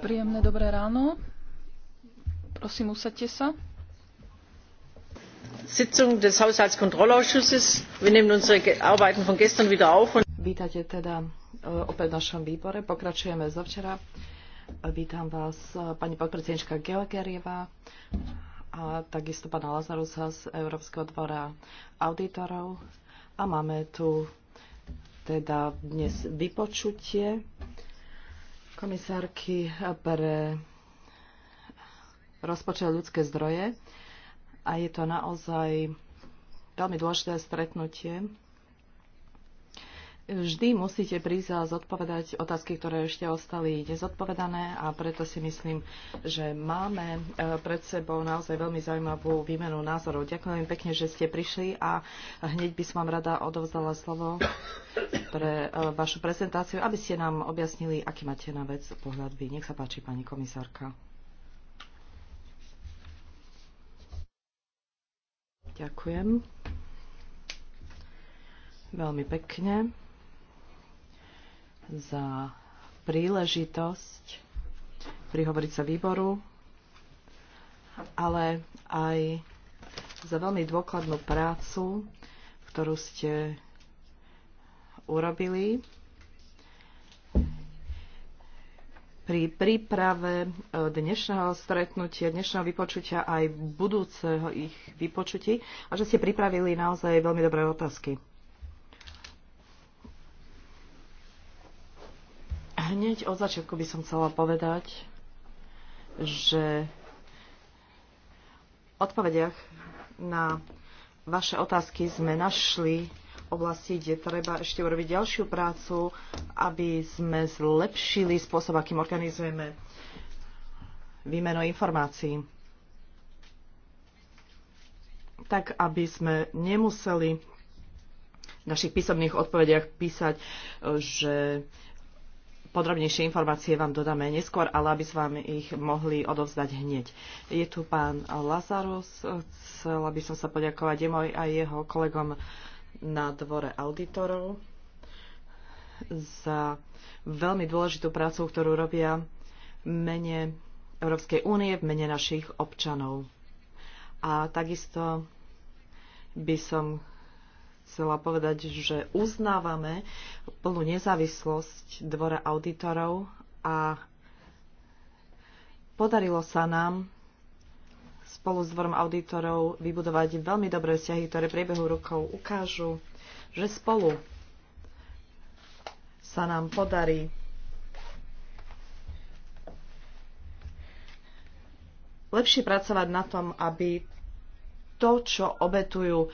Príjemné dobré ráno. Prosím, usadte sa. Sitzung des Haushaltskontrollausschusses. Wir nehmen unsere Arbeiten von gestern wieder auf. Und Vítajte teda eh, opäť v našom výbore. Pokračujeme zo včera. Eh, vítam vás eh, pani podpredsednička Georgieva a takisto pana Lazarusa z Európskeho dvora auditorov. A máme tu teda dnes vypočutie komisárky pre rozpočet ľudské zdroje a je to naozaj veľmi dôležité stretnutie vždy musíte prísť a zodpovedať otázky, ktoré ešte ostali nezodpovedané a preto si myslím, že máme e, pred sebou naozaj veľmi zaujímavú výmenu názorov. Ďakujem pekne, že ste prišli a hneď by som vám rada odovzdala slovo pre e, vašu prezentáciu, aby ste nám objasnili, aký máte na vec pohľad vy. Nech sa páči, pani komisárka. Ďakujem. Veľmi pekne za príležitosť prihovoriť sa výboru, ale aj za veľmi dôkladnú prácu, ktorú ste urobili pri príprave e, dnešného stretnutia, dnešného vypočutia aj budúceho ich vypočutí a že ste pripravili naozaj veľmi dobré otázky. Hneď od začiatku by som chcela povedať, že v odpovediach na vaše otázky sme našli oblasti, kde treba ešte urobiť ďalšiu prácu, aby sme zlepšili spôsob, akým organizujeme výmenu informácií. Tak, aby sme nemuseli v našich písomných odpovediach písať, že Podrobnejšie informácie vám dodáme neskôr, ale aby sme vám ich mohli odovzdať hneď. Je tu pán Lazarus. Chcela by som sa poďakovať jemoj a jeho kolegom na dvore auditorov za veľmi dôležitú prácu, ktorú robia v mene Európskej únie, v mene našich občanov. A takisto by som chcela povedať, že uznávame plnú nezávislosť Dvora auditorov a podarilo sa nám spolu s dvorom auditorov vybudovať veľmi dobré vzťahy, ktoré priebehu rokov ukážu, že spolu sa nám podarí lepšie pracovať na tom, aby to, čo obetujú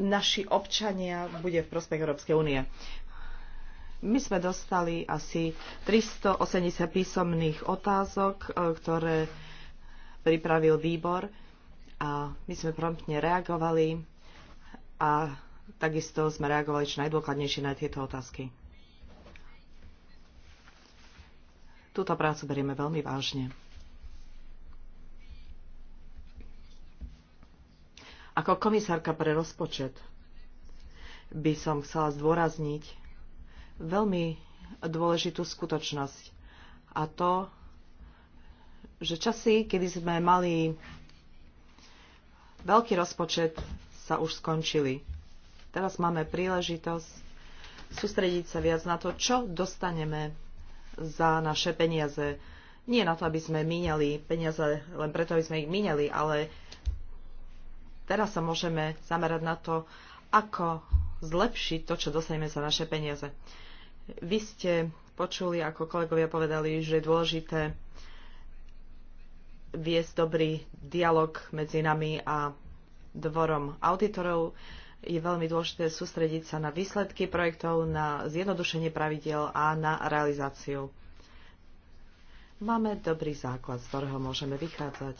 naši občania bude v prospech Európskej únie. My sme dostali asi 380 písomných otázok, e, ktoré pripravil výbor a my sme promptne reagovali a takisto sme reagovali čo najdôkladnejšie na tieto otázky. Túto prácu berieme veľmi vážne. Ako komisárka pre rozpočet by som chcela zdôrazniť veľmi dôležitú skutočnosť. A to, že časy, kedy sme mali veľký rozpočet, sa už skončili. Teraz máme príležitosť sústrediť sa viac na to, čo dostaneme za naše peniaze. Nie na to, aby sme míňali peniaze len preto, aby sme ich míňali, ale teraz sa môžeme zamerať na to, ako zlepšiť to, čo dostaneme za naše peniaze. Vy ste počuli, ako kolegovia povedali, že je dôležité viesť dobrý dialog medzi nami a dvorom auditorov. Je veľmi dôležité sústrediť sa na výsledky projektov, na zjednodušenie pravidel a na realizáciu. Máme dobrý základ, z ktorého môžeme vychádzať.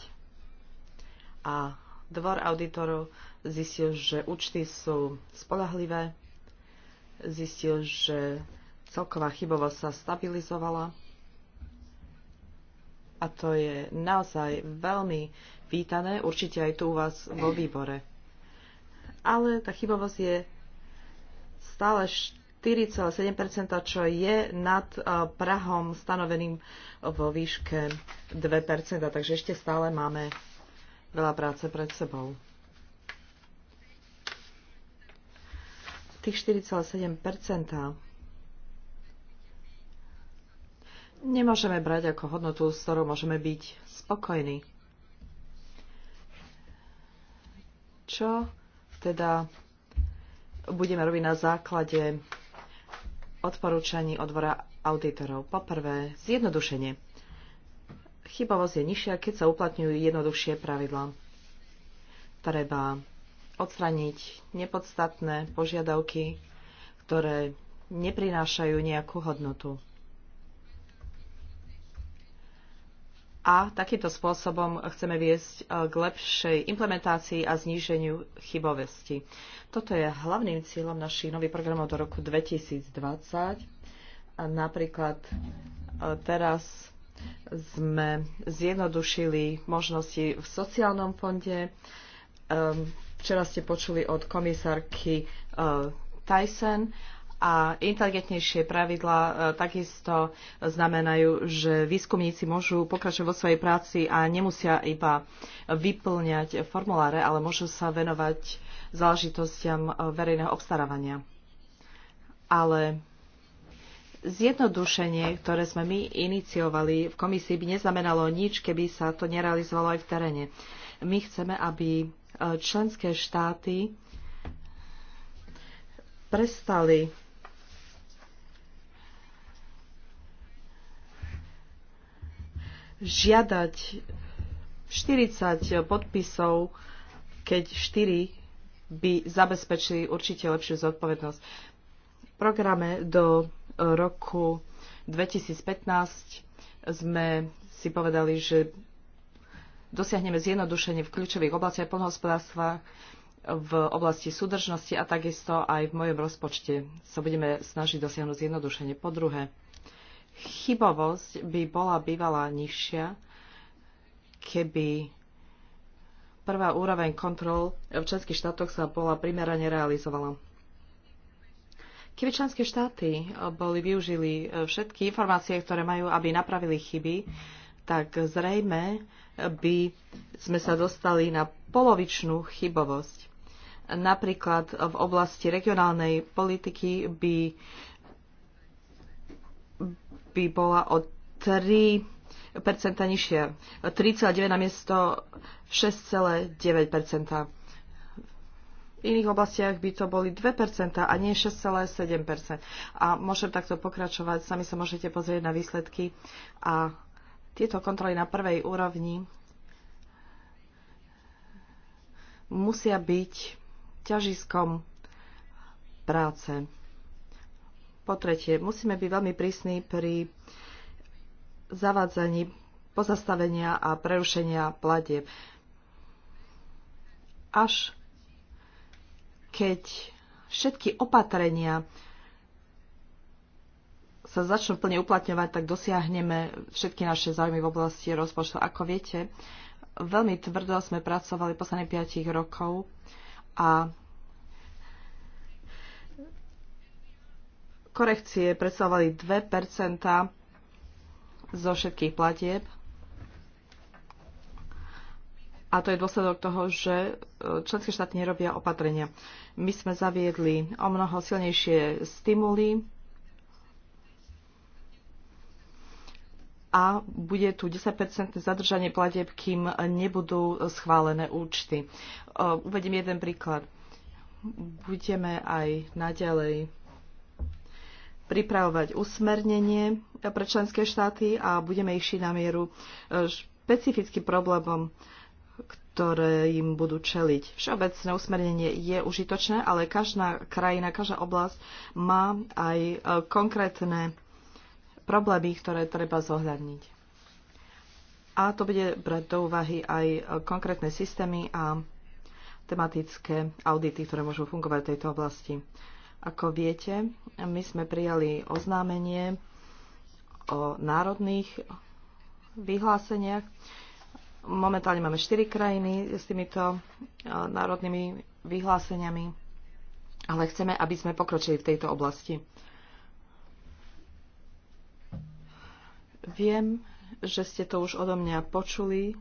A Dvor auditorov zistil, že účty sú spolahlivé, zistil, že celková chybovosť sa stabilizovala a to je naozaj veľmi vítané, určite aj tu u vás vo výbore. Ale tá chybovosť je stále 4,7%, čo je nad eh, Prahom stanoveným vo výške 2%, takže ešte stále máme veľa práce pred sebou. Tých 4,7 nemôžeme brať ako hodnotu, s ktorou môžeme byť spokojní. Čo teda budeme robiť na základe odporúčaní odvora auditorov? Poprvé, zjednodušenie. Chybovosť je nižšia, keď sa uplatňujú jednoduchšie pravidlá. Treba odstraniť nepodstatné požiadavky, ktoré neprinášajú nejakú hodnotu. A takýmto spôsobom chceme viesť eh, k lepšej implementácii a zníženiu chybovosti. Toto je hlavným cieľom našich nových programov do roku 2020. A napríklad eh, teraz sme zjednodušili možnosti v sociálnom fonde. Ehm, včera ste počuli od komisárky eh, Tyson a inteligentnejšie pravidla eh, takisto znamenajú, že výskumníci môžu pokračovať vo svojej práci a nemusia iba vyplňať formuláre, ale môžu sa venovať záležitostiam eh, verejného obstarávania. Ale Zjednodušenie, ktoré sme my iniciovali v komisii, by neznamenalo nič, keby sa to nerealizovalo aj v teréne. My chceme, aby e, členské štáty prestali žiadať 40 podpisov, keď 4 by zabezpečili určite lepšiu zodpovednosť. V programe do roku 2015 sme si povedali, že dosiahneme zjednodušenie v kľúčových oblastiach poľnohospodárstva, v oblasti súdržnosti a takisto aj v mojom rozpočte sa budeme snažiť dosiahnuť zjednodušenie. Po druhé, chybovosť by bola bývala nižšia, keby prvá úroveň kontrol v českých štátoch sa bola primerane realizovala. Keby členské štáty eh, boli využili eh, všetky informácie, ktoré majú, aby napravili chyby, tak zrejme eh, by sme sa dostali na polovičnú chybovosť. Napríklad v oblasti regionálnej politiky by, by bola o 3 nižšia. 3,9 na miesto 6,9 iných oblastiach by to boli 2% a nie 6,7%. A môžem takto pokračovať, sami sa môžete pozrieť na výsledky. A tieto kontroly na prvej úrovni musia byť ťažiskom práce. Po tretie, musíme byť veľmi prísni pri zavádzaní pozastavenia a prerušenia platieb. Až keď všetky opatrenia sa začnú plne uplatňovať, tak dosiahneme všetky naše záujmy v oblasti rozpočtu. Ako viete, veľmi tvrdo sme pracovali posledných 5 rokov a korekcie predstavovali 2% zo všetkých platieb a to je dôsledok toho, že e, členské štáty nerobia opatrenia. My sme zaviedli o mnoho silnejšie stimuly a bude tu 10% zadržanie platieb, kým nebudú schválené účty. E, Uvedím jeden príklad. Budeme aj naďalej pripravovať usmernenie pre členské štáty a budeme ich šiť na mieru e, špecifickým problémom ktoré im budú čeliť. Všeobecné usmernenie je užitočné, ale každá krajina, každá oblasť má aj e, konkrétne problémy, ktoré treba zohľadniť. A to bude brať do úvahy aj e, konkrétne systémy a tematické audity, ktoré môžu fungovať v tejto oblasti. Ako viete, my sme prijali oznámenie o národných vyhláseniach, Momentálne máme 4 krajiny s týmito e, národnými vyhláseniami, ale chceme, aby sme pokročili v tejto oblasti. Viem, že ste to už odo mňa počuli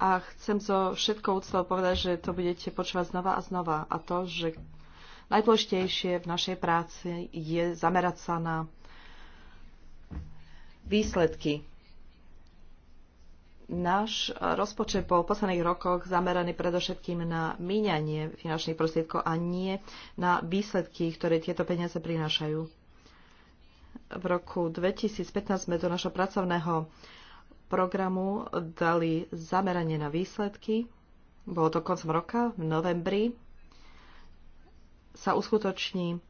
a chcem so všetkou úctou povedať, že to budete počúvať znova a znova a to, že najdôležitejšie v našej práci je zamerať sa na výsledky Náš rozpočet bol v posledných rokoch zameraný predovšetkým na míňanie finančných prostriedkov a nie na výsledky, ktoré tieto peniaze prinášajú. V roku 2015 sme do našho pracovného programu dali zameranie na výsledky. Bolo to koncom roka, v novembri sa uskutoční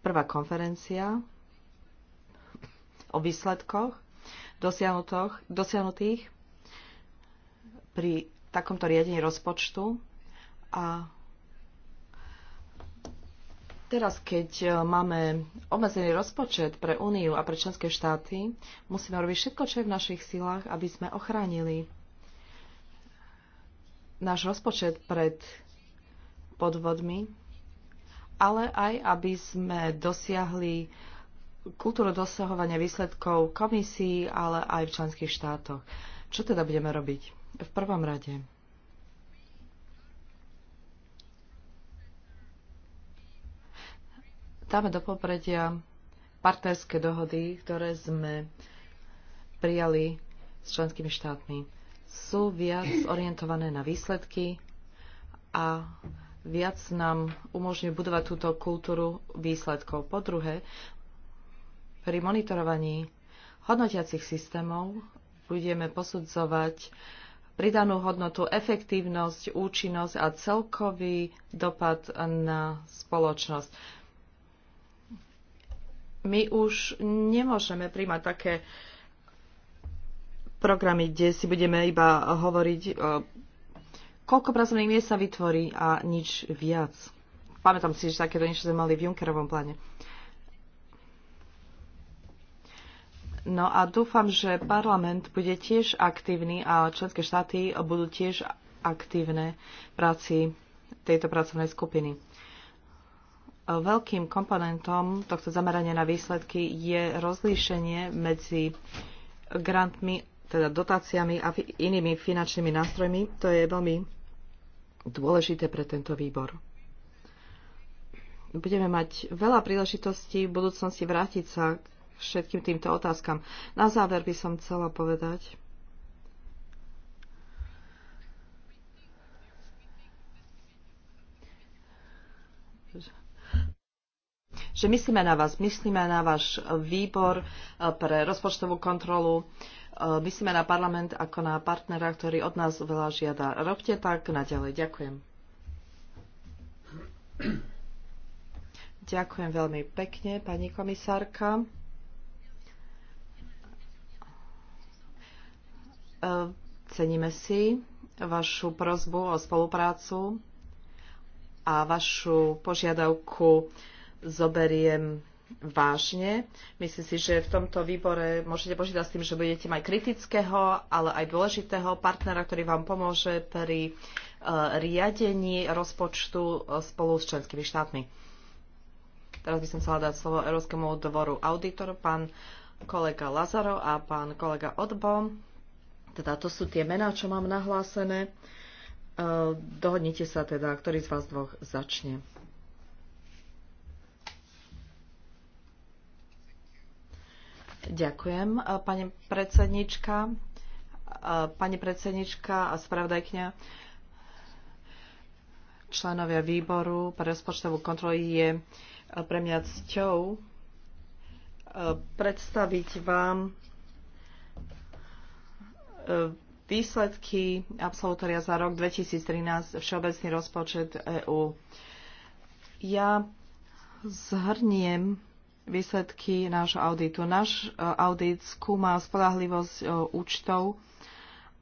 prvá konferencia o výsledkoch dosiahnutých pri takomto riadení rozpočtu. A teraz, keď e, máme obmedzený rozpočet pre Úniu a pre členské štáty, musíme robiť všetko, čo je v našich silách, aby sme ochránili náš rozpočet pred podvodmi, ale aj aby sme dosiahli kultúru dosahovania výsledkov komisií, ale aj v členských štátoch. Čo teda budeme robiť? V prvom rade dáme do popredia partnerské dohody, ktoré sme prijali s členskými štátmi. Sú viac orientované na výsledky a viac nám umožňuje budovať túto kultúru výsledkov. Po druhé, pri monitorovaní hodnotiacich systémov budeme posudzovať pridanú hodnotu, efektívnosť, účinnosť a celkový dopad na spoločnosť. My už nemôžeme príjmať také programy, kde si budeme iba hovoriť, e, koľko pracovných miest sa vytvorí a nič viac. Pamätám si, že takéto niečo sme mali v Junckerovom pláne. No a dúfam, že parlament bude tiež aktívny a členské štáty budú tiež aktívne práci tejto pracovnej skupiny. Veľkým komponentom tohto zamerania na výsledky je rozlíšenie medzi grantmi, teda dotáciami a inými finančnými nástrojmi. To je veľmi dôležité pre tento výbor. Budeme mať veľa príležitostí v budúcnosti vrátiť sa k všetkým týmto otázkam. Na záver by som chcela povedať, že myslíme na vás, myslíme na váš výbor eh, pre rozpočtovú kontrolu, eh, myslíme na parlament ako na partnera, ktorý od nás veľa žiada. Robte tak naďalej. Ďakujem. Ďakujem veľmi pekne, pani komisárka. E, ceníme si vašu prozbu o spoluprácu a vašu požiadavku zoberiem vážne. Myslím si, že v tomto výbore môžete požiadať s tým, že budete mať kritického, ale aj dôležitého partnera, ktorý vám pomôže pri e, riadení rozpočtu spolu s členskými štátmi. Teraz by som chcela dať slovo Európskemu dvoru auditor, pán kolega Lazaro a pán kolega Odbom. Teda to sú tie mená, čo mám nahlásené. E, dohodnite sa teda, ktorý z vás dvoch začne. Ďakujem, e, pani predsednička. E, pani predsednička a spravodajkňa, členovia výboru pre rozpočtovú kontrolu je pre mňa cťou predstaviť vám výsledky absolutoria za rok 2013 Všeobecný rozpočet EÚ. Ja zhrniem výsledky nášho auditu. Náš e, audit skúma spolahlivosť e, účtov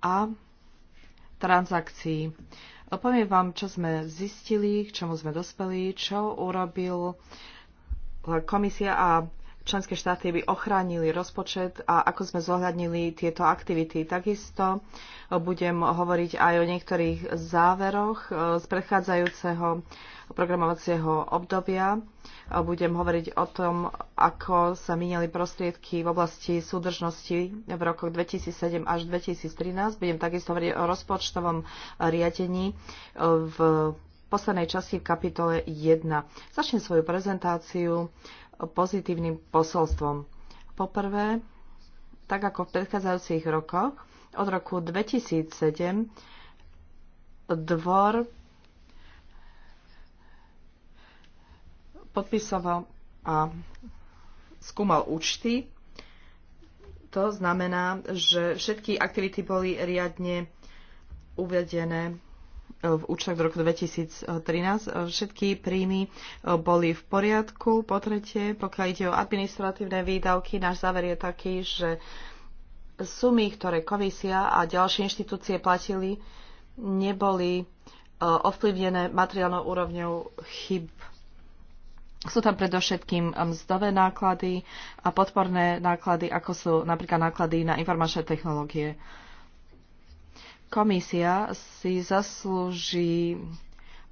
a transakcií. Poviem vám, čo sme zistili, k čomu sme dospeli, čo urobil e, komisia a členské štáty by ochránili rozpočet a ako sme zohľadnili tieto aktivity. Takisto e, budem hovoriť aj o niektorých záveroch e, z predchádzajúceho programovacieho obdobia. E, budem hovoriť o tom, ako sa míňali prostriedky v oblasti súdržnosti v rokoch 2007 až 2013. Budem takisto hovoriť o rozpočtovom riadení v poslednej časti v kapitole 1. Začnem svoju prezentáciu pozitívnym posolstvom. Poprvé, tak ako v predchádzajúcich rokoch, od roku 2007 dvor podpisoval a skúmal účty. To znamená, že všetky aktivity boli riadne uvedené v účtoch do roku 2013 všetky príjmy eh, boli v poriadku. Po tretie, pokiaľ ide o administratívne výdavky, náš záver je taký, že sumy, ktoré komisia a ďalšie inštitúcie platili, neboli eh, ovplyvnené materiálnou úrovňou chyb sú tam predovšetkým eh, mzdové náklady a podporné náklady, ako sú napríklad náklady na informačné technológie. Komisia si zaslúži e,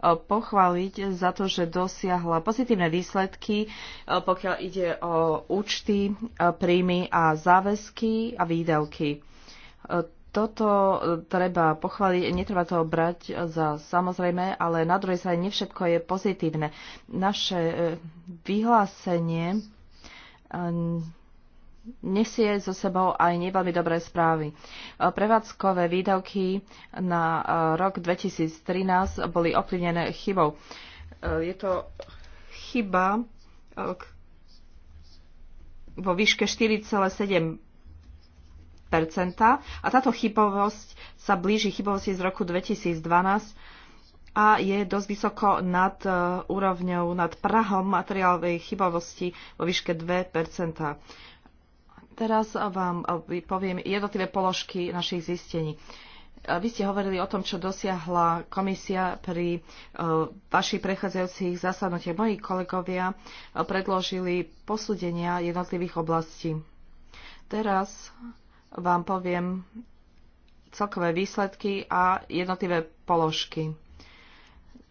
pochváliť za to, že dosiahla pozitívne výsledky, e, pokiaľ ide o účty, e, príjmy a záväzky a výdavky. Toto treba pochváliť, netreba to brať za samozrejme, ale na druhej strane nevšetko je pozitívne. Naše vyhlásenie nesie so sebou aj neveľmi dobré správy. E, prevádzkové výdavky na e, rok 2013 boli ovplyvnené chybou. E, je to chyba vo výške 4,7 a táto chybovosť sa blíži chybovosti z roku 2012 a je dosť vysoko nad úrovňou, nad prahom materiálovej chybovosti vo výške 2 Teraz vám poviem jednotlivé položky našich zistení. Vy ste hovorili o tom, čo dosiahla komisia pri e, vašich prechádzajúcich zasadnutiach. Moji kolegovia e, predložili posúdenia jednotlivých oblastí. Teraz vám poviem celkové výsledky a jednotlivé položky.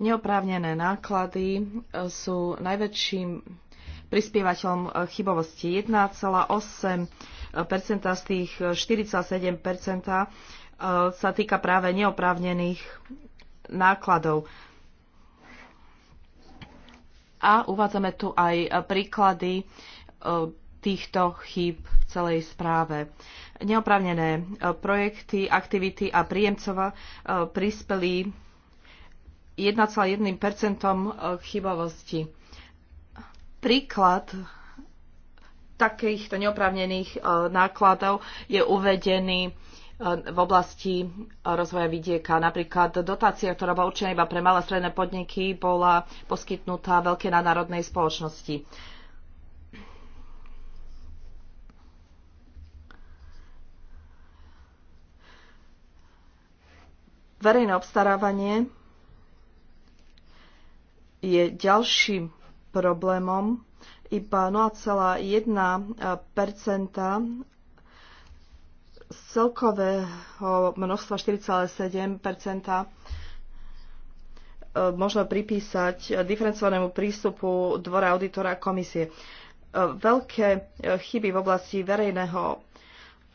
Neoprávnené náklady e, sú najväčším prispievateľom e, chybovosti. 1,8 z tých 47 e, e, sa týka práve neoprávnených nákladov. A uvádzame tu aj príklady týchto chýb v celej správe. Neoprávnené projekty, aktivity a príjemcova prispeli 1,1 chybovosti. Príklad takýchto neoprávnených e, nákladov je uvedený e, v oblasti e, rozvoja vidieka. Napríklad dotácia, ktorá bola určená iba pre malé stredné podniky, bola poskytnutá veľké nadnárodnej spoločnosti. Verejné obstarávanie je ďalším problémom. Iba 0,1 z celkového množstva 4,7 e, možno pripísať diferencovanému prístupu Dvora auditora komisie. E, veľké e, chyby v oblasti verejného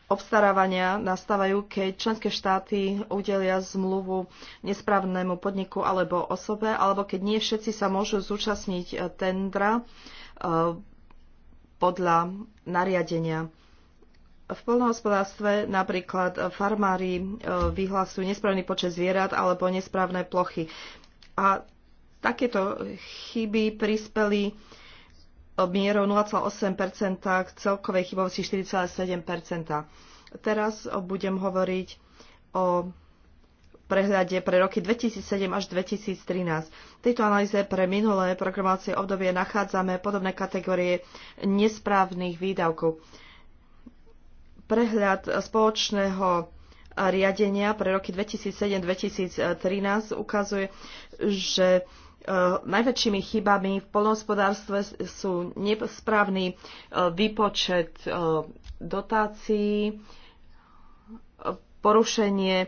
obstarávania nastávajú, keď členské štáty udelia zmluvu nesprávnemu podniku alebo osobe, alebo keď nie všetci sa môžu zúčastniť eh, tendra eh, podľa nariadenia. V polnohospodárstve napríklad farmári eh, vyhlasujú nesprávny počet zvierat alebo nesprávne plochy. A takéto chyby prispeli mierou 0,8 k celkovej chybovosti 4,7 Teraz budem hovoriť o prehľade pre roky 2007 až 2013. V tejto analýze pre minulé programovacie obdobie nachádzame podobné kategórie nesprávnych výdavkov. Prehľad spoločného riadenia pre roky 2007-2013 ukazuje, že E, najväčšími chybami v polnohospodárstve sú nesprávny e, výpočet e, dotácií, porušenie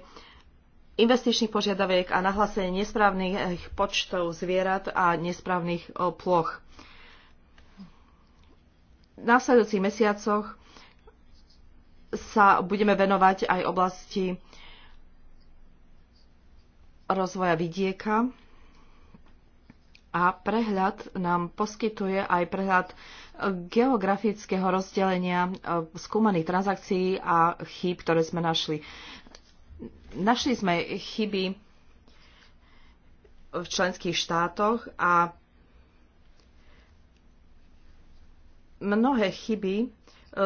investičných požiadaviek a nahlásenie nesprávnych počtov zvierat a nesprávnych ploch. V následujúcich mesiacoch sa budeme venovať aj oblasti rozvoja vidieka a prehľad nám poskytuje aj prehľad e, geografického rozdelenia e, skúmaných transakcií a chýb, ktoré sme našli. Našli sme chyby v členských štátoch a mnohé chyby e,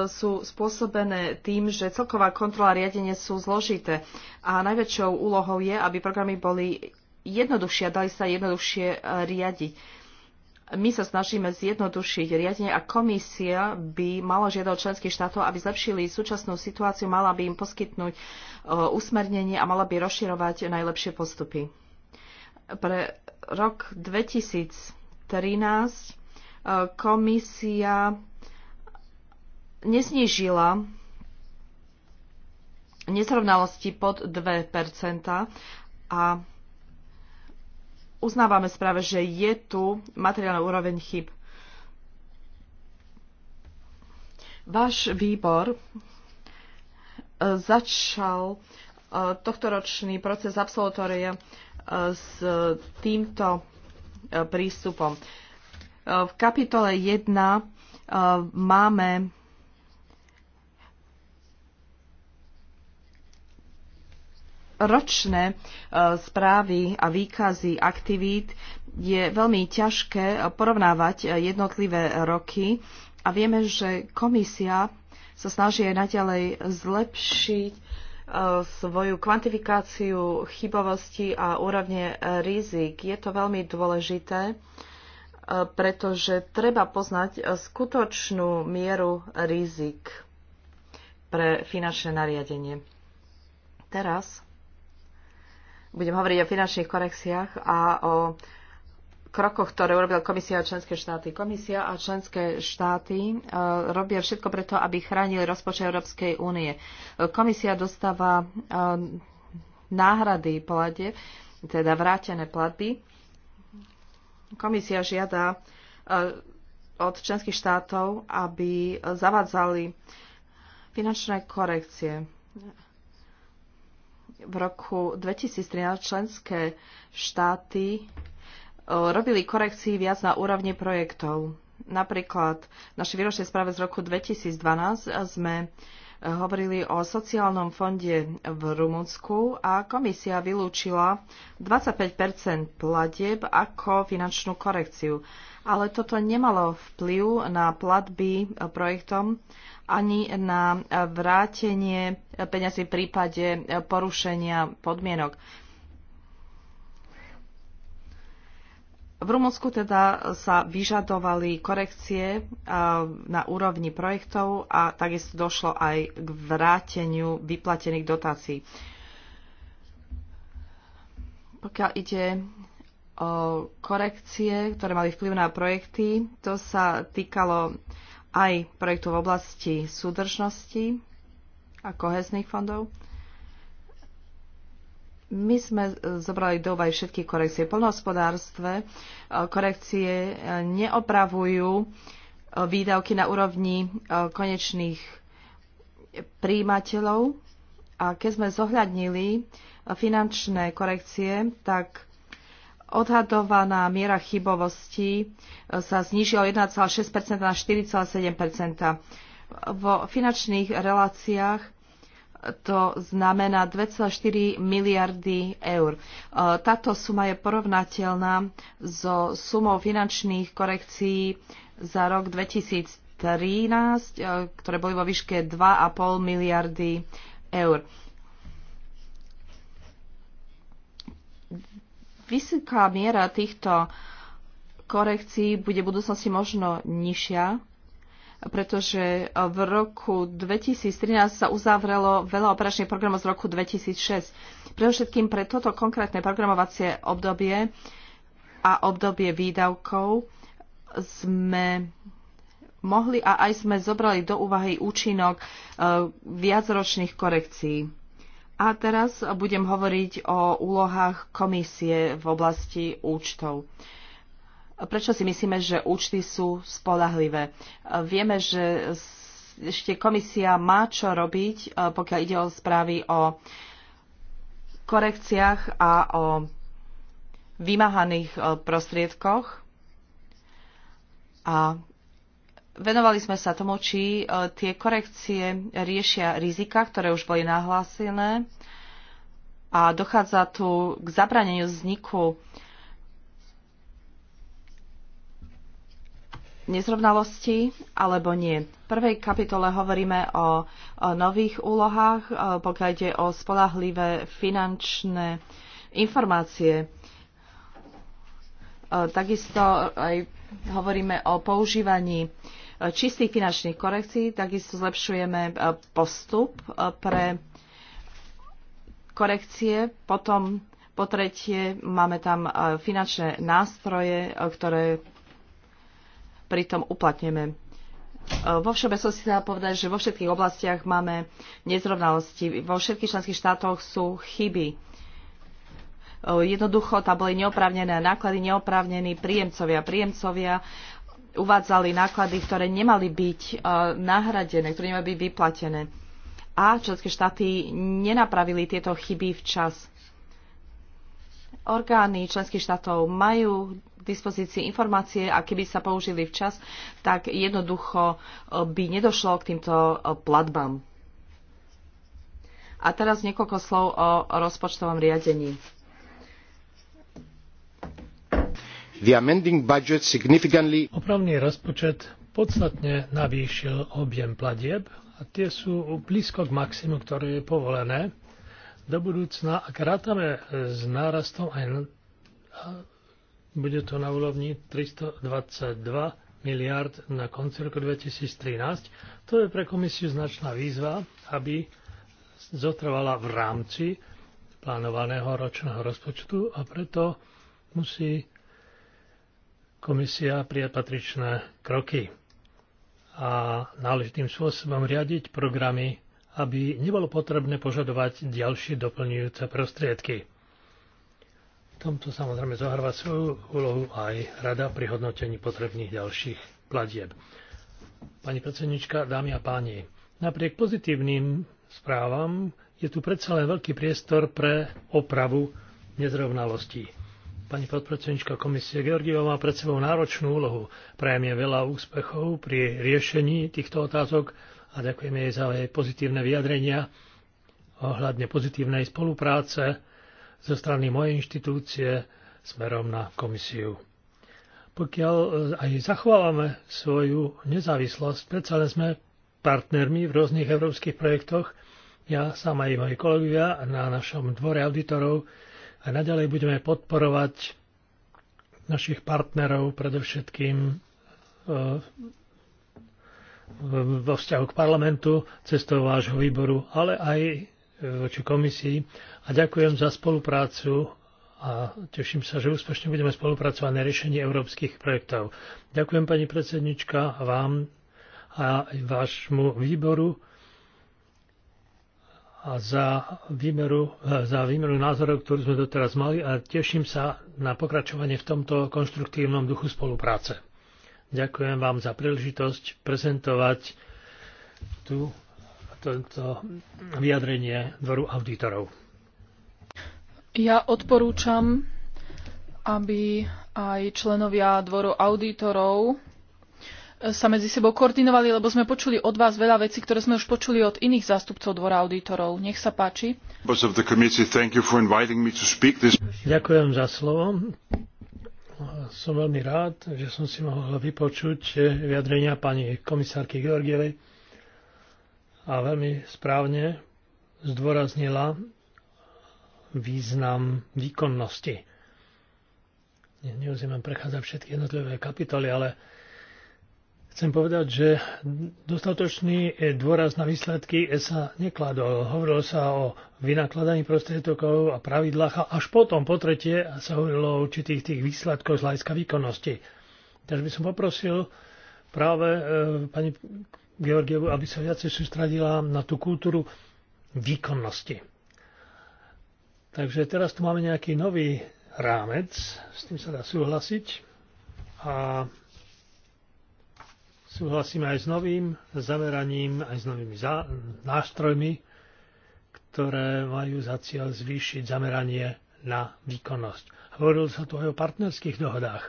sú spôsobené tým, že celková kontrola a riadenie sú zložité. A najväčšou úlohou je, aby programy boli jednoduchšie a dali sa jednoduchšie e, riadiť. My sa snažíme zjednodušiť riadenie a komisia by mala žiadať členských štátov, aby zlepšili súčasnú situáciu, mala by im poskytnúť e, usmernenie a mala by rozširovať najlepšie postupy. Pre rok 2013 e, komisia neznižila nesrovnalosti pod 2 a uznávame správe, že je tu materiálna úroveň chyb. Váš výbor e, začal e, tohtoročný proces absolutória e, s týmto prístupom. V kapitole 1 máme ročné e, správy a výkazy aktivít je veľmi ťažké e, porovnávať e, jednotlivé roky a vieme, že komisia sa snaží aj naďalej zlepšiť svoju kvantifikáciu chybovosti a úrovne rizik. Je to veľmi dôležité, pretože treba poznať skutočnú mieru rizik pre finančné nariadenie. Teraz budem hovoriť o finančných korekciách a o krokoch, ktoré urobila komisia a členské štáty. Komisia a členské štáty e, robia všetko preto, aby chránili rozpočet Európskej únie. Komisia dostáva e, náhrady plade, teda vrátené platby. Komisia žiada e, od členských štátov, aby zavádzali finančné korekcie v roku 2013 členské štáty e, robili korekcii viac na úrovni projektov. Napríklad v našej výročnej správe z roku 2012 sme e, hovorili o sociálnom fonde v Rumunsku a komisia vylúčila 25 platieb ako finančnú korekciu. Ale toto nemalo vplyv na platby projektom ani na vrátenie peňazí v prípade porušenia podmienok. V Rumunsku teda sa vyžadovali korekcie na úrovni projektov a takisto došlo aj k vráteniu vyplatených dotácií. Pokiaľ ide o korekcie, ktoré mali vplyv na projekty, to sa týkalo aj projektu v oblasti súdržnosti a kohezných fondov. My sme zobrali do úvahy všetky korekcie v polnohospodárstve. E, korekcie e, neopravujú e, výdavky na úrovni konečných príjimateľov a keď sme zohľadnili finančné korekcie, tak Odhadovaná miera chybovosti e, sa znížila 1,6 na 4,7 Vo finančných reláciách to znamená 2,4 miliardy eur. E, táto suma je porovnateľná so sumou finančných korekcií za rok 2013, e, ktoré boli vo výške 2,5 miliardy eur. vysoká miera týchto korekcií bude v budúcnosti možno nižšia, pretože v roku 2013 sa uzavrelo veľa operačných programov z roku 2006. predovšetkým všetkým pre toto konkrétne programovacie obdobie a obdobie výdavkov sme mohli a aj sme zobrali do úvahy účinok eh, viacročných korekcií a teraz budem hovoriť o úlohách komisie v oblasti účtov. Prečo si myslíme, že účty sú spolahlivé? Vieme, že ešte komisia má čo robiť, e, pokiaľ ide o správy o korekciách a o vymáhaných e, prostriedkoch. A Venovali sme sa tomu, či e, tie korekcie riešia rizika, ktoré už boli nahlásené a dochádza tu k zabraneniu vzniku nezrovnalosti alebo nie. V prvej kapitole hovoríme o, nových úlohách, e, pokiaľ ide o spolahlivé finančné informácie. E, takisto aj hovoríme o používaní čistých finančných korekcií, takisto zlepšujeme e, postup e, pre korekcie, potom po tretie máme tam e, finančné nástroje, ktoré pritom uplatneme. Vo všeobecnosti sa dá povedať, že vo všetkých oblastiach máme nezrovnalosti. Vo všetkých členských štátoch sú chyby. Jednoducho tam boli neoprávnené náklady, neoprávnení príjemcovia. Príjemcovia uvádzali náklady, ktoré nemali byť e, nahradené, ktoré nemali byť vyplatené. A členské štáty nenapravili tieto chyby včas. Orgány členských štátov majú k dispozícii informácie a keby sa použili včas, tak jednoducho e, by nedošlo k týmto e, platbám. A teraz niekoľko slov o rozpočtovom riadení. Opravný rozpočet podstatne navýšil objem platieb a tie sú blízko k maximu, ktoré je povolené. Do budúcna, ak rátame s nárastom aj bude to na úrovni 322 miliard na konci roku 2013. To je pre komisiu značná výzva, aby zotrvala v rámci plánovaného ročného rozpočtu a preto musí komisia prijať patričné kroky a náležitým spôsobom riadiť programy, aby nebolo potrebné požadovať ďalšie doplňujúce prostriedky. V tomto samozrejme zohráva svoju úlohu aj Rada pri hodnotení potrebných ďalších platieb. Pani predsednička, dámy a páni, napriek pozitívnym správam je tu predsa len veľký priestor pre opravu nezrovnalostí pani podpredsednička komisie Georgieva má pred sebou náročnú úlohu. Prajem jej veľa úspechov pri riešení týchto otázok a ďakujem jej za jej pozitívne vyjadrenia ohľadne pozitívnej spolupráce zo strany mojej inštitúcie smerom na komisiu. Pokiaľ e, aj zachovávame svoju nezávislosť, predsa len sme partnermi v rôznych európskych projektoch, ja sám aj moji kolegovia na našom dvore auditorov a naďalej budeme podporovať našich partnerov, predovšetkým e, vo vzťahu k parlamentu, cestou vášho výboru, ale aj voči komisii. A ďakujem za spoluprácu a teším sa, že úspešne budeme spolupracovať na riešení európskych projektov. Ďakujem pani predsednička vám a vášmu výboru a za výmeru, e, za výmeru názorov, ktorú sme doteraz mali a teším sa na pokračovanie v tomto konštruktívnom duchu spolupráce. Ďakujem vám za príležitosť prezentovať tu toto vyjadrenie dvoru auditorov. Ja odporúčam, aby aj členovia dvoru auditorov sa medzi sebou koordinovali, lebo sme počuli od vás veľa vecí, ktoré sme už počuli od iných zástupcov dvora auditorov. Nech sa páči. Ďakujem za slovo. Som veľmi rád, že som si mohol vypočuť vyjadrenia pani komisárky Georgievej a veľmi správne zdôraznila význam výkonnosti. Nemusím prechádzať všetky jednotlivé kapitoly, ale Chcem povedať, že dostatočný dôraz na výsledky sa nekladol. Hovorilo sa o vynakladaní prostriedokov a pravidlách a až potom, po tretie, sa hovorilo o určitých tých výsledkoch z hľadiska výkonnosti. Takže by som poprosil práve e, pani Georgievu, aby sa viacej sústradila na tú kultúru výkonnosti. Takže teraz tu máme nejaký nový rámec, s tým sa dá súhlasiť. A Súhlasím aj s novým zameraním, aj s novými nástrojmi, ktoré majú za cieľ zvýšiť zameranie na výkonnosť. Hovorilo sa tu aj o partnerských dohodách.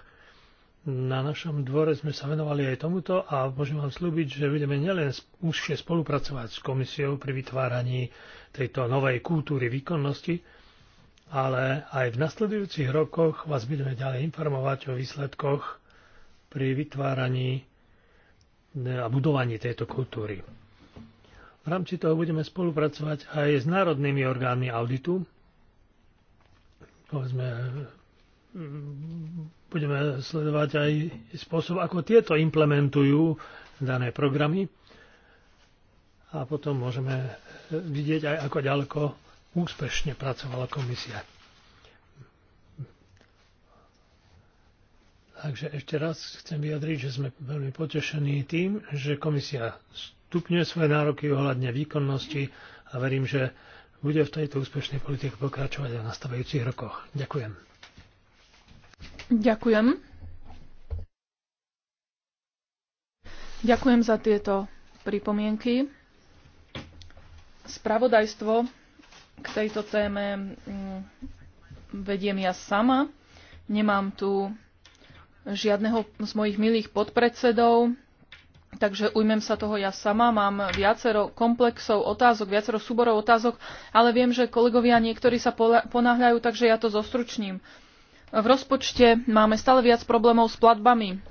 Na našom dvore sme sa venovali aj tomuto a môžem vám slúbiť, že budeme nielen užšie spolupracovať s komisiou pri vytváraní tejto novej kultúry výkonnosti, ale aj v nasledujúcich rokoch vás budeme ďalej informovať o výsledkoch pri vytváraní E, a budovaní tejto kultúry. V rámci toho budeme spolupracovať aj s národnými orgánmi auditu. Povedzme, budeme sledovať aj spôsob, ako tieto implementujú dané programy. A potom môžeme vidieť aj, ako ďaleko úspešne pracovala komisia. Takže ešte raz chcem vyjadriť, že sme veľmi potešení tým, že komisia stupňuje svoje nároky ohľadne výkonnosti a verím, že bude v tejto úspešnej politike pokračovať aj v nastavajúcich rokoch. Ďakujem. Ďakujem. Ďakujem za tieto pripomienky. Spravodajstvo k tejto téme mm, vediem ja sama. Nemám tu žiadneho z mojich milých podpredsedov, takže ujmem sa toho ja sama. Mám viacero komplexov otázok, viacero súborov otázok, ale viem, že kolegovia niektorí sa ponáhľajú, takže ja to zostručním. V rozpočte máme stále viac problémov s platbami.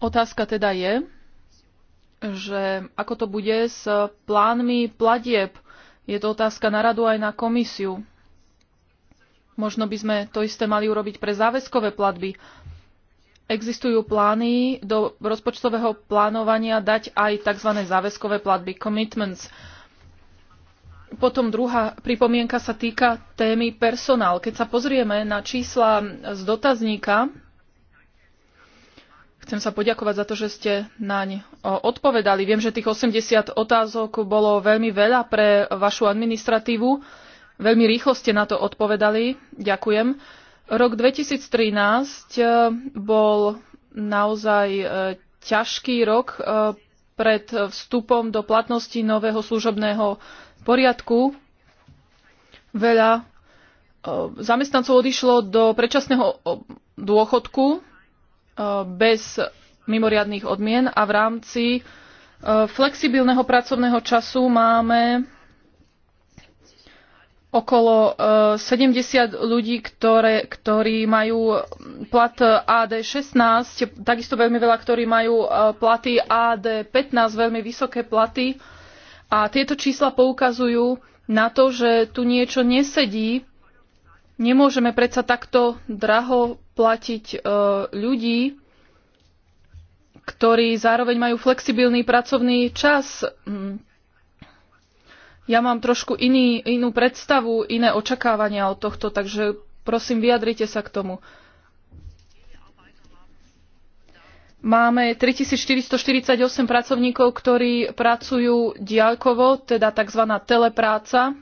Otázka teda je, že ako to bude s plánmi platieb. Je to otázka na radu aj na komisiu. Možno by sme to isté mali urobiť pre záväzkové platby. Existujú plány do rozpočtového plánovania dať aj tzv. záväzkové platby, commitments. Potom druhá pripomienka sa týka témy personál. Keď sa pozrieme na čísla z dotazníka, chcem sa poďakovať za to, že ste naň odpovedali. Viem, že tých 80 otázok bolo veľmi veľa pre vašu administratívu. Veľmi rýchlo ste na to odpovedali. Ďakujem. Rok 2013 e, bol naozaj e, ťažký rok e, pred vstupom do platnosti nového služobného poriadku. Veľa zamestnancov odišlo do predčasného dôchodku bez mimoriadných odmien a v rámci flexibilného pracovného času máme okolo 70 eh, ľudí, ktoré, ktorí majú plat AD16, takisto veľmi veľa, ktorí majú eh, platy AD15, veľmi vysoké platy. A tieto čísla poukazujú na to, že tu niečo nesedí. Nemôžeme predsa takto draho platiť eh, ľudí, ktorí zároveň majú flexibilný pracovný čas mm. Ja mám trošku iný, inú predstavu, iné očakávania od tohto, takže prosím, vyjadrite sa k tomu. Máme 3448 pracovníkov, ktorí pracujú diaľkovo, teda tzv. telepráca.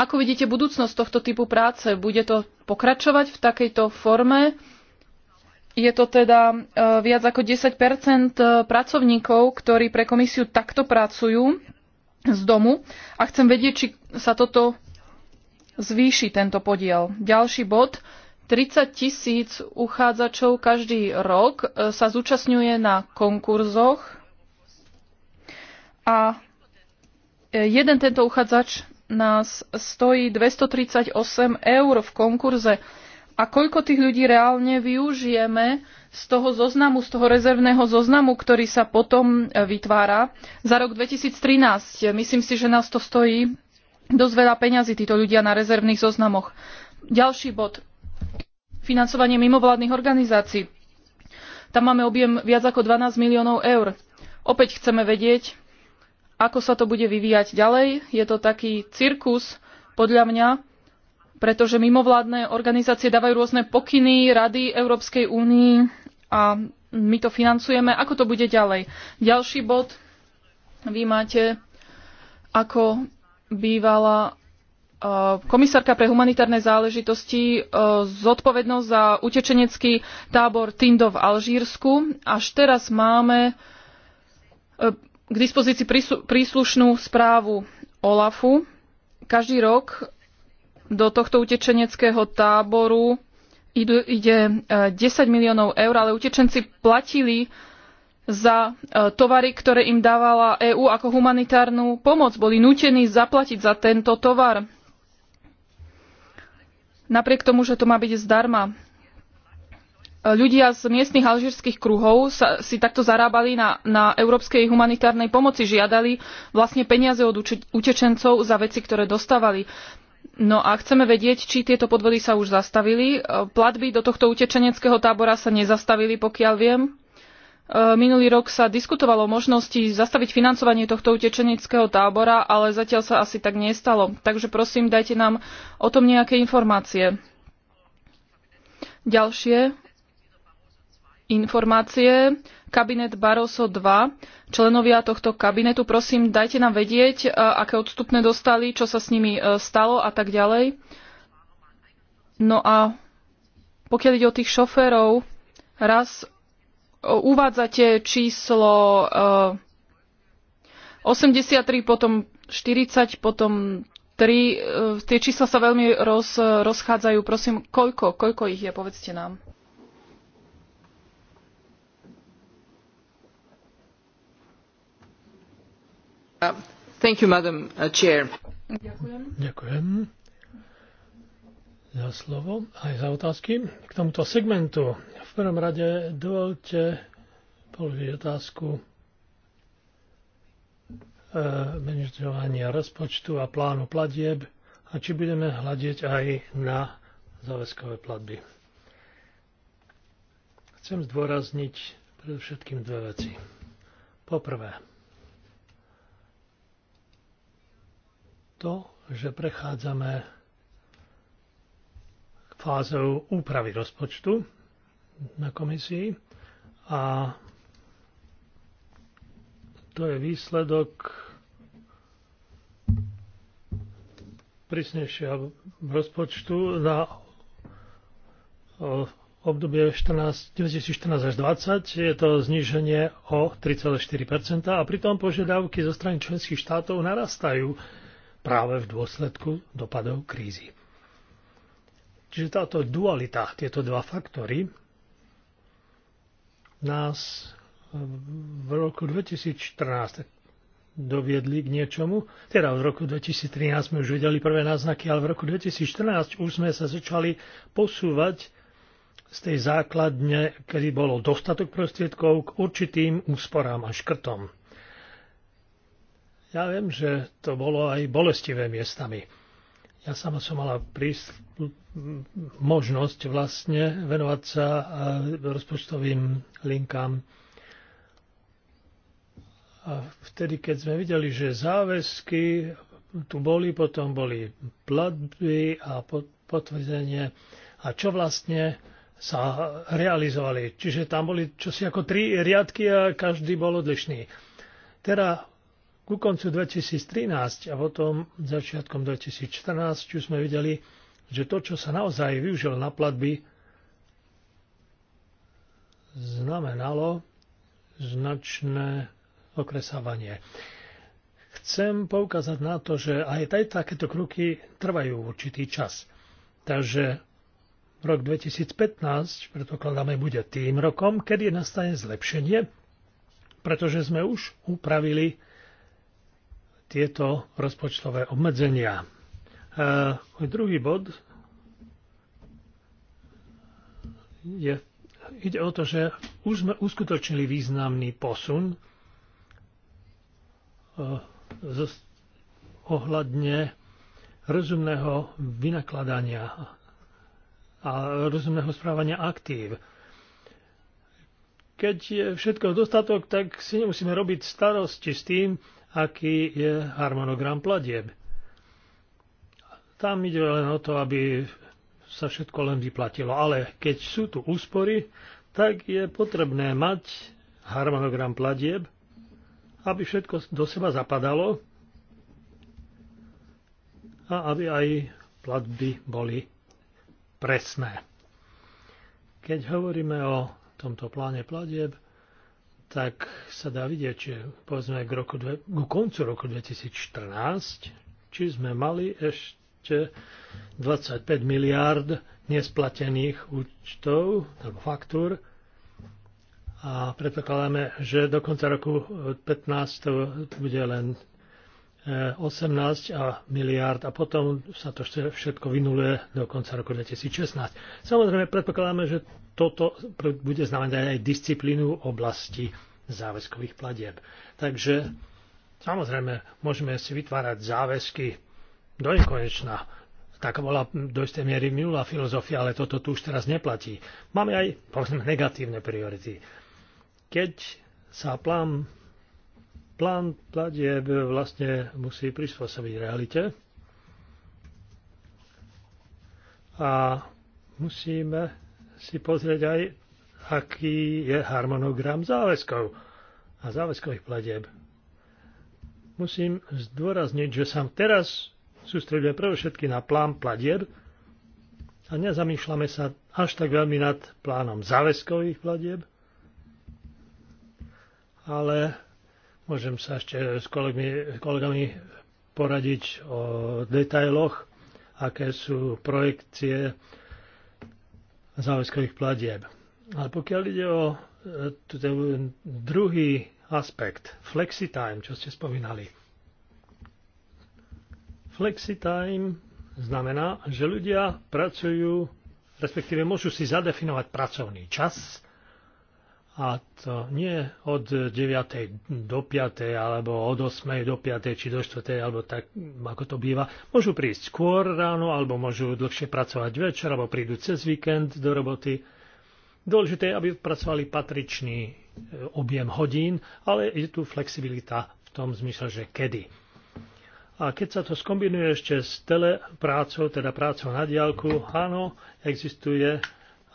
Ako vidíte budúcnosť tohto typu práce? Bude to pokračovať v takejto forme? Je to teda e, viac ako 10 e, pracovníkov, ktorí pre komisiu takto pracujú z domu a chcem vedieť, či sa toto zvýši tento podiel. Ďalší bod. 30 tisíc uchádzačov každý rok e, sa zúčastňuje na konkurzoch a e, jeden tento uchádzač nás stojí 238 eur v konkurze. A koľko tých ľudí reálne využijeme z toho zoznamu, z toho rezervného zoznamu, ktorý sa potom e, vytvára za rok 2013. Myslím si, že nás to stojí dosť veľa peňazí títo ľudia na rezervných zoznamoch. Ďalší bod. Financovanie mimovládnych organizácií. Tam máme objem viac ako 12 miliónov eur. Opäť chceme vedieť, ako sa to bude vyvíjať ďalej. Je to taký cirkus, podľa mňa, pretože mimovládne organizácie dávajú rôzne pokyny Rady Európskej únii a my to financujeme. Ako to bude ďalej? Ďalší bod. Vy máte ako bývala e, komisárka pre humanitárne záležitosti e, zodpovednosť za utečenecký tábor Tindo v Alžírsku. Až teraz máme e, k dispozícii príslušnú správu OLAFu. Každý rok do tohto utečeneckého táboru ide 10 eh, miliónov eur, ale utečenci platili za eh, tovary, ktoré im dávala EÚ ako humanitárnu pomoc. Boli nútení zaplatiť za tento tovar. Napriek tomu, že to má byť zdarma. Eh, ľudia z miestnych alžírskych kruhov sa, si takto zarábali na, na európskej humanitárnej pomoci, žiadali vlastne peniaze od utečencov za veci, ktoré dostávali. No a chceme vedieť, či tieto podvody sa už zastavili. E, platby do tohto utečeneckého tábora sa nezastavili, pokiaľ viem. E, minulý rok sa diskutovalo o možnosti zastaviť financovanie tohto utečeneckého tábora, ale zatiaľ sa asi tak nestalo. Takže prosím, dajte nám o tom nejaké informácie. Ďalšie informácie kabinet Barroso II. Členovia tohto kabinetu, prosím, dajte nám vedieť, e, aké odstupné dostali, čo sa s nimi e, stalo a tak ďalej. No a pokiaľ ide o tých šoférov, raz e, uvádzate číslo 83, potom 40, potom 3. Tie čísla sa veľmi roz, rozchádzajú. Prosím, koľko, koľko ich je, povedzte nám. Uh, uh, Ďakujem. za slovo aj za otázky. K tomuto segmentu v prvom rade dovolte položiť otázku uh, manažovania rozpočtu a plánu platieb a či budeme hľadiť aj na záväzkové platby. Chcem zdôrazniť predovšetkým dve veci. Poprvé, to, že prechádzame fázou úpravy rozpočtu na komisii a to je výsledok prísnejšieho rozpočtu na obdobie 14, 2014 až 2020 je to zníženie o 3,4 a pritom požiadavky zo strany členských štátov narastajú práve v dôsledku dopadov krízy. Čiže táto dualita, tieto dva faktory nás v roku 2014 doviedli k niečomu. Teda v roku 2013 sme už videli prvé náznaky, ale v roku 2014 už sme sa začali posúvať z tej základne, kedy bolo dostatok prostriedkov k určitým úsporám a škrtom. Ja viem, že to bolo aj bolestivé miestami. Ja sama som mala prísť, možnosť vlastne venovať sa rozpočtovým linkám. A vtedy, keď sme videli, že záväzky tu boli, potom boli platby a potvrdenie a čo vlastne sa realizovali. Čiže tam boli čosi ako tri riadky a každý bol odlišný. Teda ku koncu 2013 a potom začiatkom 2014 už sme videli, že to, čo sa naozaj využilo na platby, znamenalo značné okresávanie. Chcem poukázať na to, že aj taj, takéto kruky trvajú určitý čas. Takže rok 2015, predpokladáme, bude tým rokom, kedy nastane zlepšenie, pretože sme už upravili tieto rozpočtové obmedzenia. E, druhý bod je, ide o to, že už sme uskutočnili významný posun e, z, ohľadne rozumného vynakladania a rozumného správania aktív keď je všetko dostatok, tak si nemusíme robiť starosti s tým, aký je harmonogram platieb. Tam ide len o to, aby sa všetko len vyplatilo. Ale keď sú tu úspory, tak je potrebné mať harmonogram platieb, aby všetko do seba zapadalo a aby aj platby boli presné. Keď hovoríme o tomto pláne platieb, tak sa dá vidieť, že povedzme k, roku, ku koncu roku 2014, či sme mali ešte 25 miliárd nesplatených účtov alebo faktúr a predpokladáme, že do konca roku 15 to bude len 18 eh, a miliard a potom sa to všetko vynuluje do konca roku 2016. Samozrejme, predpokladáme, že toto bude znamenať aj disciplínu v oblasti záväzkových platieb. Takže samozrejme, môžeme si vytvárať záväzky do nekonečna. Taká bola do istej miery minulá filozofia, ale toto tu už teraz neplatí. Máme aj, povedzme, negatívne priority. Keď sa plán plán platieb e, vlastne musí prispôsobiť realite a musíme si pozrieť aj, aký je harmonogram záväzkov a záväzkových platieb. Musím zdôrazniť, že sa teraz prvé všetky na plán platieb a nezamýšľame sa až tak veľmi nad plánom záväzkových platieb, ale Môžem sa ešte s kolegmi, kolegami poradiť o detailoch, aké sú projekcie záväzkových platieb. Ale pokiaľ ide o e, ten druhý aspekt, flexitime, čo ste spomínali. Flexitime znamená, že ľudia pracujú, respektíve môžu si zadefinovať pracovný čas, a to nie od 9. do 5. alebo od 8. do 5. či do 4. alebo tak, ako to býva. Môžu prísť skôr ráno alebo môžu dlhšie pracovať večer alebo prídu cez víkend do roboty. Dôležité je, aby pracovali patričný e, objem hodín, ale je tu flexibilita v tom zmysle, že kedy. A keď sa to skombinuje ešte s teleprácou, teda prácou na diálku, áno, existuje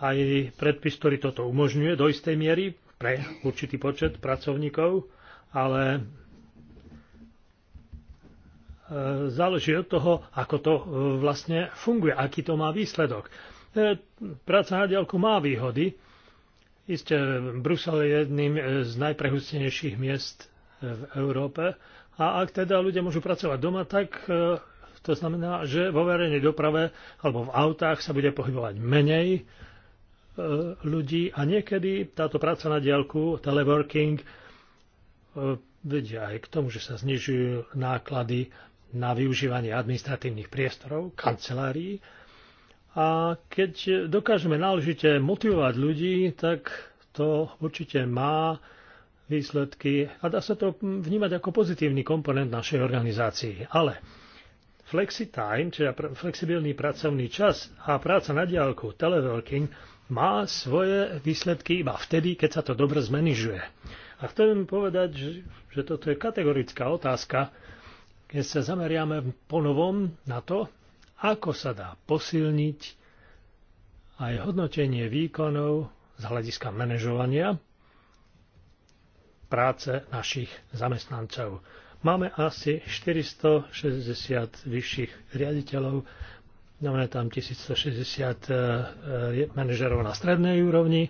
aj predpis, ktorý toto umožňuje do istej miery pre určitý počet pracovníkov, ale e, záleží od toho, ako to e, vlastne funguje, aký to má výsledok. E, práca na diálku má výhody. Isté, Brusel je jedným z najprehustenejších miest v Európe a ak teda ľudia môžu pracovať doma, tak to znamená, že vo verejnej doprave alebo v autách sa bude pohybovať menej Eh, ľudí a niekedy táto práca na diaľku, teleworking, eh, vedia aj k tomu, že sa znižujú náklady na využívanie administratívnych priestorov, kancelárií. A keď dokážeme náležite motivovať ľudí, tak to určite má výsledky a dá sa to vnímať ako pozitívny komponent našej organizácii. Ale flexi time, čiže flexibilný pracovný čas a práca na diálku, teleworking, má svoje výsledky iba vtedy, keď sa to dobre zmenižuje. A chcem povedať, že, že toto je kategorická otázka, keď sa zameriame ponovom na to, ako sa dá posilniť aj hodnotenie výkonov z hľadiska manažovania práce našich zamestnancov. Máme asi 460 vyšších riaditeľov Máme tam 1160 e, e, manažerov na strednej úrovni,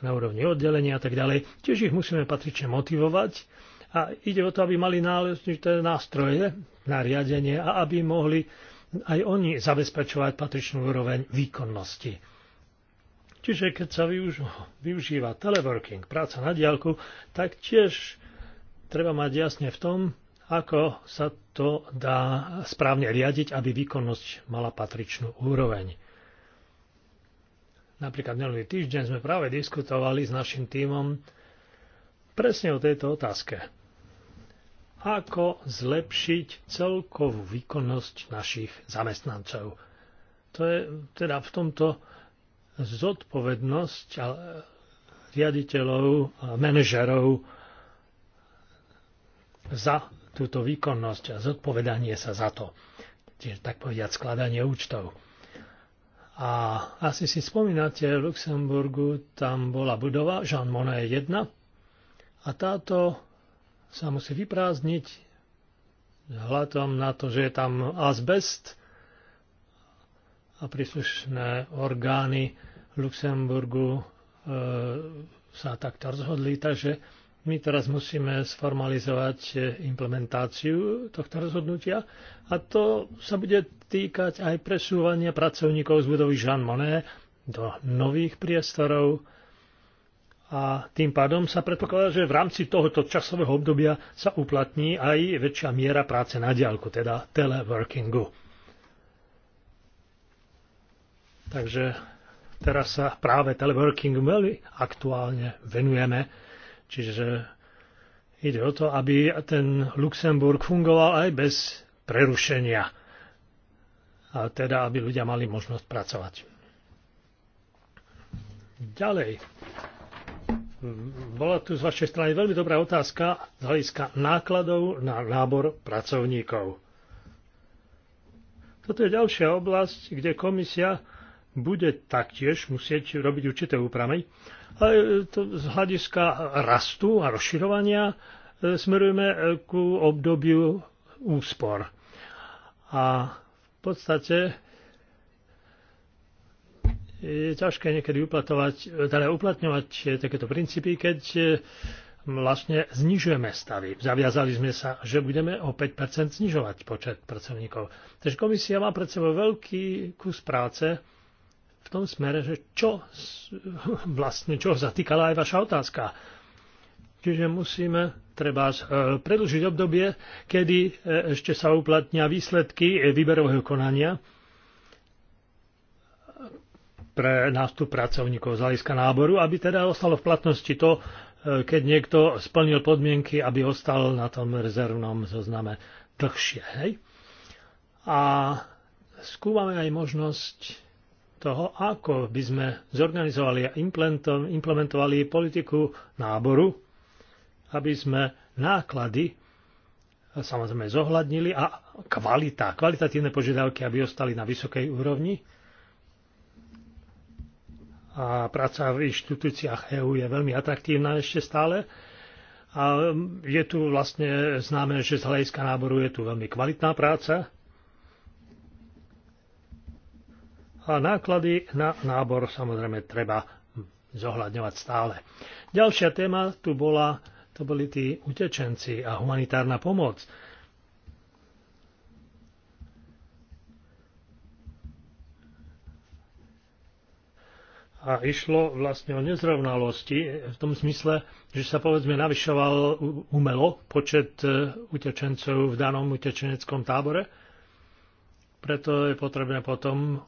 na úrovni oddelenia a tak ďalej. Tiež ich musíme patrične motivovať a ide o to, aby mali náležité nástroje, na riadenie a aby mohli aj oni zabezpečovať patričnú úroveň výkonnosti. Čiže keď sa využíva teleworking, práca na diálku, tak tiež treba mať jasne v tom, ako sa to dá správne riadiť, aby výkonnosť mala patričnú úroveň. Napríklad minulý týždeň sme práve diskutovali s našim tímom presne o tejto otázke. Ako zlepšiť celkovú výkonnosť našich zamestnancov? To je teda v tomto zodpovednosť riaditeľov, manažerov za túto výkonnosť a zodpovedanie sa za to. Čiže tak povediať skladanie účtov. A asi si spomínate, v Luxemburgu tam bola budova Jean Monnet 1 a táto sa musí vyprázdniť hľadom na to, že je tam azbest a príslušné orgány Luxemburgu e, sa takto rozhodli, takže my teraz musíme sformalizovať e, implementáciu tohto rozhodnutia a to sa bude týkať aj presúvania pracovníkov z budovy Jean Monnet do nových priestorov a tým pádom sa predpokladá, že v rámci tohoto časového obdobia sa uplatní aj väčšia miera práce na diálku, teda teleworkingu. Takže teraz sa práve teleworkingu veľmi aktuálne venujeme Čiže ide o to, aby ten Luxemburg fungoval aj bez prerušenia. A teda, aby ľudia mali možnosť pracovať. Ďalej. Bola tu z vašej strany veľmi dobrá otázka z hľadiska nákladov na nábor pracovníkov. Toto je ďalšia oblasť, kde komisia bude taktiež musieť robiť určité úpravy E, z hľadiska rastu a rozširovania e, smerujeme e, ku obdobiu úspor. A v podstate je ťažké niekedy uplatovať, teda uplatňovať takéto princípy, keď vlastne znižujeme stavy. Zaviazali sme sa, že budeme o 5 znižovať počet pracovníkov. Takže komisia má pred sebou veľký kus práce, v tom smere, že čo vlastne, čo zatýkala aj vaša otázka. Čiže musíme treba e, predlžiť obdobie, kedy e, ešte sa uplatnia výsledky e, výberového konania pre nástup pracovníkov z hľadiska náboru, aby teda ostalo v platnosti to, keď niekto splnil podmienky, aby ostal na tom rezervnom zozname dlhšie. Hej? A skúmame aj možnosť toho, ako by sme zorganizovali a implementovali politiku náboru, aby sme náklady samozrejme zohľadnili a kvalita, kvalitatívne požiadavky, aby ostali na vysokej úrovni. A práca v inštitúciách EÚ je veľmi atraktívna ešte stále. A je tu vlastne známe, že z hľadiska náboru je tu veľmi kvalitná práca, a náklady na nábor samozrejme treba zohľadňovať stále. Ďalšia téma tu bola, to boli tí utečenci a humanitárna pomoc. a išlo vlastne o nezrovnalosti v tom smysle, že sa povedzme navyšoval umelo počet e, utečencov v danom utečeneckom tábore preto je potrebné potom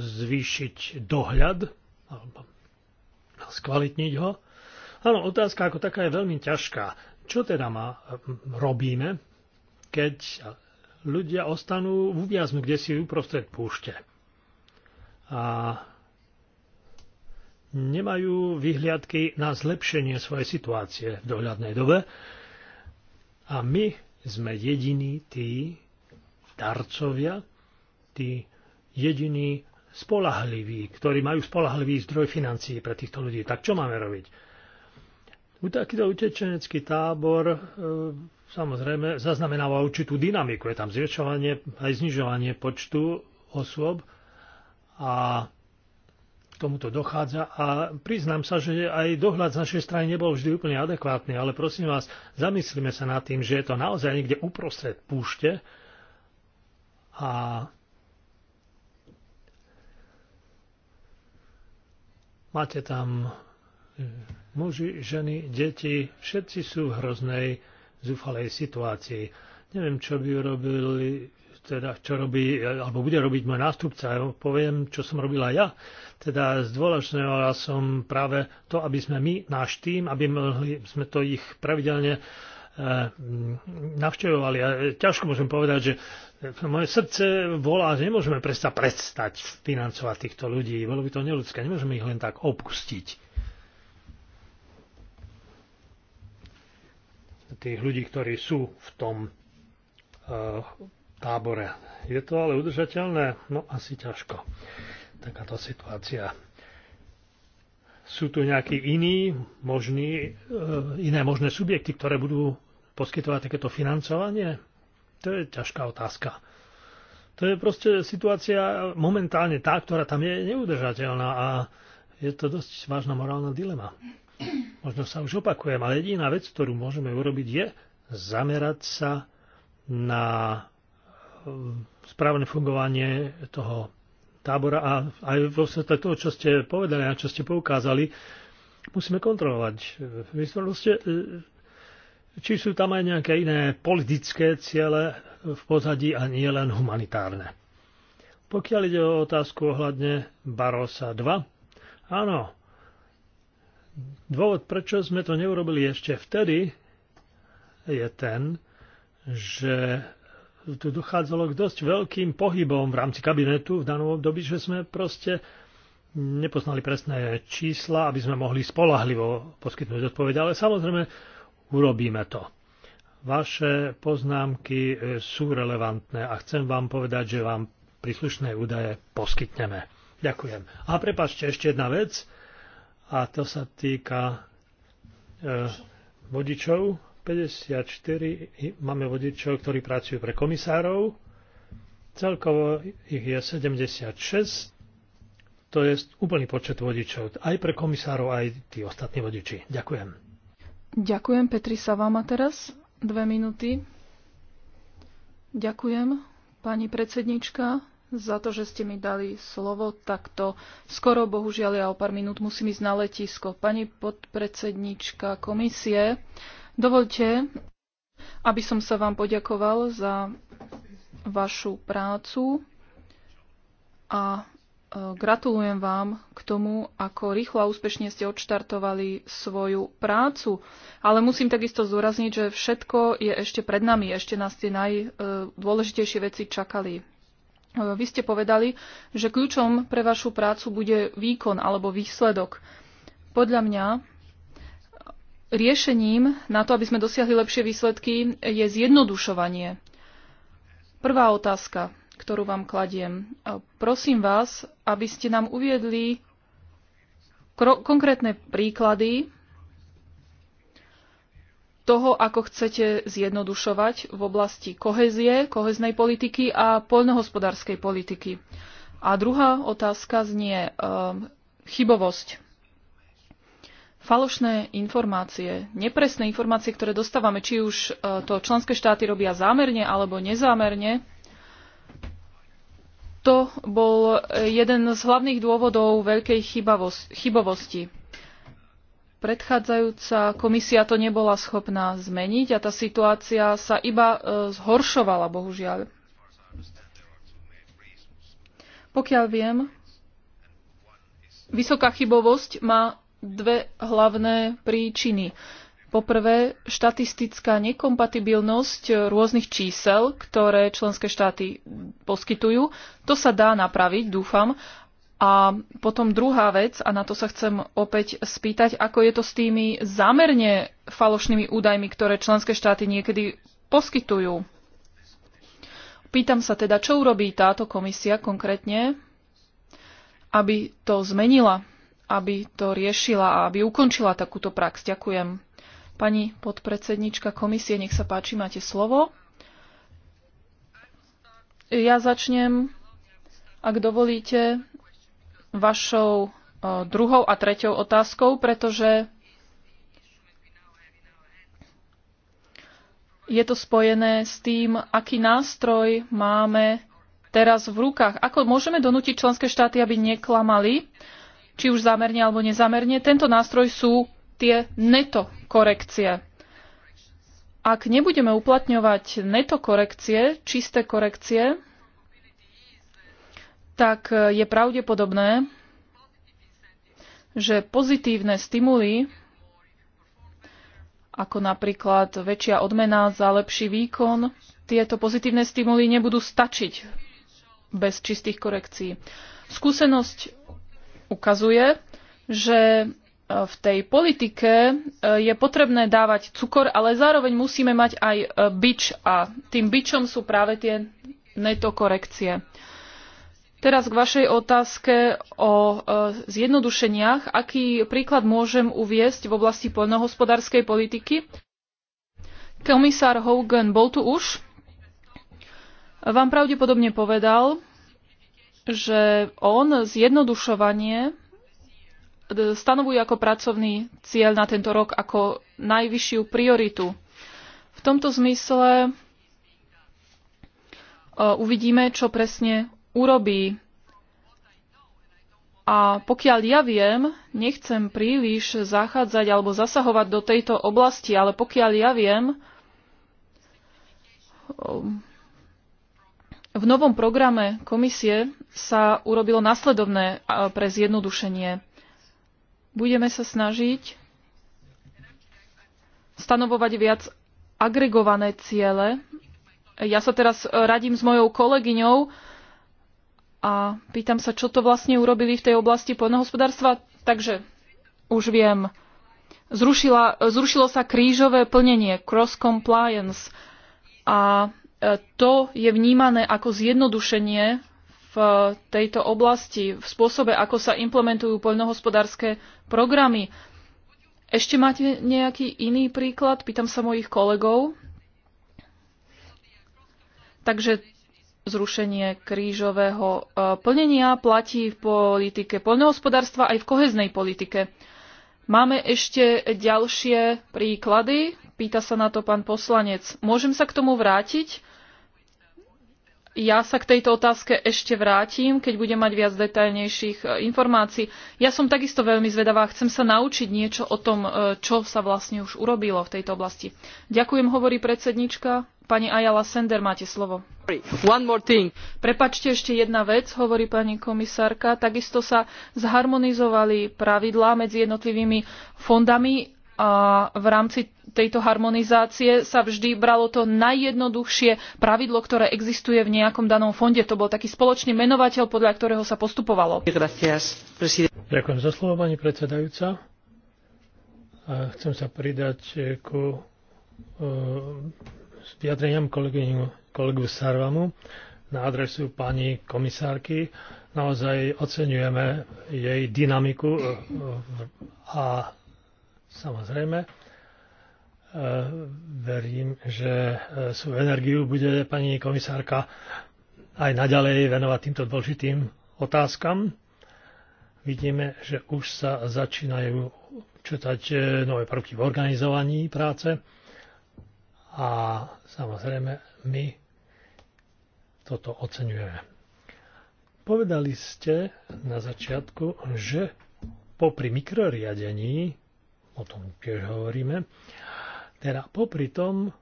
zvýšiť dohľad alebo skvalitniť ho. Áno, otázka ako taká je veľmi ťažká. Čo teda ma robíme, keď ľudia ostanú uviaznu, kde si uprostred púšte a nemajú vyhliadky na zlepšenie svojej situácie v dohľadnej dobe a my sme jediní tí darcovia, tí jediní spolahliví, ktorí majú spolahlivý zdroj financií pre týchto ľudí. Tak čo máme robiť? Takýto utečenecký tábor e, samozrejme zaznamenáva určitú dynamiku. Je tam zväčšovanie aj znižovanie počtu osôb a k tomuto dochádza. A priznám sa, že aj dohľad z našej strany nebol vždy úplne adekvátny, ale prosím vás, zamyslíme sa nad tým, že je to naozaj niekde uprostred púšte a Máte tam hm, muži, ženy, deti, všetci sú v hroznej, zúfalej situácii. Neviem, čo by robili, teda čo robí, alebo bude robiť môj nástupca. Ja poviem, čo som robila ja. Teda zdôležňovala som práve to, aby sme my, náš tým, aby mohli, sme to ich pravidelne E, navštevovali. A ťažko môžem povedať, že moje srdce volá, že nemôžeme presta prestať financovať týchto ľudí. Bolo by to neludské, nemôžeme ich len tak opustiť. Tých ľudí, ktorí sú v tom uh, tábore. Je to ale udržateľné? No asi ťažko. Takáto situácia. Sú tu nejakí iní možní, eh, iné možné subjekty, ktoré budú poskytovať takéto financovanie? To je ťažká otázka. To je proste situácia momentálne tá, ktorá tam je neudržateľná a je to dosť vážna morálna dilema. Možno sa už opakujem, ale jediná vec, ktorú môžeme urobiť, je zamerať sa na eh, správne fungovanie toho tábora a aj vo svetle toho, čo ste povedali a čo ste poukázali, musíme kontrolovať. Vysvetlili ste, e, či sú tam aj nejaké iné politické ciele v pozadí a nie len humanitárne. Pokiaľ ide o otázku ohľadne Barosa 2, áno, dôvod, prečo sme to neurobili ešte vtedy, je ten, že tu dochádzalo k dosť veľkým pohybom v rámci kabinetu v danom období, že sme proste nepoznali presné čísla, aby sme mohli spolahlivo poskytnúť odpoveď, ale samozrejme urobíme to. Vaše poznámky e, sú relevantné a chcem vám povedať, že vám príslušné údaje poskytneme. Ďakujem. A prepačte, ešte jedna vec, a to sa týka e, vodičov 54 máme vodičov, ktorí pracujú pre komisárov. Celkovo ich je 76. To je úplný počet vodičov. Aj pre komisárov, aj tí ostatní vodiči. Ďakujem. Ďakujem. Petri sa vám a teraz. Dve minúty. Ďakujem, pani predsednička, za to, že ste mi dali slovo takto. Skoro, bohužiaľ, ja o pár minút musím ísť na letisko. Pani podpredsednička komisie, Dovolte, aby som sa vám poďakoval za vašu prácu a e, gratulujem vám k tomu, ako rýchlo a úspešne ste odštartovali svoju prácu. Ale musím takisto zdôrazniť, že všetko je ešte pred nami, ešte nás tie najdôležitejšie veci čakali. E, vy ste povedali, že kľúčom pre vašu prácu bude výkon alebo výsledok. Podľa mňa riešením na to, aby sme dosiahli lepšie výsledky, je zjednodušovanie. Prvá otázka, ktorú vám kladiem. Prosím vás, aby ste nám uviedli konkrétne príklady toho, ako chcete zjednodušovať v oblasti kohezie, koheznej politiky a poľnohospodárskej politiky. A druhá otázka znie ehm, chybovosť falošné informácie, nepresné informácie, ktoré dostávame, či už e, to členské štáty robia zámerne alebo nezámerne, to bol jeden z hlavných dôvodov veľkej chybovosti. Predchádzajúca komisia to nebola schopná zmeniť a tá situácia sa iba e, zhoršovala, bohužiaľ. Pokiaľ viem, vysoká chybovosť má dve hlavné príčiny. Poprvé, štatistická nekompatibilnosť rôznych čísel, ktoré členské štáty poskytujú. To sa dá napraviť, dúfam. A potom druhá vec, a na to sa chcem opäť spýtať, ako je to s tými zámerne falošnými údajmi, ktoré členské štáty niekedy poskytujú. Pýtam sa teda, čo urobí táto komisia konkrétne, aby to zmenila aby to riešila a aby ukončila takúto prax. Ďakujem. Pani podpredsednička komisie, nech sa páči, máte slovo. Ja začnem, ak dovolíte, vašou e, druhou a treťou otázkou, pretože je to spojené s tým, aký nástroj máme teraz v rukách. Ako môžeme donútiť členské štáty, aby neklamali? či už zamerne alebo nezamerne. Tento nástroj sú tie neto korekcie. Ak nebudeme uplatňovať neto korekcie, čisté korekcie, tak je pravdepodobné, že pozitívne stimuly, ako napríklad väčšia odmena za lepší výkon, tieto pozitívne stimuly nebudú stačiť bez čistých korekcií. Skúsenosť ukazuje, že e, v tej politike e, je potrebné dávať cukor, ale zároveň musíme mať aj e, bič a tým bičom sú práve tie netokorekcie. Teraz k vašej otázke o zjednodušeniach. Aký príklad môžem uviesť v oblasti poľnohospodárskej politiky? Komisár Hogan bol tu už. Vám pravdepodobne povedal, že on zjednodušovanie stanovuje ako pracovný cieľ na tento rok ako najvyššiu prioritu. V tomto zmysle e, uvidíme, čo presne urobí. A pokiaľ ja viem, nechcem príliš zachádzať alebo zasahovať do tejto oblasti, ale pokiaľ ja viem, v novom programe komisie sa urobilo nasledovné pre zjednodušenie. Budeme sa snažiť stanovovať viac agregované ciele. Ja sa teraz e, radím s mojou kolegyňou a pýtam sa, čo to vlastne urobili v tej oblasti poľnohospodárstva. Takže už viem. Zrušila, e, zrušilo sa krížové plnenie, cross compliance a to je vnímané ako zjednodušenie v tejto oblasti, v spôsobe, ako sa implementujú poľnohospodárske programy. Ešte máte nejaký iný príklad? Pýtam sa mojich kolegov. Takže zrušenie krížového e, plnenia platí v politike poľnohospodárstva aj v koheznej politike. Máme ešte ďalšie príklady. Pýta sa na to pán poslanec. Môžem sa k tomu vrátiť? Ja sa k tejto otázke ešte vrátim, keď budem mať viac detailnejších e, informácií. Ja som takisto veľmi zvedavá, chcem sa naučiť niečo o tom, e, čo sa vlastne už urobilo v tejto oblasti. Ďakujem, hovorí predsednička. Pani Ayala Sender, máte slovo. Prepačte ešte jedna vec, hovorí pani komisárka. Takisto sa zharmonizovali pravidlá medzi jednotlivými fondami a v rámci tejto harmonizácie sa vždy bralo to najjednoduchšie pravidlo, ktoré existuje v nejakom danom fonde. To bol taký spoločný menovateľ, podľa ktorého sa postupovalo. Ďakujem za slovo, pani predsedajúca. A chcem sa pridať eh, ku eh, s vyjadreniam kolegu Sarvamu na adresu pani komisárky. Naozaj oceňujeme jej dynamiku eh, a samozrejme E, verím, že e, svoju energiu bude pani komisárka aj naďalej venovať týmto dôležitým otázkam. Vidíme, že už sa začínajú čítať e, nové prvky v organizovaní práce a samozrejme my toto oceňujeme. Povedali ste na začiatku, že popri mikroriadení, o tom tiež hovoríme, teda popri tom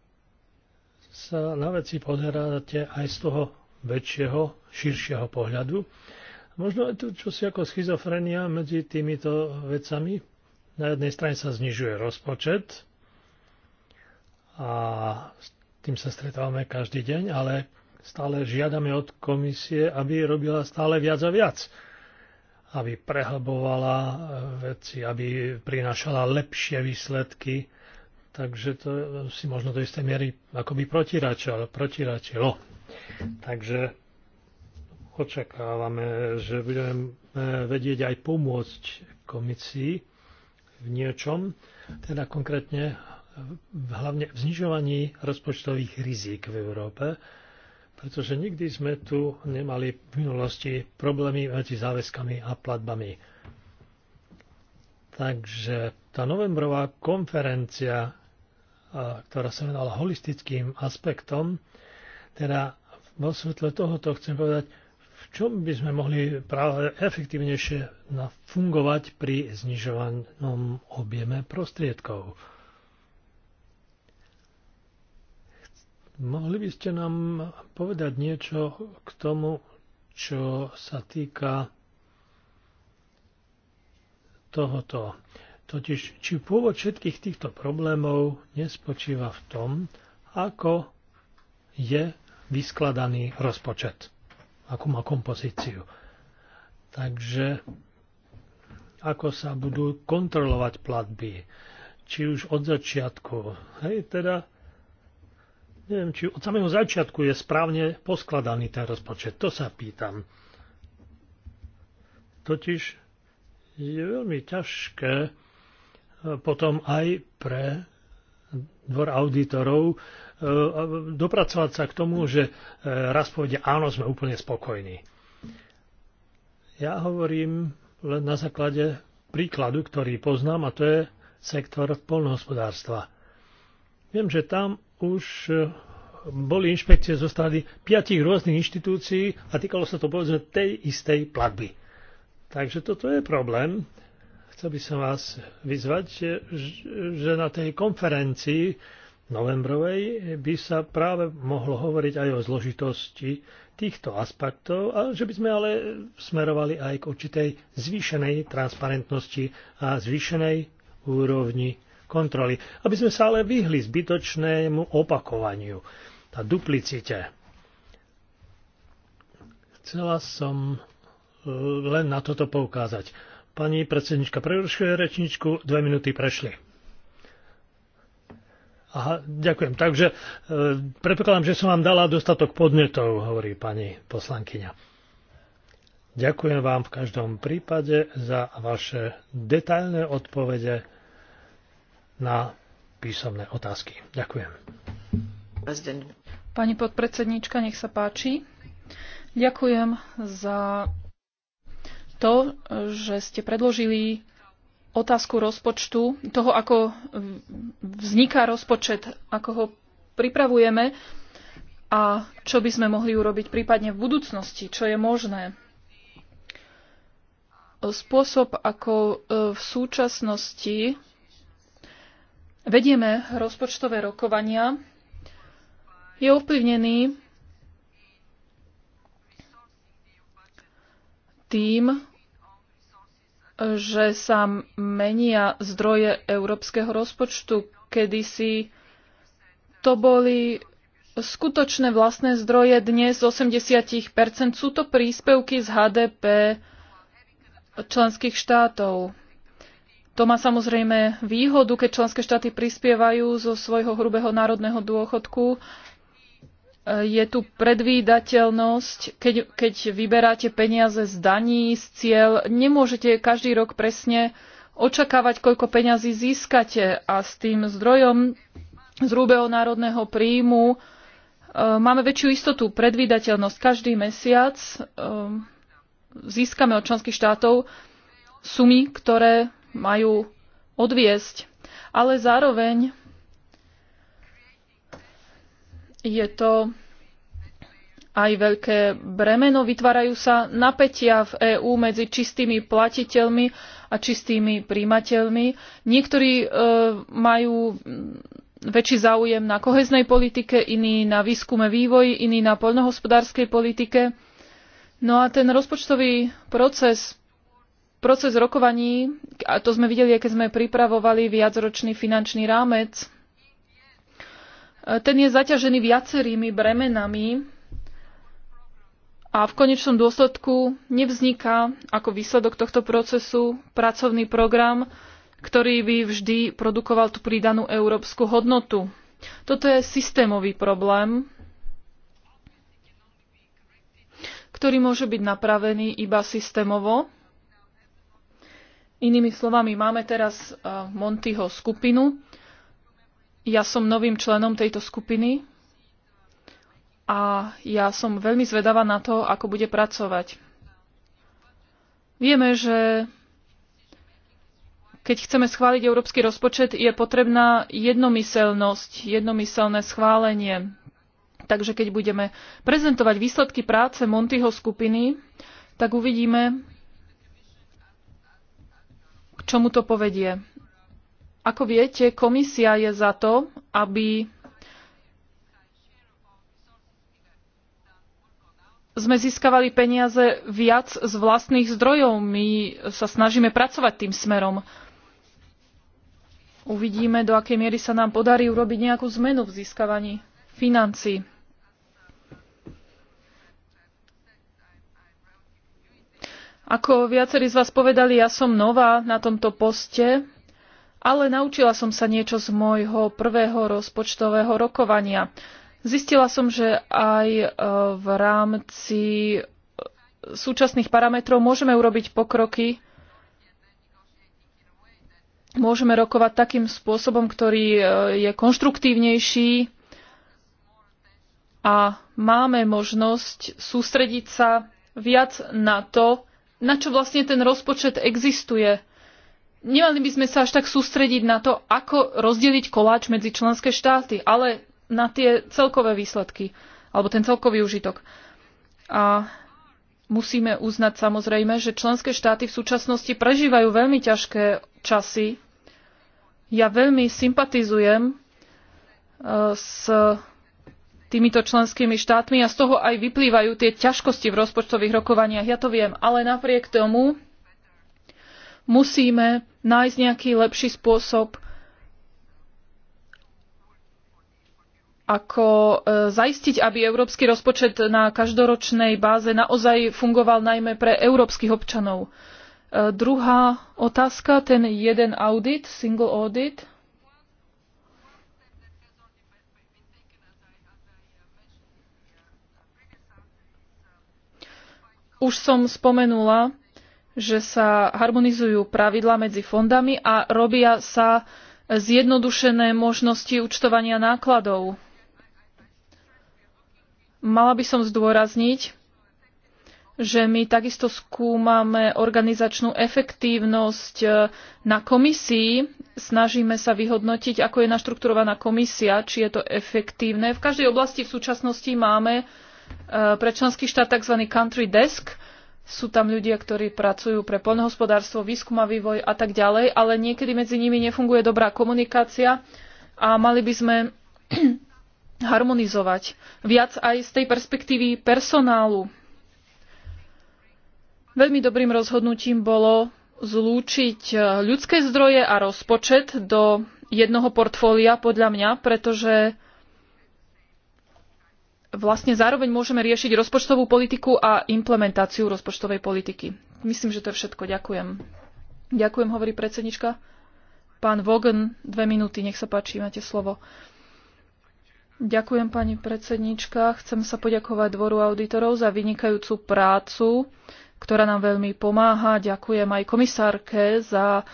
sa na veci pozeráte aj z toho väčšieho, širšieho pohľadu. Možno je tu čosi ako schizofrenia medzi týmito vecami. Na jednej strane sa znižuje rozpočet a s tým sa stretávame každý deň, ale stále žiadame od komisie, aby robila stále viac a viac aby prehlbovala eh, veci, aby prinášala lepšie výsledky Takže to si možno do istej miery akoby protiračilo. protiračilo. Takže očakávame, že budeme vedieť aj pomôcť komisii v niečom, teda konkrétne hlavne v znižovaní rozpočtových rizík v Európe, pretože nikdy sme tu nemali v minulosti problémy medzi záväzkami a platbami. Takže tá novembrová konferencia ktorá sa venovala holistickým aspektom. Teda vo svetle tohoto chcem povedať, v čom by sme mohli práve efektívnejšie fungovať pri znižovanom objeme prostriedkov. Mohli by ste nám povedať niečo k tomu, čo sa týka tohoto. Totiž, či pôvod všetkých týchto problémov nespočíva v tom, ako je vyskladaný rozpočet, akú má kompozíciu. Takže ako sa budú kontrolovať platby, či už od začiatku. Hej, teda neviem, či od samého začiatku je správne poskladaný ten rozpočet. To sa pýtam. Totiž je veľmi ťažké potom aj pre dvor auditorov e, dopracovať sa k tomu, že e, raz povede áno, sme úplne spokojní. Ja hovorím len na základe príkladu, ktorý poznám, a to je sektor polnohospodárstva. Viem, že tam už e, boli inšpekcie zo strany piatich rôznych inštitúcií a týkalo sa to povedzme tej istej platby. Takže toto je problém, Chcel by som vás vyzvať, že, že na tej konferencii novembrovej by sa práve mohlo hovoriť aj o zložitosti týchto aspektov a že by sme ale smerovali aj k určitej zvýšenej transparentnosti a zvýšenej úrovni kontroly. Aby sme sa ale vyhli zbytočnému opakovaniu a duplicite. Chcela som eh, len na toto poukázať. Pani predsednička prerušuje rečničku, dve minúty prešli. Aha, ďakujem. Takže e, predpokladám, že som vám dala dostatok podnetov, hovorí pani poslankyňa. Ďakujem vám v každom prípade za vaše detailné odpovede na písomné otázky. Ďakujem. Pani podpredsednička, nech sa páči. Ďakujem za to, že ste predložili otázku rozpočtu, toho, ako vzniká rozpočet, ako ho pripravujeme a čo by sme mohli urobiť prípadne v budúcnosti, čo je možné. Spôsob, ako e, v súčasnosti vedieme rozpočtové rokovania, je ovplyvnený tým, že sa menia zdroje európskeho rozpočtu. Kedysi to boli skutočné vlastné zdroje, dnes 80 sú to príspevky z HDP členských štátov. To má samozrejme výhodu, keď členské štáty prispievajú zo svojho hrubého národného dôchodku je tu predvídateľnosť, keď, keď vyberáte peniaze z daní, z cieľ, nemôžete každý rok presne očakávať, koľko peňazí získate a s tým zdrojom z hrubého národného príjmu e, máme väčšiu istotu, predvídateľnosť. Každý mesiac e, získame od členských štátov sumy, ktoré majú odviesť. Ale zároveň je to aj veľké bremeno. Vytvárajú sa napätia v EÚ medzi čistými platiteľmi a čistými príjimateľmi. Niektorí e, majú väčší záujem na koheznej politike, iní na výskume vývoji, iní na poľnohospodárskej politike. No a ten rozpočtový proces, proces rokovaní, a to sme videli, keď sme pripravovali viacročný finančný rámec ten je zaťažený viacerými bremenami a v konečnom dôsledku nevzniká ako výsledok tohto procesu pracovný program, ktorý by vždy produkoval tú pridanú európsku hodnotu. Toto je systémový problém, ktorý môže byť napravený iba systémovo. Inými slovami, máme teraz eh, Montyho skupinu, ja som novým členom tejto skupiny a ja som veľmi zvedavá na to, ako bude pracovať. Vieme, že keď chceme schváliť európsky rozpočet, je potrebná jednomyselnosť, jednomyselné schválenie. Takže keď budeme prezentovať výsledky práce Montyho skupiny, tak uvidíme, k čomu to povedie. Ako viete, komisia je za to, aby sme získavali peniaze viac z vlastných zdrojov. My sa snažíme pracovať tým smerom. Uvidíme, do akej miery sa nám podarí urobiť nejakú zmenu v získavaní financí. Ako viacerí z vás povedali, ja som nová na tomto poste ale naučila som sa niečo z môjho prvého rozpočtového rokovania. Zistila som, že aj e, v rámci e, súčasných parametrov môžeme urobiť pokroky, môžeme rokovať takým spôsobom, ktorý e, je konštruktívnejší a máme možnosť sústrediť sa viac na to, na čo vlastne ten rozpočet existuje Nemali by sme sa až tak sústrediť na to, ako rozdeliť koláč medzi členské štáty, ale na tie celkové výsledky, alebo ten celkový užitok. A musíme uznať samozrejme, že členské štáty v súčasnosti prežívajú veľmi ťažké časy. Ja veľmi sympatizujem e, s týmito členskými štátmi a z toho aj vyplývajú tie ťažkosti v rozpočtových rokovaniach. Ja to viem, ale napriek tomu musíme nájsť nejaký lepší spôsob, ako e, zaistiť, aby európsky rozpočet na každoročnej báze naozaj fungoval najmä pre európskych občanov. E, druhá otázka, ten jeden audit, single audit. Už som spomenula, že sa harmonizujú pravidla medzi fondami a robia sa zjednodušené možnosti účtovania nákladov. Mala by som zdôrazniť, že my takisto skúmame organizačnú efektívnosť na komisii. Snažíme sa vyhodnotiť, ako je naštrukturovaná komisia, či je to efektívne. V každej oblasti v súčasnosti máme eh, pre členský štát tzv. country desk, sú tam ľudia, ktorí pracujú pre poľnohospodárstvo, výskum a vývoj a tak ďalej, ale niekedy medzi nimi nefunguje dobrá komunikácia a mali by sme harmonizovať viac aj z tej perspektívy personálu. Veľmi dobrým rozhodnutím bolo zlúčiť e, ľudské zdroje a rozpočet do jednoho portfólia podľa mňa, pretože vlastne zároveň môžeme riešiť rozpočtovú politiku a implementáciu rozpočtovej politiky. Myslím, že to je všetko. Ďakujem. Ďakujem, hovorí predsednička. Pán Vogen, dve minúty, nech sa páči, máte slovo. Ďakujem, pani predsednička. Chcem sa poďakovať Dvoru auditorov za vynikajúcu prácu, ktorá nám veľmi pomáha. Ďakujem aj komisárke za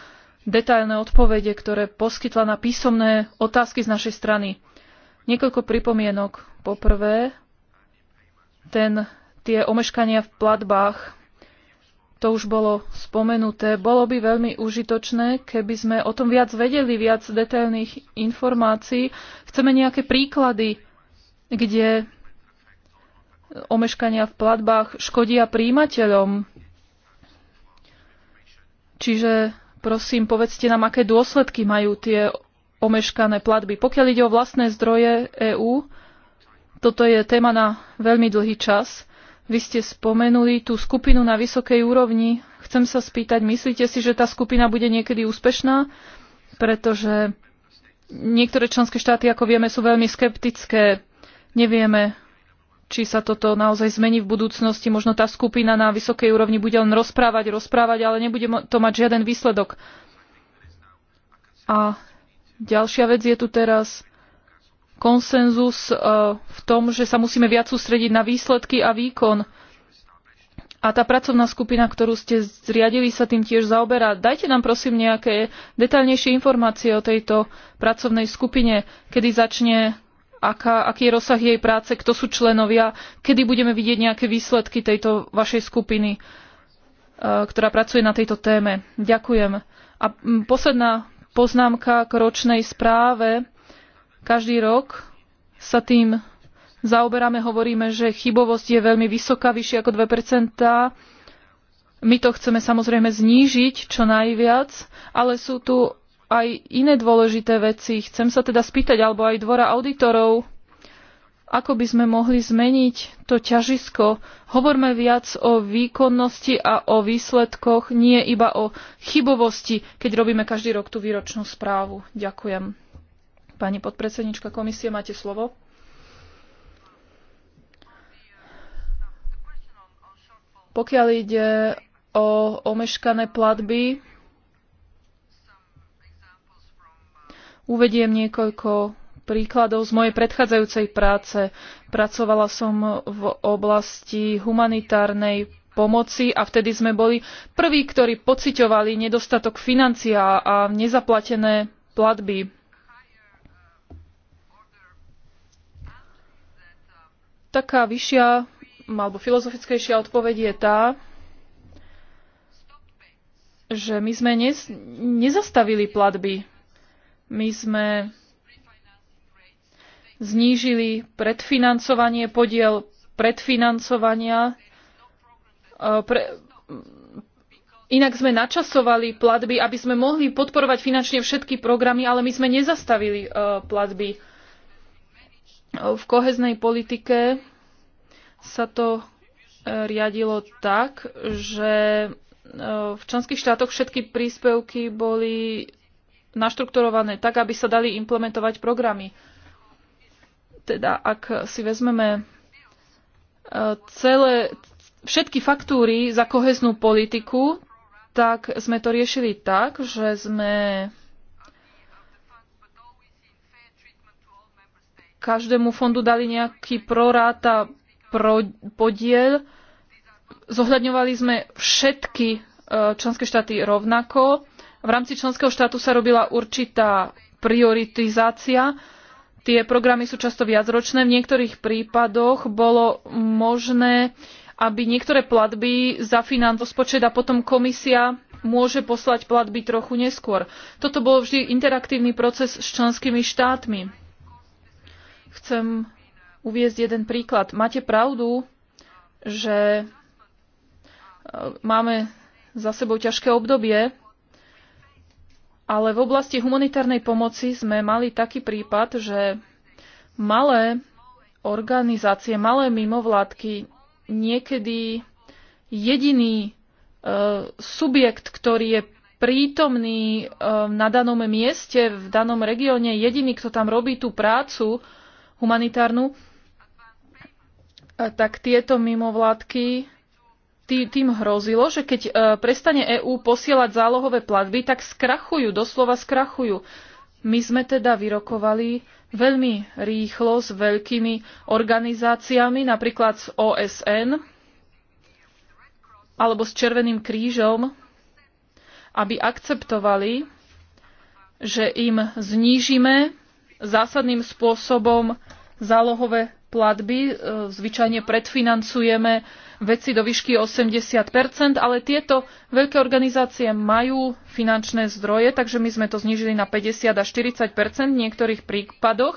detailné odpovede, ktoré poskytla na písomné otázky z našej strany. Niekoľko pripomienok. Poprvé, ten, tie omeškania v platbách, to už bolo spomenuté. Bolo by veľmi užitočné, keby sme o tom viac vedeli, viac detailných informácií. Chceme nejaké príklady, kde omeškania v platbách škodia príjimateľom. Čiže prosím, povedzte nám, aké dôsledky majú tie omeškané platby. Pokiaľ ide o vlastné zdroje EÚ, toto je téma na veľmi dlhý čas. Vy ste spomenuli tú skupinu na vysokej úrovni. Chcem sa spýtať, myslíte si, že tá skupina bude niekedy úspešná? Pretože niektoré členské štáty, ako vieme, sú veľmi skeptické. Nevieme, či sa toto naozaj zmení v budúcnosti. Možno tá skupina na vysokej úrovni bude len rozprávať, rozprávať, ale nebude to mať žiaden výsledok. A Ďalšia vec je tu teraz konsenzus e, v tom, že sa musíme viac sústrediť na výsledky a výkon. A tá pracovná skupina, ktorú ste zriadili, sa tým tiež zaoberá. Dajte nám prosím nejaké detaľnejšie informácie o tejto pracovnej skupine, kedy začne, aká, aký je rozsah jej práce, kto sú členovia, kedy budeme vidieť nejaké výsledky tejto vašej skupiny, e, ktorá pracuje na tejto téme. Ďakujem. A posledná poznámka k ročnej správe. Každý rok sa tým zaoberáme, hovoríme, že chybovosť je veľmi vysoká, vyššia ako 2 My to chceme samozrejme znížiť čo najviac, ale sú tu aj iné dôležité veci. Chcem sa teda spýtať, alebo aj dvora auditorov, ako by sme mohli zmeniť to ťažisko. Hovorme viac o výkonnosti a o výsledkoch, nie iba o chybovosti, keď robíme každý rok tú výročnú správu. Ďakujem. Pani podpredsednička komisie, máte slovo. Pokiaľ ide o omeškané platby, uvediem niekoľko príkladov z mojej predchádzajúcej práce. Pracovala som v oblasti humanitárnej pomoci a vtedy sme boli prví, ktorí pociťovali nedostatok financia a nezaplatené platby. Taká vyššia alebo filozofickejšia odpoveď je tá, že my sme nez, nezastavili platby. My sme znížili predfinancovanie, podiel predfinancovania. E, pre, Inak sme načasovali platby, aby sme mohli podporovať finančne všetky programy, ale my sme nezastavili e, platby. E, v koheznej politike sa to riadilo tak, že v členských štátoch všetky príspevky boli naštrukturované tak, aby sa dali implementovať programy teda ak si vezmeme e, celé, všetky faktúry za koheznú politiku, tak sme to riešili tak, že sme každému fondu dali nejaký proráta pro, podiel. Zohľadňovali sme všetky e, členské štáty rovnako. V rámci členského štátu sa robila určitá prioritizácia Tie programy sú často viacročné. V niektorých prípadoch bolo možné, aby niektoré platby finant rozpočet a potom komisia môže poslať platby trochu neskôr. Toto bol vždy interaktívny proces s členskými štátmi. Chcem uviezť jeden príklad. Máte pravdu, že e, máme za sebou ťažké obdobie ale v oblasti humanitárnej pomoci sme mali taký prípad, že malé organizácie, malé mimovládky, niekedy jediný e, subjekt, ktorý je prítomný e, na danom mieste, v danom regióne, jediný, kto tam robí tú prácu humanitárnu, e, tak tieto mimovládky tý, tým hrozilo, že keď e, prestane EÚ posielať zálohové platby, tak skrachujú, doslova skrachujú. My sme teda vyrokovali veľmi rýchlo s veľkými organizáciami, napríklad s OSN alebo s Červeným krížom, aby akceptovali, že im znížime zásadným spôsobom zálohové platby, e, zvyčajne predfinancujeme veci do výšky 80 ale tieto veľké organizácie majú finančné zdroje, takže my sme to znížili na 50 až 40 v niektorých prípadoch.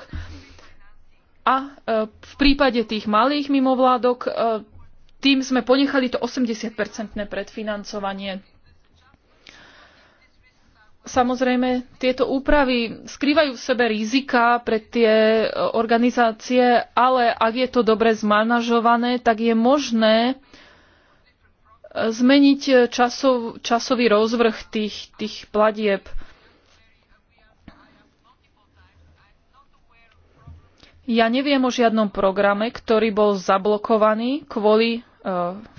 A e, v prípade tých malých mimovládok e, tým sme ponechali to 80-percentné predfinancovanie Samozrejme, tieto úpravy skrývajú v sebe rizika pre tie e, organizácie, ale ak je to dobre zmanažované, tak je možné e, zmeniť e, časov, časový rozvrh tých, tých platieb. Ja neviem o žiadnom programe, ktorý bol zablokovaný kvôli e,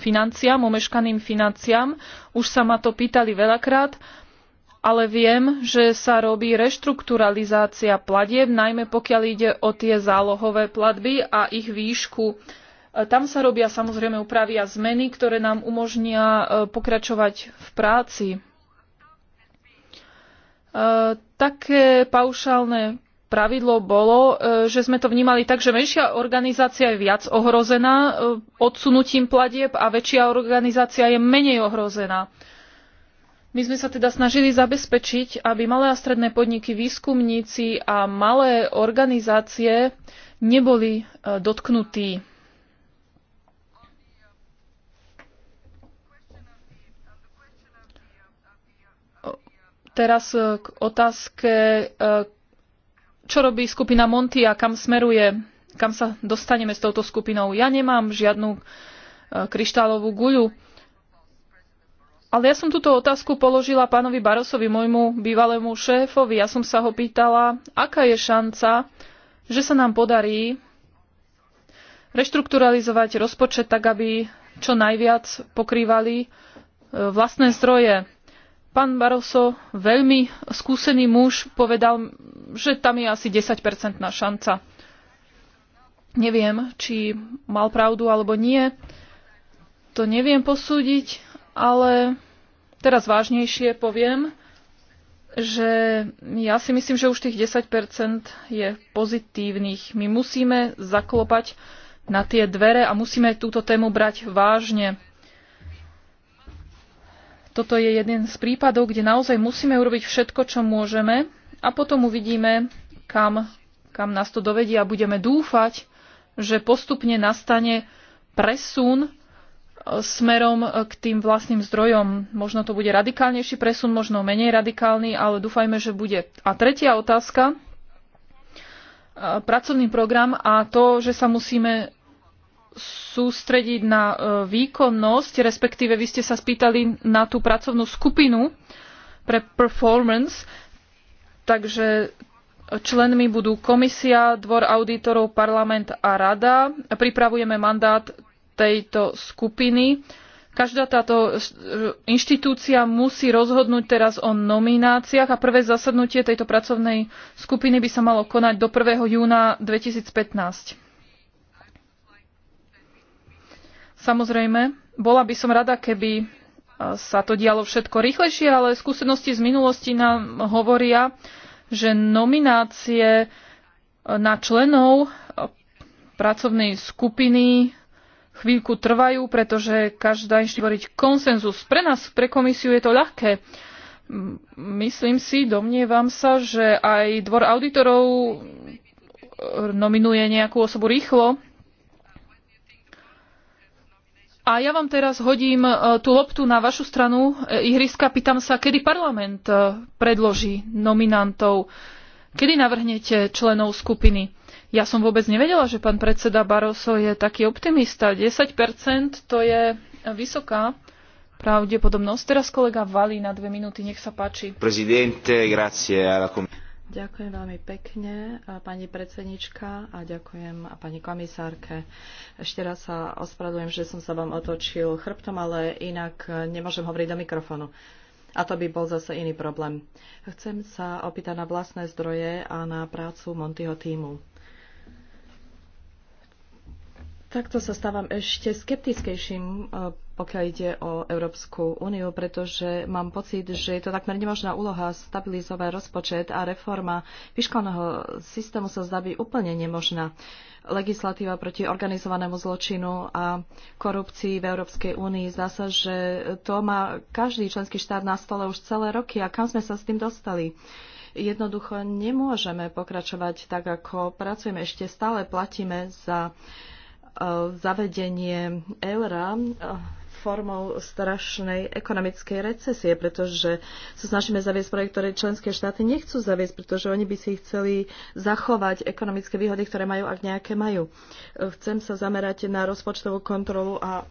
financiám, omeškaným financiám. Už sa ma to pýtali veľakrát ale viem, že sa robí reštrukturalizácia platieb, najmä pokiaľ ide o tie zálohové platby a ich výšku. E, tam sa robia samozrejme upravy a zmeny, ktoré nám umožnia e, pokračovať v práci. E, také paušálne pravidlo bolo, že sme to vnímali tak, že menšia organizácia je viac ohrozená odsunutím platieb a väčšia organizácia je menej ohrozená. My sme sa teda snažili zabezpečiť, aby malé a stredné podniky, výskumníci a malé organizácie neboli e, dotknutí. Teraz e, k otázke, e, čo robí skupina Monty a kam smeruje, kam sa dostaneme s touto skupinou. Ja nemám žiadnu kryštálovú guľu ale ja som túto otázku položila pánovi Barosovi, môjmu bývalému šéfovi. Ja som sa ho pýtala, aká je šanca, že sa nám podarí reštrukturalizovať rozpočet tak, aby čo najviac pokrývali e, vlastné zdroje. Pán Baroso, veľmi skúsený muž, povedal, že tam je asi 10-percentná šanca. Neviem, či mal pravdu alebo nie. To neviem posúdiť ale teraz vážnejšie poviem, že ja si myslím, že už tých 10% je pozitívnych. My musíme zaklopať na tie dvere a musíme túto tému brať vážne. Toto je jeden z prípadov, kde naozaj musíme urobiť všetko, čo môžeme a potom uvidíme, kam, kam nás to dovedie a budeme dúfať, že postupne nastane presun smerom k tým vlastným zdrojom. Možno to bude radikálnejší presun, možno menej radikálny, ale dúfajme, že bude. A tretia otázka. Pracovný program a to, že sa musíme sústrediť na e, výkonnosť, respektíve vy ste sa spýtali na tú pracovnú skupinu pre performance, takže členmi budú komisia, dvor auditorov, parlament a rada. Pripravujeme mandát tejto skupiny. Každá táto e, inštitúcia musí rozhodnúť teraz o nomináciách a prvé zasadnutie tejto pracovnej skupiny by sa malo konať do 1. júna 2015. Samozrejme, bola by som rada, keby e, sa to dialo všetko rýchlejšie, ale skúsenosti z minulosti nám hovoria, že nominácie e, na členov pracovnej skupiny chvíľku trvajú, pretože každá inštitúcia vytvoriť konsenzus. Pre nás, pre komisiu je to ľahké. Myslím si, domnievam sa, že aj dvor auditorov eh, nominuje nejakú osobu rýchlo. A ja vám teraz hodím eh, tú loptu na vašu stranu eh, ihriska. Pýtam sa, kedy parlament predloží nominantov? Kedy navrhnete členov skupiny? Ja som vôbec nevedela, že pán predseda Barroso je taký optimista. 10% to je vysoká pravdepodobnosť. Teraz kolega Vali na dve minúty, nech sa páči. Prezidente, grazie Ďakujem veľmi pekne, pani predsednička, a ďakujem a pani komisárke. Ešte raz sa ospravedlňujem, že som sa vám otočil chrbtom, ale inak e, nemôžem hovoriť do mikrofónu. A to by bol zase iný problém. Chcem sa opýtať na vlastné zdroje a na prácu Montyho týmu. Takto sa stávam ešte skeptickejším, e, pokiaľ ide o Európsku úniu, pretože mám pocit, že je to takmer nemožná úloha stabilizovať rozpočet a reforma fiskálneho systému sa zdá byť úplne nemožná. Legislatíva proti organizovanému zločinu a korupcii v Európskej únii zdá sa, že to má každý členský štát na stole už celé roky a kam sme sa s tým dostali jednoducho nemôžeme pokračovať tak, ako pracujeme. Ešte stále platíme za zavedenie eura eh, formou strašnej ekonomickej recesie, pretože sa snažíme zaviesť projekt, ktoré členské štáty nechcú zaviesť, pretože oni by si chceli zachovať ekonomické výhody, ktoré majú, ak nejaké majú. Eh, chcem sa zamerať na rozpočtovú kontrolu a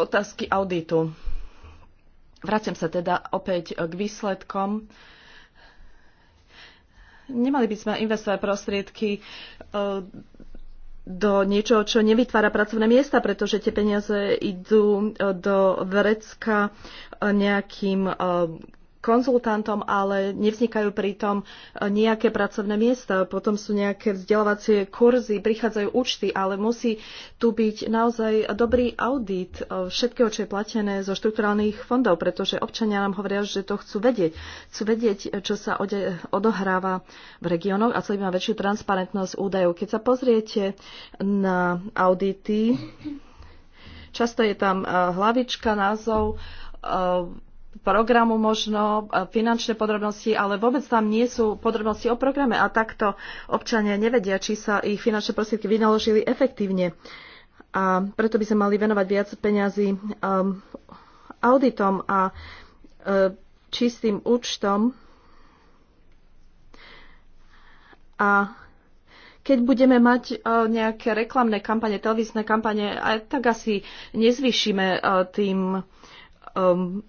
otázky auditu. Vraciam sa teda opäť eh, k výsledkom. Nemali by sme investovať prostriedky do niečoho, čo nevytvára pracovné miesta, pretože tie peniaze idú eh, do vrecka eh, nejakým eh, konzultantom, ale nevznikajú pritom eh, nejaké pracovné miesta. Potom sú nejaké vzdelávacie kurzy, prichádzajú účty, ale musí tu byť naozaj dobrý audit eh, všetkého, čo je platené zo štrukturálnych fondov, pretože občania nám hovoria, že to chcú vedieť. Chcú vedieť, eh, čo sa odohráva v regiónoch a chceli by väčšiu transparentnosť údajov. Keď sa pozriete na audity, často je tam hlavička, názov, programu možno, e, finančné podrobnosti, ale vôbec tam nie sú podrobnosti o programe a takto občania nevedia, či sa ich finančné prostriedky vynaložili efektívne. A preto by sa mali venovať viac peňazí um, auditom a um, čistým účtom. A keď budeme mať nejaké reklamné kampane, televízne kampane, tak asi nezvýšime tým um,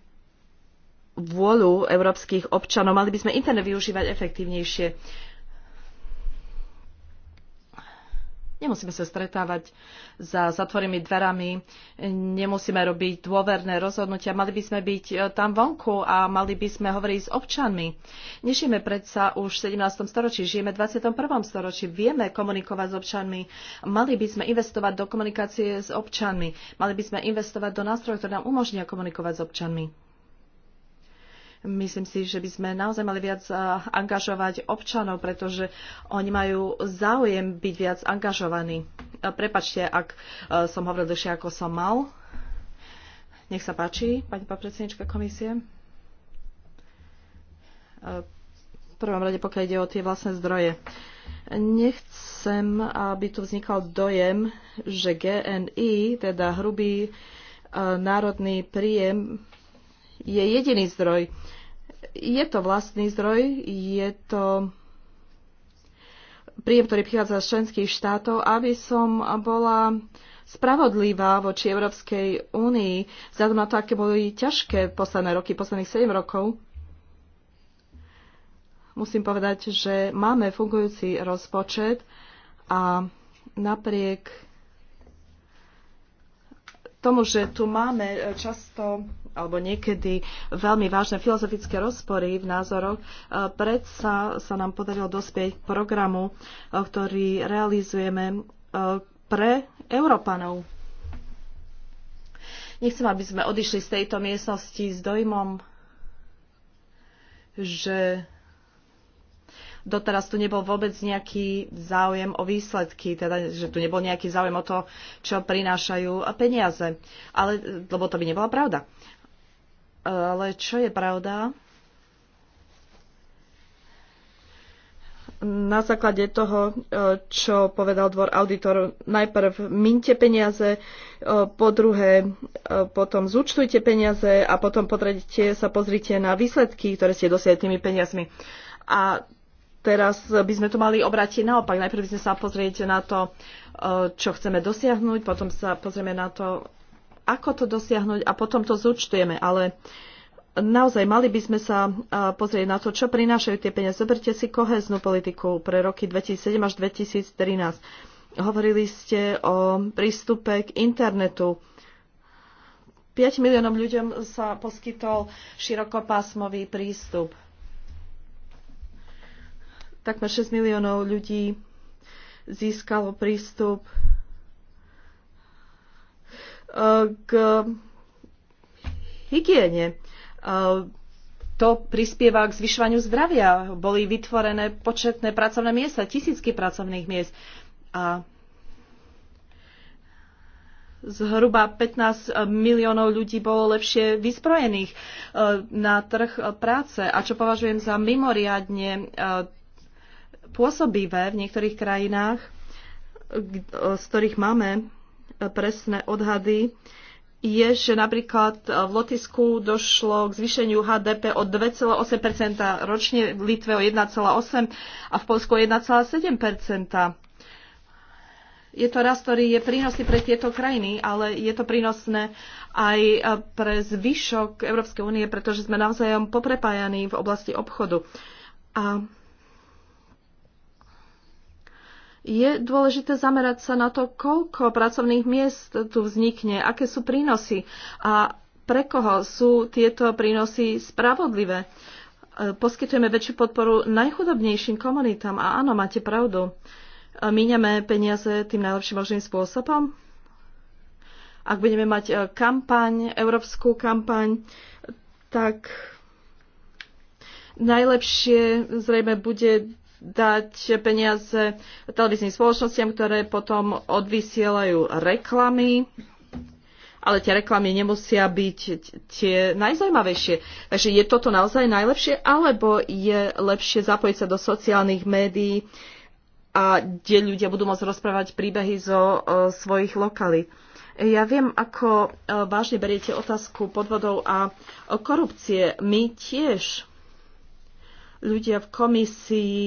vôľu európskych občanov. Mali by sme internet využívať efektívnejšie. Nemusíme sa stretávať za zatvorenými dverami, nemusíme robiť dôverné rozhodnutia, mali by sme byť e, tam vonku a mali by sme hovoriť s občanmi. Nežijeme predsa už v 17. storočí, žijeme v 21. storočí, vieme komunikovať s občanmi, mali by sme investovať do komunikácie s občanmi, mali by sme investovať do nástrojov, ktoré nám umožnia komunikovať s občanmi. Myslím si, že by sme naozaj mali viac angažovať občanov, pretože oni majú záujem byť viac angažovaní. Prepačte, ak e, som hovoril dlhšie, ako som mal. Nech sa páči, pani podpredsednička komisie. E, v prvom rade, pokiaľ ide o tie vlastné zdroje. Nechcem, aby tu vznikal dojem, že GNI, teda hrubý e, národný príjem, je jediný zdroj. Je to vlastný zdroj, je to príjem, ktorý prichádza z členských štátov, aby som bola spravodlivá voči Európskej únii, vzhľadom na to, aké boli ťažké posledné roky, posledných 7 rokov. Musím povedať, že máme fungujúci rozpočet a napriek tomu, že tu máme e, často alebo niekedy veľmi vážne filozofické rozpory v názoroch, e, predsa sa nám podarilo dospieť k programu, e, ktorý realizujeme pre Európanov. Nechcem, aby sme odišli z tejto miestnosti s dojmom, že doteraz tu nebol vôbec nejaký záujem o výsledky, teda že tu nebol nejaký záujem o to, čo prinášajú peniaze. Ale, lebo to by nebola pravda. Ale čo je pravda? Na základe toho, čo povedal dvor auditor, najprv minte peniaze, po druhé potom zúčtujte peniaze a potom po tretie sa pozrite na výsledky, ktoré ste dosiahli tými peniazmi. A teraz by sme to mali obrátiť naopak. Najprv by sme sa pozrieť na to, e, čo chceme dosiahnuť, potom sa pozrieme na to, ako to dosiahnuť a potom to zúčtujeme. Ale naozaj mali by sme sa e, pozrieť na to, čo prinášajú tie peniaze. Zoberte si koheznú politiku pre roky 2007 až 2013. Hovorili ste o prístupe k internetu. 5 miliónov ľuďom sa poskytol širokopásmový prístup takmer 6 miliónov ľudí získalo prístup e, k hygiene. E, to prispieva k zvyšovaniu zdravia. Boli vytvorené početné pracovné miesta, tisícky pracovných miest. A zhruba 15 miliónov ľudí bolo lepšie vyzbrojených e, na trh práce. A čo považujem za mimoriadne pôsobivé v niektorých krajinách, z ktorých máme presné odhady, je, že napríklad v Lotisku došlo k zvýšeniu HDP o 2,8 ročne, v Litve o 1,8 a v Polsku o 1,7 Je to rast, ktorý je prínosný pre tieto krajiny, ale je to prínosné aj pre zvyšok Európskej únie, pretože sme navzájom poprepájaní v oblasti obchodu. A je dôležité zamerať sa na to, koľko pracovných miest tu vznikne, aké sú prínosy a pre koho sú tieto prínosy spravodlivé. E, poskytujeme väčšiu podporu najchudobnejším komunitám a áno, máte pravdu. E, míňame peniaze tým najlepším možným spôsobom. Ak budeme mať e, kampaň, európsku kampaň, tak najlepšie zrejme bude dať peniaze televíznym spoločnostiam, ktoré potom odvysielajú reklamy, ale tie reklamy nemusia byť tie najzajímavejšie. Takže je toto naozaj najlepšie, alebo je lepšie zapojiť sa do sociálnych médií, a kde ľudia budú môcť rozprávať príbehy zo e, svojich lokalí. Ja viem, ako e, vážne beriete otázku podvodov a e, korupcie. My tiež ľudia v komisii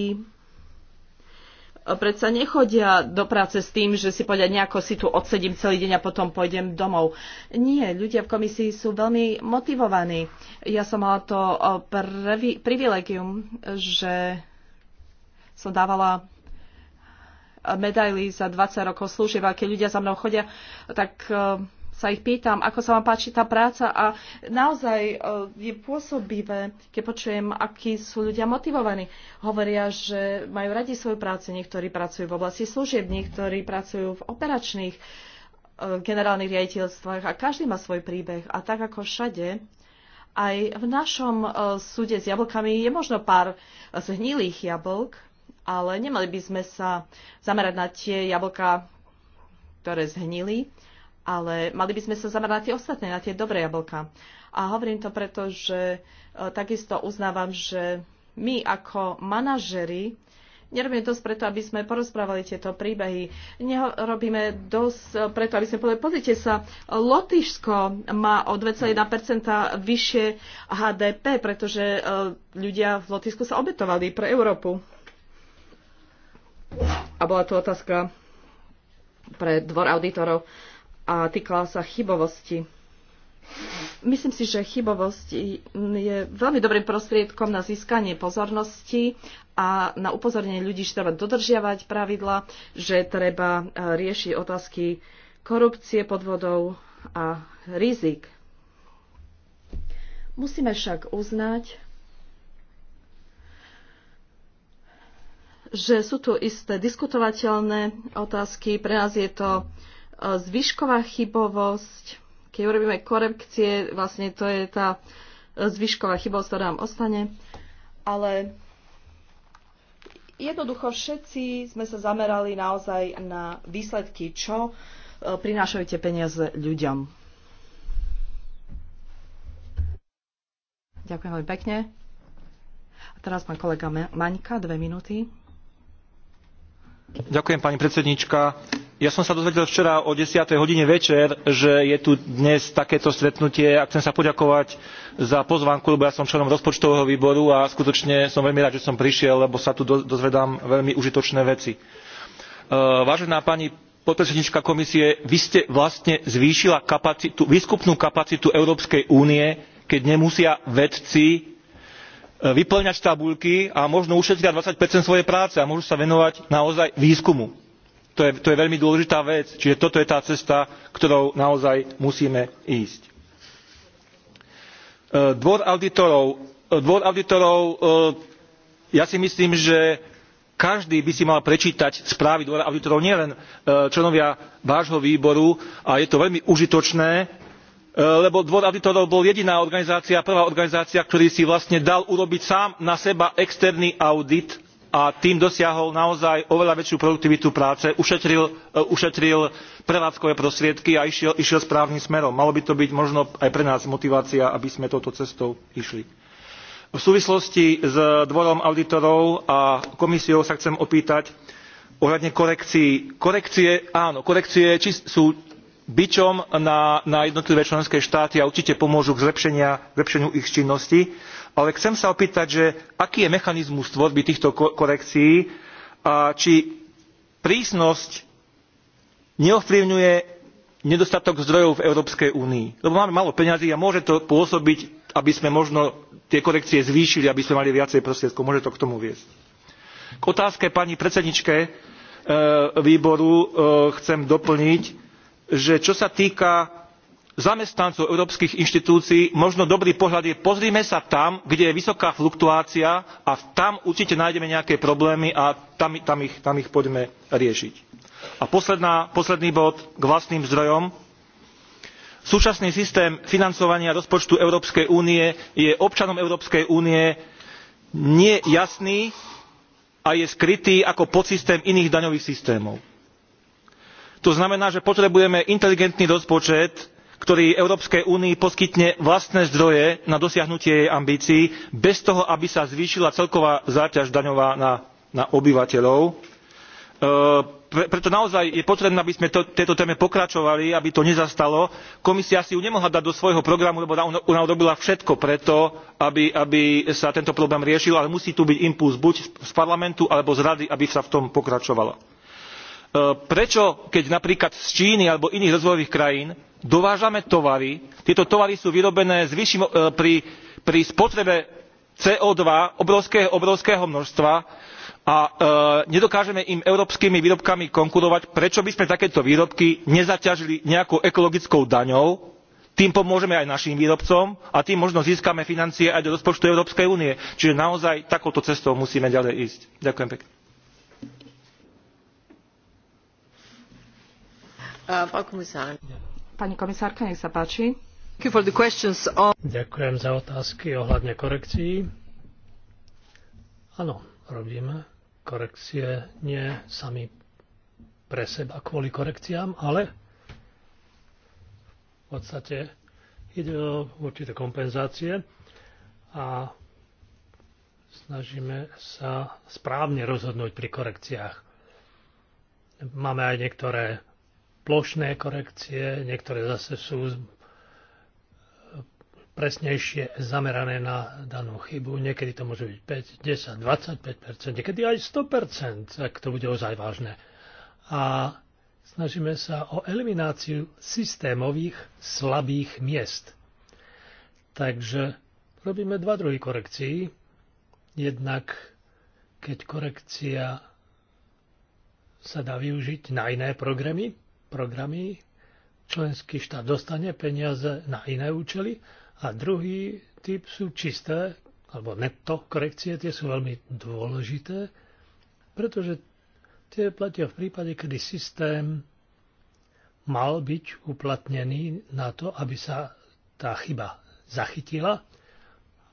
predsa nechodia do práce s tým, že si povedia nejako si tu odsedím celý deň a potom pôjdem domov. Nie, ľudia v komisii sú veľmi motivovaní. Ja som mala to privilegium, že som dávala e, medaily za 20 rokov služieb a keď ľudia za mnou chodia, tak e, sa ich pýtam, ako sa vám páči tá práca a naozaj e, je pôsobivé, keď počujem, akí sú ľudia motivovaní. Hovoria, že majú radi svoju prácu, niektorí pracujú v oblasti služieb, niektorí pracujú v operačných e, generálnych riaditeľstvách a každý má svoj príbeh. A tak ako všade, aj v našom e, súde s jablkami je možno pár zhnilých jablk, ale nemali by sme sa zamerať na tie jablka, ktoré zhnili, ale mali by sme sa zamerať na tie ostatné, na tie dobré jablka. A hovorím to preto, že e, takisto uznávam, že my ako manažeri nerobíme dosť preto, aby sme porozprávali tieto príbehy. Nerobíme dosť e, preto, aby sme povedali, pozrite sa, Lotyšsko má o 2,1% vyššie HDP, pretože e, ľudia v Lotyšsku sa obetovali pre Európu. A bola tu otázka pre dvor auditorov a týkala sa chybovosti. Myslím si, že chybovosť je veľmi dobrým prostriedkom na získanie pozornosti a na upozornenie ľudí, že treba dodržiavať pravidla, že treba e, riešiť otázky korupcie, podvodov a rizik. Musíme však uznať, že sú tu isté diskutovateľné otázky. Pre nás je to uh, zvyšková chybovosť, keď urobíme korekcie, vlastne to je tá e, zvyšková chybovosť, ktorá nám ostane. Ale jednoducho všetci sme sa zamerali naozaj na výsledky, čo e, prinášajú tie peniaze ľuďom. Ďakujem veľmi pekne. A teraz pán kolega Maňka, dve minúty. Ďakujem, pani Ja som sa dozvedel včera o desiatej hodine večer, že je tu dnes takéto stretnutie a chcem sa poďakovať za pozvánku, lebo ja som členom rozpočtového výboru a skutočne som veľmi rád, že som prišiel, lebo sa tu dozvedám veľmi užitočné veci. E, vážená pani podpredsedníčka komisie, vy ste vlastne zvýšila kapacitu, výskupnú kapacitu Európskej únie, keď nemusia vedci E, vyplňať tabuľky a možno ušetria twenty svojej práce a môžu sa venovať naozaj výskumu. To je, to je veľmi dôležitá vec, čiže toto je tá cesta, ktorou naozaj musíme ísť. E, dvor auditorov, e, dvor auditorov ja si myslím, že každý by si mal prečítať správy dvora auditorov nielen členovia vášho výboru a je to veľmi užitočné Eh, lebo dvor audítorov bol jediná organizácia prvá organizácia ktorý si vlastne dal urobiť sám na seba externý audit a tým dosiahol naozaj oveľa väčšiu produktivitu práce ušetril, eh, prevádzkové prostriedky a išiel, správnym smerom. malo by to byť možno aj pre nás motivácia aby sme touto cestou išli. v súvislosti s dvorom audítorov a komisiou sa chcem opýtať ohľadne korekcií. korekcie áno korekcie či sú bičom na, na, jednotlivé členské štáty a určite pomôžu k zlepšeniu ich činnosti. Ale chcem sa opýtať, že aký je mechanizmus tvorby týchto korekcií a či prísnosť neovplyvňuje nedostatok zdrojov v Európskej únii. Lebo máme málo peňazí a môže to pôsobiť, aby sme možno tie korekcie zvýšili, aby sme mali viacej prostriedkov. Môže to k tomu viesť. K otázke pani predsedničke eh, výboru eh, chcem doplniť, že čo sa týka zamestnancov európskych inštitúcií možno dobrý pohľad je pozrime sa tam kde je vysoká fluktuácia a tam určite nájdeme nejaké problémy a tam, tam, ich, tam ich, poďme riešiť. A posledná, posledný bod k vlastným zdrojom. Súčasný systém financovania rozpočtu Európskej únie je občanom Európskej únie nie jasný a je skrytý ako podsystém iných daňových systémov to znamená že potrebujeme inteligentný rozpočet ktorý európskej únii poskytne vlastné zdroje na dosiahnutie jej ambícií bez toho aby sa zvýšila celková záťaž daňová na, na obyvateľov. E, preto naozaj je potrebné aby sme to, tejto téme pokračovali aby to nezastalo. komisia si ju nemohla dať do svojho programu lebo ona urobila všetko preto aby, aby sa tento problém riešil ale musí tu byť impulz buď z parlamentu alebo z rady aby sa v tom pokračovalo E, prečo keď napríklad z číny alebo iných rozvojových krajín dovážame tovary tieto tovary sú vyrobené e, pri, spotrebe co two obrovského, množstva a e, nedokážeme im európskymi výrobkami konkurovať prečo by sme takéto výrobky nezaťažili nejakou ekologickou daňou tým pomôžeme aj našim výrobcom a tým možno získame financie aj do rozpočtu európskej únie čiže naozaj takouto cestou musíme ďalej ísť. ďakujem pekne. Uh, Pani komisárka, nech Ďakujem za otázky ohľadne korekcií. Áno, robíme korekcie nie sami pre seba kvôli korekciám, ale v podstate ide o určité kompenzácie a snažíme sa správne rozhodnúť pri korekciách. Máme aj niektoré plošné korekcie, niektoré zase sú presnejšie zamerané na danú chybu. Niekedy to môže byť 5, 10, 25%, niekedy aj 100%, ak to bude ozaj vážne. A snažíme sa o elimináciu systémových slabých miest. Takže robíme dva druhy korekcií. Jednak, keď korekcia sa dá využiť na iné programy, programy, členský štát dostane peniaze na iné účely a druhý typ sú čisté, alebo netto korekcie, tie sú veľmi dôležité, pretože tie platia v prípade, kedy systém mal byť uplatnený na to, aby sa tá chyba zachytila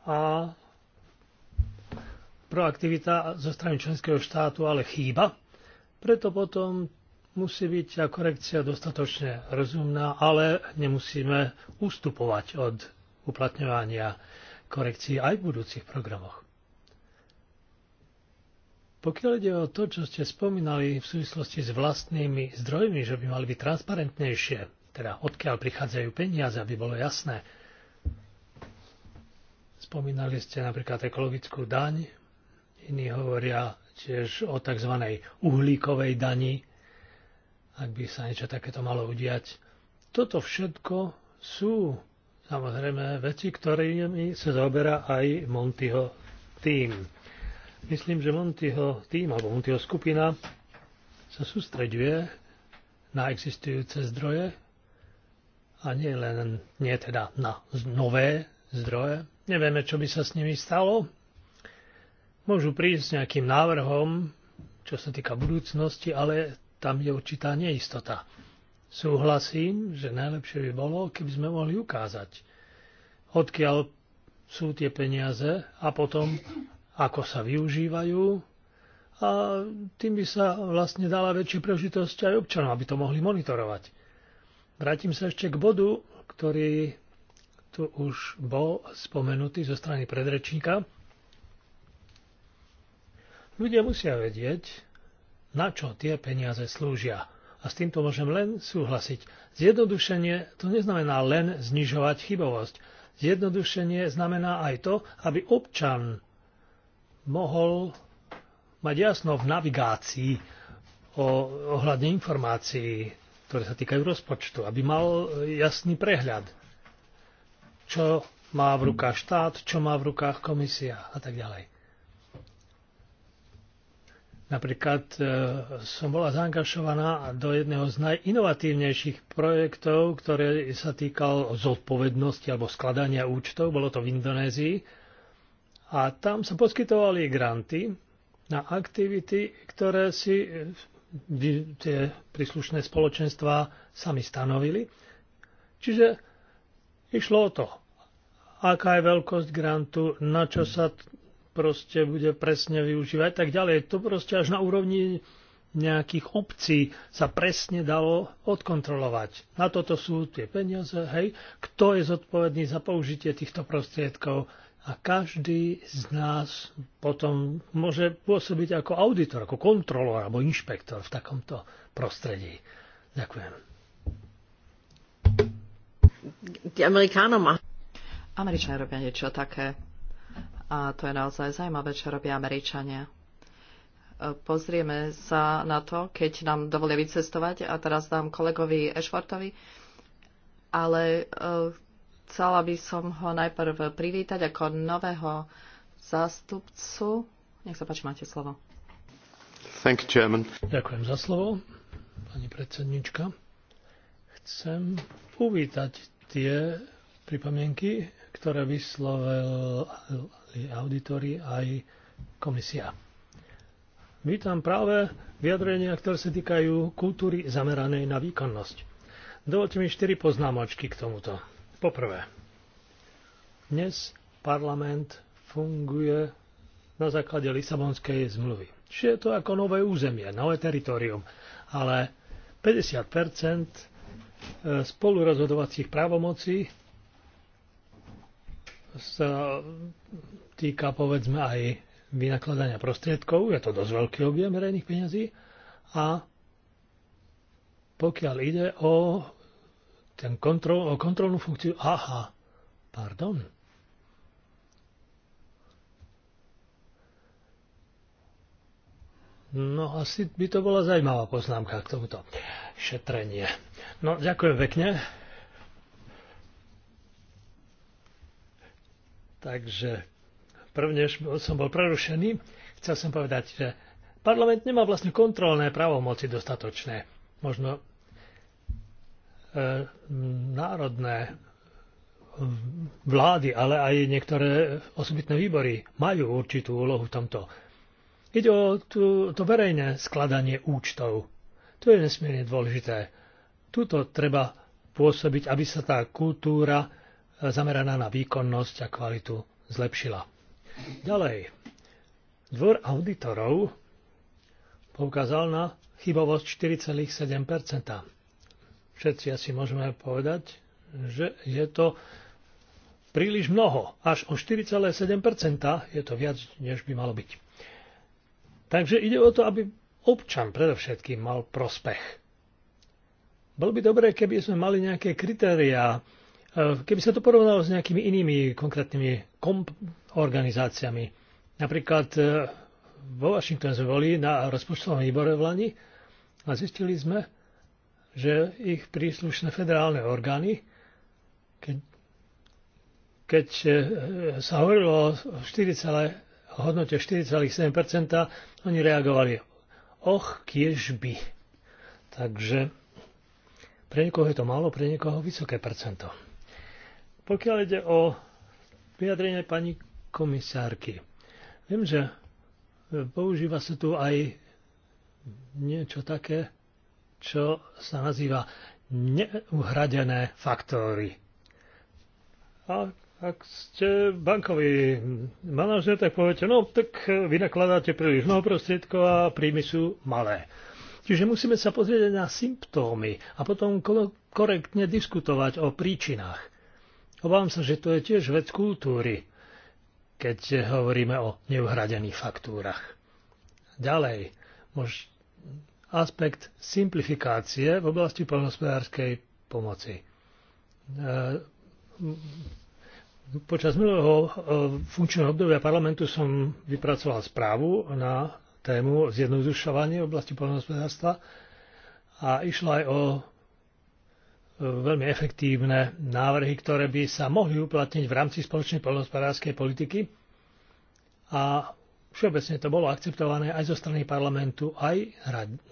a proaktivita zo strany členského štátu ale chýba. Preto potom musí byť tá korekcia dostatočne rozumná, ale nemusíme ustupovať od uplatňovania korekcií aj v budúcich programoch. Pokiaľ ide o to, čo ste spomínali v súvislosti s vlastnými zdrojmi, že by mali byť transparentnejšie, teda odkiaľ prichádzajú peniaze, aby bolo jasné. Spomínali ste napríklad ekologickú daň, iní hovoria tiež o tzv. uhlíkovej dani, ak by sa niečo takéto malo udiať. Toto všetko sú samozrejme veci, ktorými sa zaoberá aj Montyho tým. Myslím, že Montyho tým alebo Montyho skupina sa sústreďuje na existujúce zdroje a nie len nie teda na nové zdroje. Nevieme, čo by sa s nimi stalo. Môžu prísť s nejakým návrhom, čo sa týka budúcnosti, ale tam je určitá neistota. Súhlasím, že najlepšie by bolo, keby sme mohli ukázať, odkiaľ sú tie peniaze a potom, ako sa využívajú. A tým by sa vlastne dala väčšia prežitosť aj občanom, aby to mohli monitorovať. Vrátim sa ešte k bodu, ktorý tu už bol spomenutý zo strany predrečníka. Ľudia musia vedieť, na čo tie peniaze slúžia. A s týmto môžem len súhlasiť. Zjednodušenie to neznamená len znižovať chybovosť. Zjednodušenie znamená aj to, aby občan mohol mať jasno v navigácii o, ohľadne informácií, ktoré sa týkajú rozpočtu, aby mal jasný prehľad, čo má v rukách štát, čo má v rukách komisia a tak ďalej. Napríklad e, som bola zaangažovaná do jedného z najinovatívnejších projektov, ktoré sa týkal zodpovednosti alebo skladania účtov. Bolo to v Indonézii. A tam sa poskytovali granty na aktivity, ktoré si e, tie príslušné spoločenstva sami stanovili. Čiže išlo o to, aká je veľkosť grantu, na čo sa proste bude presne využívať tak ďalej. To proste až na úrovni nejakých obcí sa presne dalo odkontrolovať. Na toto sú tie peniaze, hej, kto je zodpovedný za použitie týchto prostriedkov a každý z nás potom môže pôsobiť ako auditor, ako kontrolór alebo inšpektor v takomto prostredí. Ďakujem. Američania robia niečo také a to je naozaj zaujímavé, čo robia Američania. E, pozrieme sa na to, keď nám dovolia vycestovať a teraz dám kolegovi Ešvartovi, ale e, chcela by som ho najprv privítať ako nového zástupcu. Nech sa páči, máte slovo. Thank you, Chairman. Ďakujem za slovo, pani predsednička. Chcem uvítať tie pripomienky, ktoré vyslovil auditori aj komisia. Vítam práve vyjadrenia, ktoré sa týkajú kultúry zameranej na výkonnosť. Dovolte mi štyri poznámočky k tomuto. Poprvé, dnes parlament funguje na základe Lisabonskej zmluvy. Čiže je to ako nové územie, nové teritorium, ale 50 e, spolurozhodovacích právomocí sa týka povedzme aj vynakladania prostriedkov, je to dosť veľký objem verejných peňazí a pokiaľ ide o, ten kontrol, o kontrolnú funkciu, aha, pardon, No asi by to bola zajímavá poznámka k tomuto šetrenie. No ďakujem pekne. Takže prvne som bol prerušený. Chcel som povedať, že parlament nemá vlastne kontrolné právomoci dostatočné. Možno e, národné vlády, ale aj niektoré osobitné výbory majú určitú úlohu v tomto. Ide o tú, to verejné skladanie účtov. To je nesmierne dôležité. Tuto treba pôsobiť, aby sa tá kultúra zameraná na výkonnosť a kvalitu zlepšila. Ďalej, dvor auditorov poukázal na chybovosť 4,7 Všetci asi môžeme povedať, že je to príliš mnoho. Až o 4,7 je to viac, než by malo byť. Takže ide o to, aby občan predovšetkým mal prospech. Bolo by dobré, keby sme mali nejaké kritériá, Eh, keby sa to porovnalo s nejakými inými konkrétnymi organizáciami, napríklad eh, vo Washington sme boli na rozpočtovom výbore v Lani a zistili sme, že ich príslušné federálne orgány, keď, keď eh, sa hovorilo o 4, hodnote 4,7%, oni reagovali, och, kiež by. Takže pre niekoho je to málo, pre niekoho vysoké percento. Pokiaľ ide o vyjadrenie pani komisárky, viem, že e, používa sa tu aj niečo také, čo sa nazýva neuhradené faktory. A ak ste bankový manažer, tak poviete, no tak vy nakladáte príliš mnoho prostriedkov a príjmy sú malé. Čiže musíme sa pozrieť na symptómy a potom korektne diskutovať o príčinách. Obávam sa, že to je tiež vec kultúry, keď hovoríme o neuhradených faktúrach. Ďalej, mož, aspekt simplifikácie v oblasti poľnohospodárskej pomoci. E, počas minulého e, funkčného obdobia parlamentu som vypracoval správu na tému zjednodušovanie oblasti poľnohospodárstva a išla aj o veľmi efektívne návrhy, ktoré by sa mohli uplatniť v rámci spoločnej poľnohospodárskej politiky. A všeobecne to bolo akceptované aj zo strany parlamentu, aj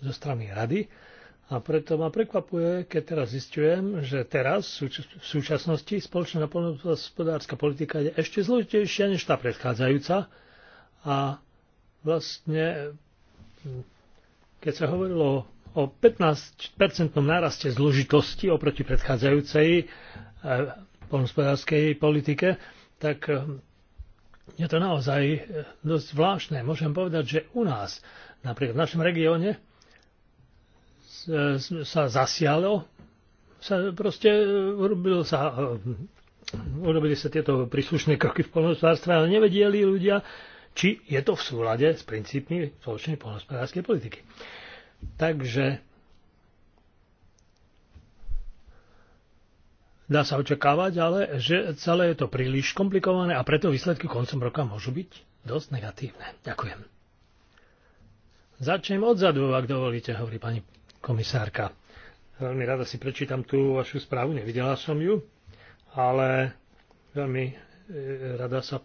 zo strany rady. A preto ma prekvapuje, keď teraz zistujem, že teraz v súčasnosti spoločná poľnohospodárska politika je ešte zložitejšia než tá predchádzajúca. A vlastne, keď sa hovorilo o o 15-percentnom náraste zložitosti oproti predchádzajúcej eh, poľnospodárskej politike, tak eh, je to naozaj eh, dosť zvláštne. Môžem povedať, že u nás, napríklad v našom regióne, sa zasialo, sa proste urobilo sa, urobili sa tieto príslušné kroky v poľnospodárstve, ale nevedeli ľudia, či je to v súlade s princípmi spoločnej poľnospodárskej politiky. Takže dá sa očakávať, ale že celé je to príliš komplikované a preto výsledky koncom roka môžu byť dosť negatívne. Ďakujem. Začnem odzadu, ak dovolíte, hovorí pani komisárka. Veľmi rada si prečítam tú vašu správu, nevidela som ju, ale veľmi e, rada sa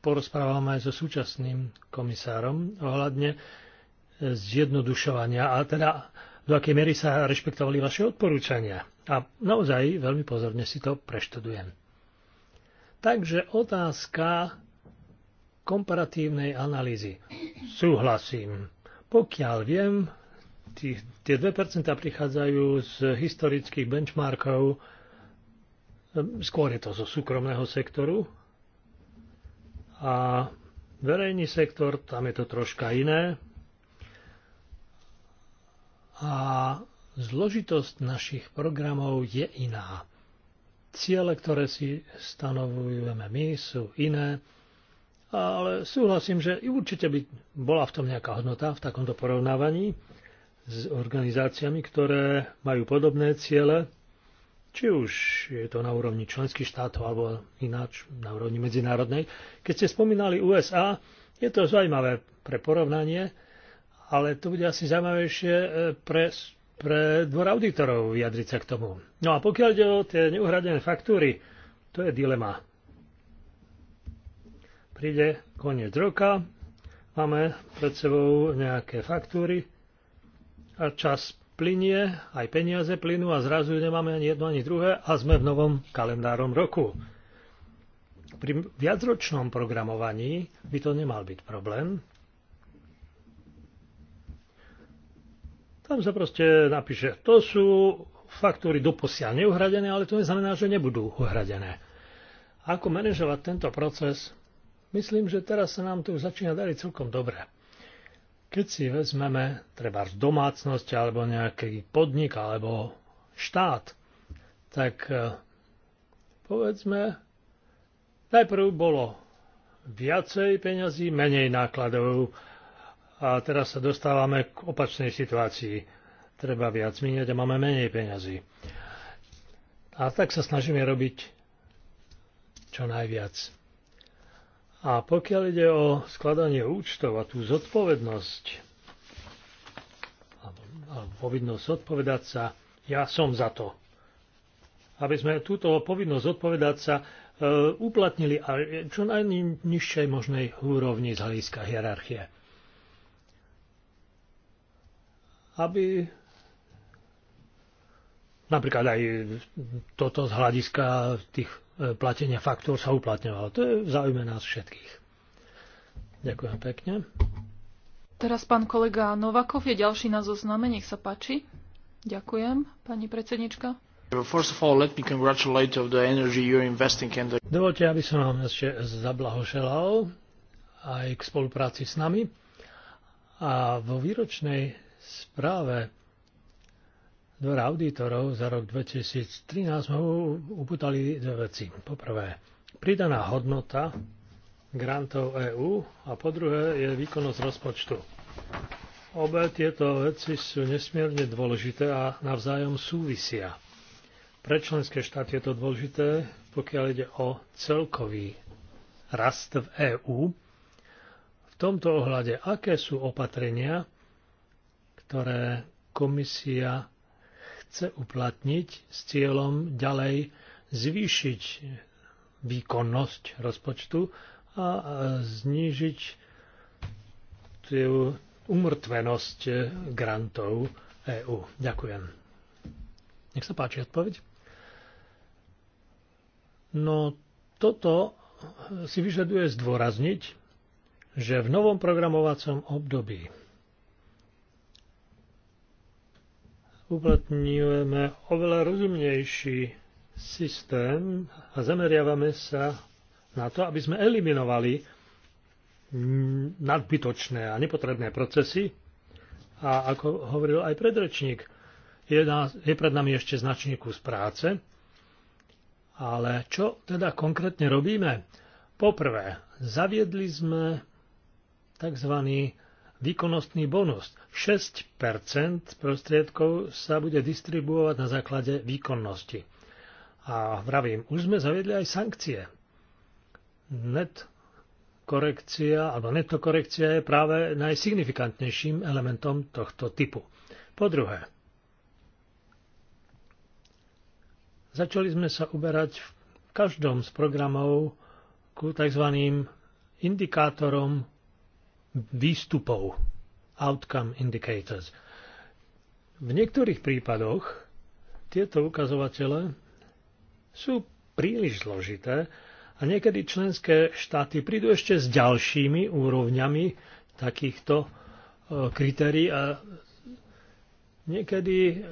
porozprávam aj so súčasným komisárom ohľadne zjednodušovania a teda do akej miery sa rešpektovali vaše odporúčania. A naozaj veľmi pozorne si to preštudujem. Takže otázka komparatívnej analýzy. Súhlasím. Pokiaľ viem, tie 2% prichádzajú z historických benchmarkov, skôr je to zo súkromného sektoru. A verejný sektor, tam je to troška iné, a zložitosť našich programov je iná. Ciele, ktoré si stanovujeme my, sú iné, ale súhlasím, že určite by bola v tom nejaká hodnota v takomto porovnávaní s organizáciami, ktoré majú podobné ciele, či už je to na úrovni členských štátov alebo ináč na úrovni medzinárodnej. Keď ste spomínali USA, je to zaujímavé pre porovnanie, ale to bude asi zaujímavejšie e, pre, pre dvor auditorov vyjadriť sa k tomu. No a pokiaľ ide o tie neuhradené faktúry, to je dilema. Príde koniec roka, máme pred sebou nejaké faktúry a čas plinie, aj peniaze plynú a zrazu nemáme ani jedno, ani druhé a sme v novom kalendárom roku. Pri viacročnom programovaní by to nemal byť problém, Tam sa proste napíše, to sú faktúry doposiaľ neuhradené, ale to neznamená, že nebudú uhradené. Ako manažovať tento proces? Myslím, že teraz sa nám to už začína dariť celkom dobre. Keď si vezmeme treba z domácnosti alebo nejaký podnik alebo štát, tak e, povedzme, najprv bolo viacej peňazí, menej nákladov, a teraz sa dostávame k opačnej situácii. Treba viac míňať a máme menej peňazí. A tak sa snažíme robiť čo najviac. A pokiaľ ide o skladanie účtov a tú zodpovednosť, alebo, alebo povinnosť odpovedať sa, ja som za to. Aby sme túto povinnosť odpovedať sa e, uplatnili aj čo najnižšej možnej úrovni z hľadiska hierarchie. aby napríklad aj toto z hľadiska tých e, platenia faktúr sa uplatňovalo. To je v záujme nás všetkých. Ďakujem pekne. Teraz pán kolega Novakov je ďalší na zozname, nech sa páči. Ďakujem, pani predsednička. Dovolte, aby som vám ešte zablahošelal aj k spolupráci s nami. A vo výročnej správe Dvora auditorov za rok 2013 sme uputali dve veci. Poprvé, pridaná hodnota grantov EÚ a po druhé je výkonnosť rozpočtu. Obe tieto veci sú nesmierne dôležité a navzájom súvisia. Pre členské štáty je to dôležité, pokiaľ ide o celkový rast v EÚ. V tomto ohľade, aké sú opatrenia, ktoré komisia chce uplatniť s cieľom ďalej zvýšiť výkonnosť rozpočtu a znížiť tú umrtvenosť grantov EÚ. Ďakujem. Nech sa páči odpoveď. No toto si vyžaduje zdôrazniť, že v novom programovacom období uplatňujeme oveľa rozumnejší systém a zameriavame sa na to, aby sme eliminovali nadbytočné a nepotrebné procesy. A ako hovoril aj predrečník, je, na, je pred nami ešte značný kus práce. Ale čo teda konkrétne robíme? Poprvé, zaviedli sme tzv výkonnostný bonus. 6 prostriedkov sa bude distribuovať na základe výkonnosti. A vravím, už sme zaviedli aj sankcie. Net korekcia, alebo netokorekcia je práve najsignifikantnejším elementom tohto typu. Po druhé, začali sme sa uberať v každom z programov ku tzv. indikátorom výstupov, outcome indicators. V niektorých prípadoch tieto ukazovatele sú príliš zložité a niekedy členské štáty prídu ešte s ďalšími úrovňami takýchto e, kritérií a niekedy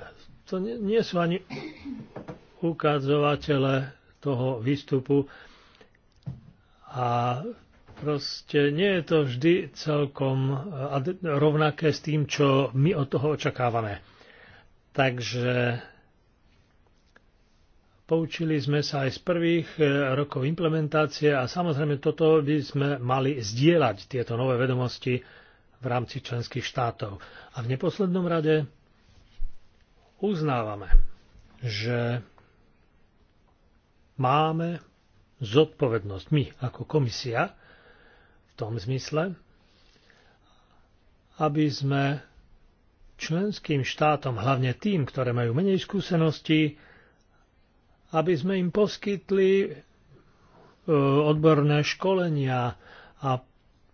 to nie sú ani ukazovatele toho výstupu a proste nie je to vždy celkom eh, rovnaké s tým, čo my od toho očakávame. Takže poučili sme sa aj z prvých eh, rokov implementácie a samozrejme toto by sme mali zdieľať, tieto nové vedomosti v rámci členských štátov. A v neposlednom rade uznávame, že máme zodpovednosť my ako komisia tom zmysle, aby sme členským štátom, hlavne tým, ktoré majú menej skúseností, aby sme im poskytli e, odborné školenia a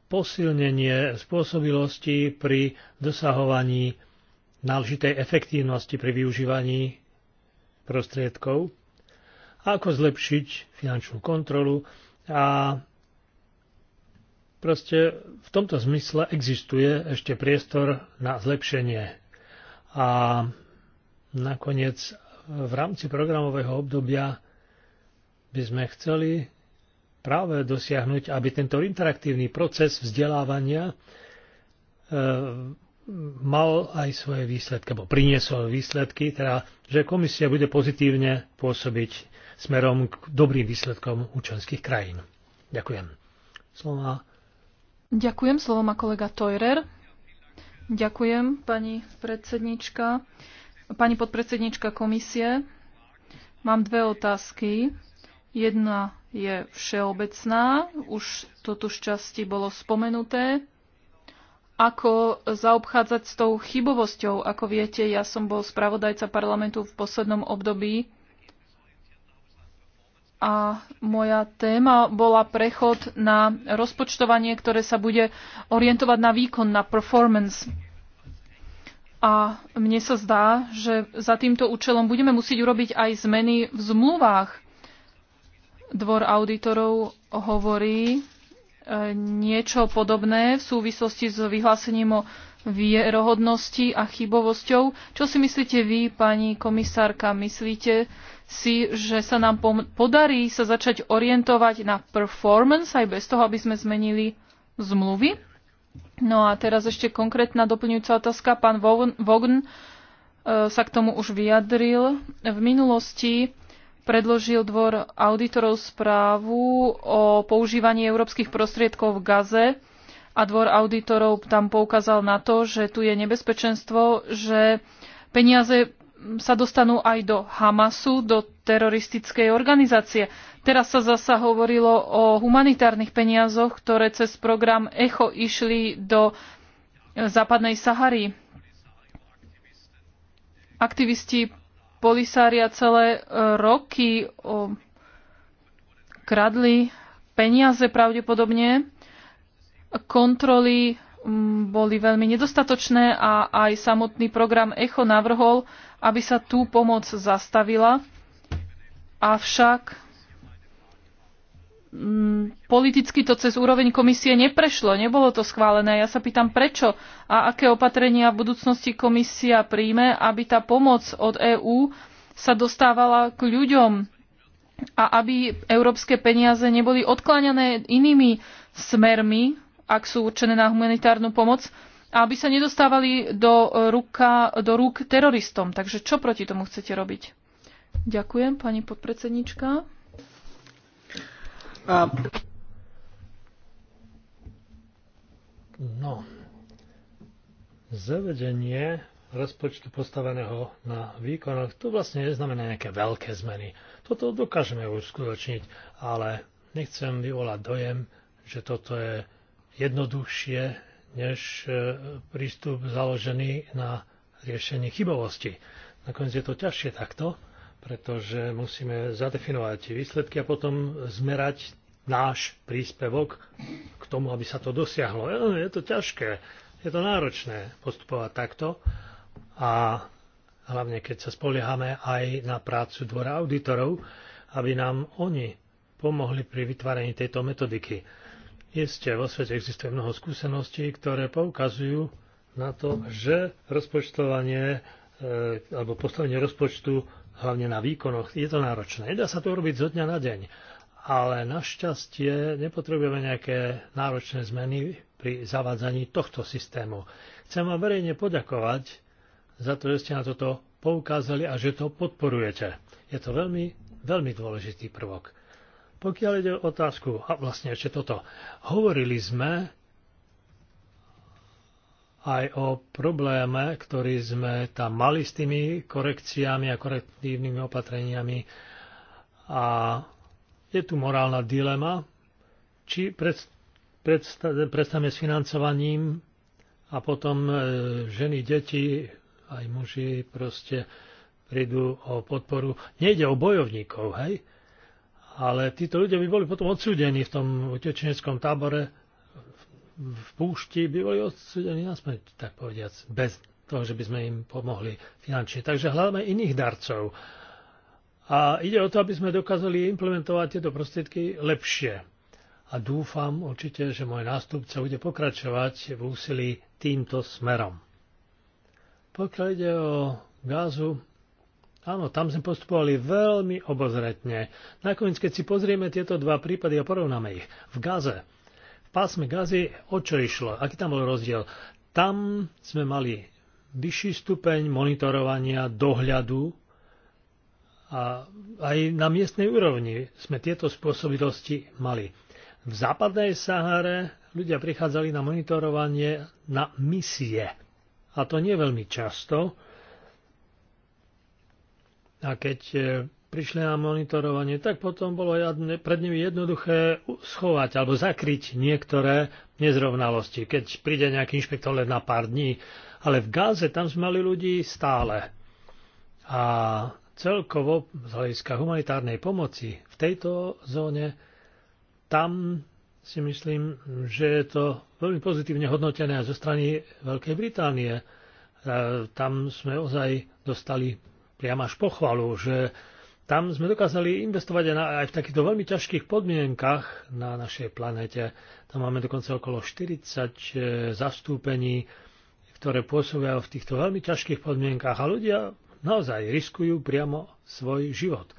posilnenie spôsobilosti pri dosahovaní náležitej efektívnosti pri využívaní prostriedkov, ako zlepšiť finančnú kontrolu a Proste v tomto zmysle existuje ešte priestor na zlepšenie. A nakoniec v rámci programového obdobia by sme chceli práve dosiahnuť, aby tento interaktívny proces vzdelávania e, mal aj svoje výsledky, alebo priniesol výsledky, teda, že komisia bude pozitívne pôsobiť smerom k dobrým výsledkom účenských krajín. Ďakujem. Slova Ďakujem, slovo má kolega Teurer. Ďakujem, pani predsednička. Pani podpredsednička komisie, mám dve otázky. Jedna je všeobecná, už to tu z časti bolo spomenuté. Ako zaobchádzať s tou chybovosťou? Ako viete, ja som bol spravodajca parlamentu v poslednom období a moja téma bola prechod na rozpočtovanie, ktoré sa bude orientovať na výkon, na performance. A mne sa zdá, že za týmto účelom budeme musieť urobiť aj zmeny v zmluvách. Dvor auditorov hovorí e, niečo podobné v súvislosti s vyhlásením o vierohodnosti a chybovosťou. Čo si myslíte vy, pani komisárka? Myslíte si, že sa nám podarí sa začať orientovať na performance aj bez toho, aby sme zmenili zmluvy? No a teraz ešte konkrétna doplňujúca otázka. Pán Vogn e, sa k tomu už vyjadril. V minulosti predložil dvor auditorov správu o používaní európskych prostriedkov v Gaze a dvor auditorov tam poukázal na to, že tu je nebezpečenstvo, že peniaze sa dostanú aj do Hamasu, do teroristickej organizácie. Teraz sa zasa hovorilo o humanitárnych peniazoch, ktoré cez program ECHO išli do západnej Sahary. Aktivisti Polisária celé e, roky kradli peniaze pravdepodobne kontroly mm, boli veľmi nedostatočné a aj samotný program ECHO navrhol, aby sa tú pomoc zastavila. Avšak mm, politicky to cez úroveň komisie neprešlo, nebolo to schválené. Ja sa pýtam, prečo a aké opatrenia v budúcnosti komisia príjme, aby tá pomoc od EÚ sa dostávala k ľuďom a aby európske peniaze neboli odkláňané inými smermi, ak sú určené na humanitárnu pomoc, aby sa nedostávali do, ruka, do rúk teroristom. Takže čo proti tomu chcete robiť? Ďakujem, pani podpredsednička. A... No, zavedenie rozpočtu postaveného na výkonoch, to vlastne neznamená nejaké veľké zmeny. Toto dokážeme uskutočniť, ale nechcem vyvolať dojem, že toto je jednoduchšie než e, prístup založený na riešení chybovosti. Nakoniec je to ťažšie takto, pretože musíme zadefinovať výsledky a potom zmerať náš príspevok k tomu, aby sa to dosiahlo. E, je to ťažké, je to náročné postupovať takto a hlavne keď sa spoliehame aj na prácu dvora auditorov, aby nám oni pomohli pri vytváraní tejto metodiky. Isté, vo svete existuje mnoho skúseností, ktoré poukazujú na to, že rozpočtovanie e, alebo postavenie rozpočtu hlavne na výkonoch je to náročné. Nedá sa to robiť zo dňa na deň, ale našťastie nepotrebujeme nejaké náročné zmeny pri zavádzaní tohto systému. Chcem vám verejne poďakovať za to, že ste na toto poukázali a že to podporujete. Je to veľmi, veľmi dôležitý prvok. Pokiaľ ide o otázku, a vlastne ešte toto, hovorili sme aj o probléme, ktorý sme tam mali s tými korekciami a korektívnymi opatreniami. A je tu morálna dilema, či pred, predstavme s financovaním a potom e, ženy, deti, aj muži proste prídu o podporu. Nejde o bojovníkov, hej? ale títo ľudia by boli potom odsúdení v tom utečeneckom tábore v púšti, by boli odsúdení na smrť, tak povediac, bez toho, že by sme im pomohli finančne. Takže hľadáme iných darcov. A ide o to, aby sme dokázali implementovať tieto prostriedky lepšie. A dúfam určite, že môj nástupca bude pokračovať v úsilí týmto smerom. Pokiaľ ide o gázu, Áno, tam sme postupovali veľmi obozretne. Nakoniec, keď si pozrieme tieto dva prípady a porovnáme ich, v Gaze, v pásme Gazy, o čo išlo, aký tam bol rozdiel? Tam sme mali vyšší stupeň monitorovania, dohľadu a aj na miestnej úrovni sme tieto spôsobilosti mali. V západnej Sahare ľudia prichádzali na monitorovanie na misie. A to nie veľmi často, a keď e, prišli na monitorovanie, tak potom bolo pred nimi jednoduché schovať alebo zakryť niektoré nezrovnalosti, keď príde nejaký inšpektor len na pár dní. Ale v Gáze tam sme mali ľudí stále. A celkovo z hľadiska humanitárnej pomoci v tejto zóne, tam si myslím, že je to veľmi pozitívne hodnotené zo strany Veľkej Británie. E, tam sme ozaj dostali priam až pochvalu, že tam sme dokázali investovať aj v takýchto veľmi ťažkých podmienkach na našej planete. Tam máme dokonca okolo 40 e, zastúpení, ktoré pôsobia v týchto veľmi ťažkých podmienkach a ľudia naozaj riskujú priamo svoj život.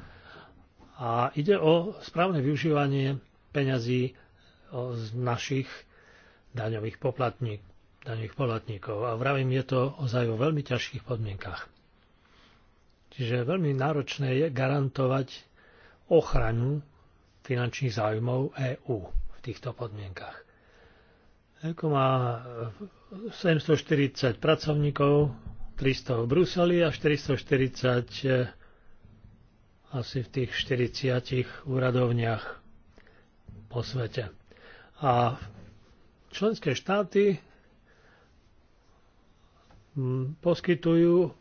A ide o správne využívanie peňazí e, z našich daňových poplatník, daňových poplatníkov. A vravím, je to ozaj o veľmi ťažkých podmienkach. Čiže veľmi náročné je garantovať ochranu finančných záujmov EÚ v týchto podmienkach. Eko má 740 pracovníkov, 300 v Bruseli a 440 e, asi v tých 40 úradovniach po svete. A členské štáty mm, poskytujú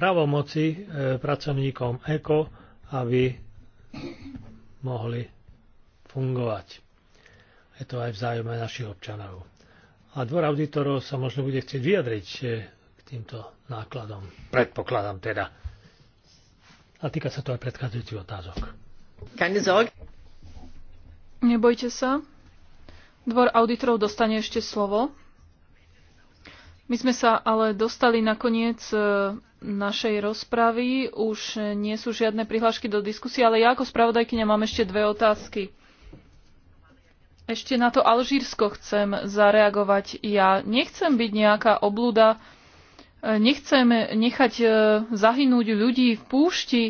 pravomoci e, pracovníkom ECO, aby mohli fungovať. Je to aj v našich občanov. A dvor auditorov sa možno bude chcieť vyjadriť e, k týmto nákladom. Predpokladám teda. A týka sa to aj predchádzajúcich otázok. Nebojte sa. Dvor auditorov dostane ešte slovo. My sme sa ale dostali nakoniec e, našej rozpravy. Už nie sú žiadne prihlášky do diskusie, ale ja ako spravodajkyňa mám ešte dve otázky. Ešte na to Alžírsko chcem zareagovať. Ja nechcem byť nejaká oblúda, nechcem nechať e, zahynúť ľudí v púšti,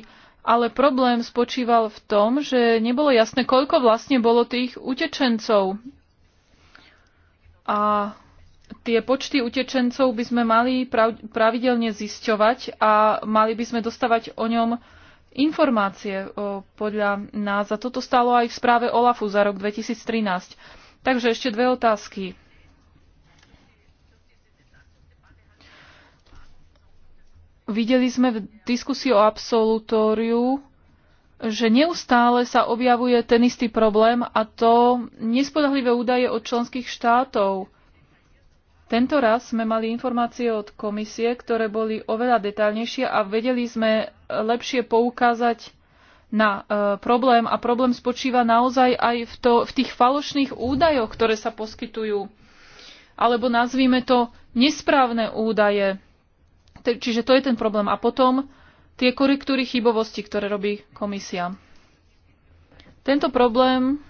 ale problém spočíval v tom, že nebolo jasné, koľko vlastne bolo tých utečencov. A tie počty utečencov by sme mali pravidelne zisťovať a mali by sme dostávať o ňom informácie podľa nás. A toto stalo aj v správe OLAFu za rok 2013. Takže ešte dve otázky. Videli sme v diskusii o absolutóriu, že neustále sa objavuje ten istý problém a to nespodahlivé údaje od členských štátov tento raz sme mali informácie od komisie, ktoré boli oveľa detálnejšie a vedeli sme lepšie poukázať na e, problém a problém spočíva naozaj aj v, to, v tých falošných údajoch, ktoré sa poskytujú. Alebo nazvíme to nesprávne údaje. Te, čiže to je ten problém. A potom tie korektúry chybovosti, ktoré robí komisia. Tento problém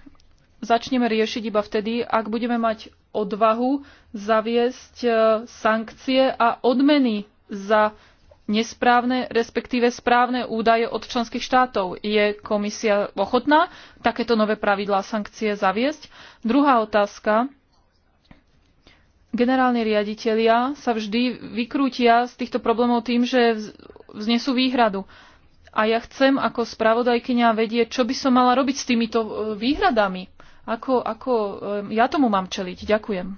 začneme riešiť iba vtedy, ak budeme mať odvahu zaviesť e, sankcie a odmeny za nesprávne, respektíve správne údaje od členských štátov. Je komisia ochotná takéto nové pravidlá sankcie zaviesť? Druhá otázka. Generálni riaditelia sa vždy vykrútia z týchto problémov tým, že vznesú výhradu. A ja chcem ako spravodajkynia vedieť, čo by som mala robiť s týmito e, výhradami. Ako, ako ja tomu mám čeliť? Ďakujem.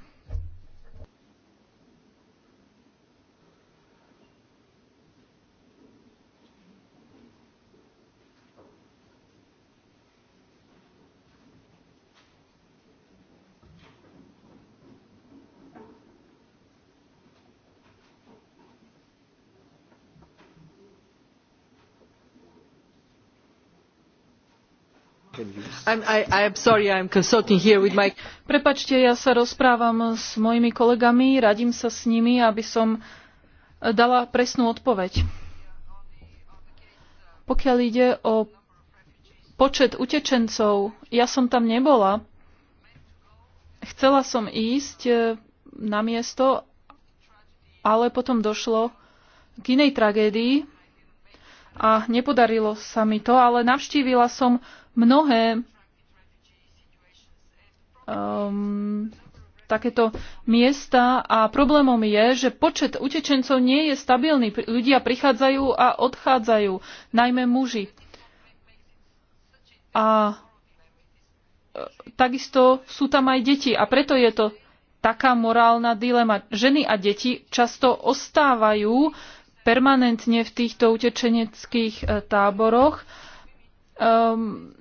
prepáčte Prepačte, ja sa rozprávam s mojimi kolegami, radím sa s nimi, aby som dala presnú odpoveď. Pokiaľ ide o počet utečencov, ja som tam nebola. Chcela som ísť e, na miesto, ale potom došlo k inej tragédii, a nepodarilo sa mi to, ale navštívila som mnohé um, takéto miesta a problémom je, že počet utečencov nie je stabilný. Ľudia prichádzajú a odchádzajú, najmä muži. A e, takisto sú tam aj deti a preto je to taká morálna dilema. Ženy a deti často ostávajú permanentne v týchto utečeneckých e, táboroch. Um,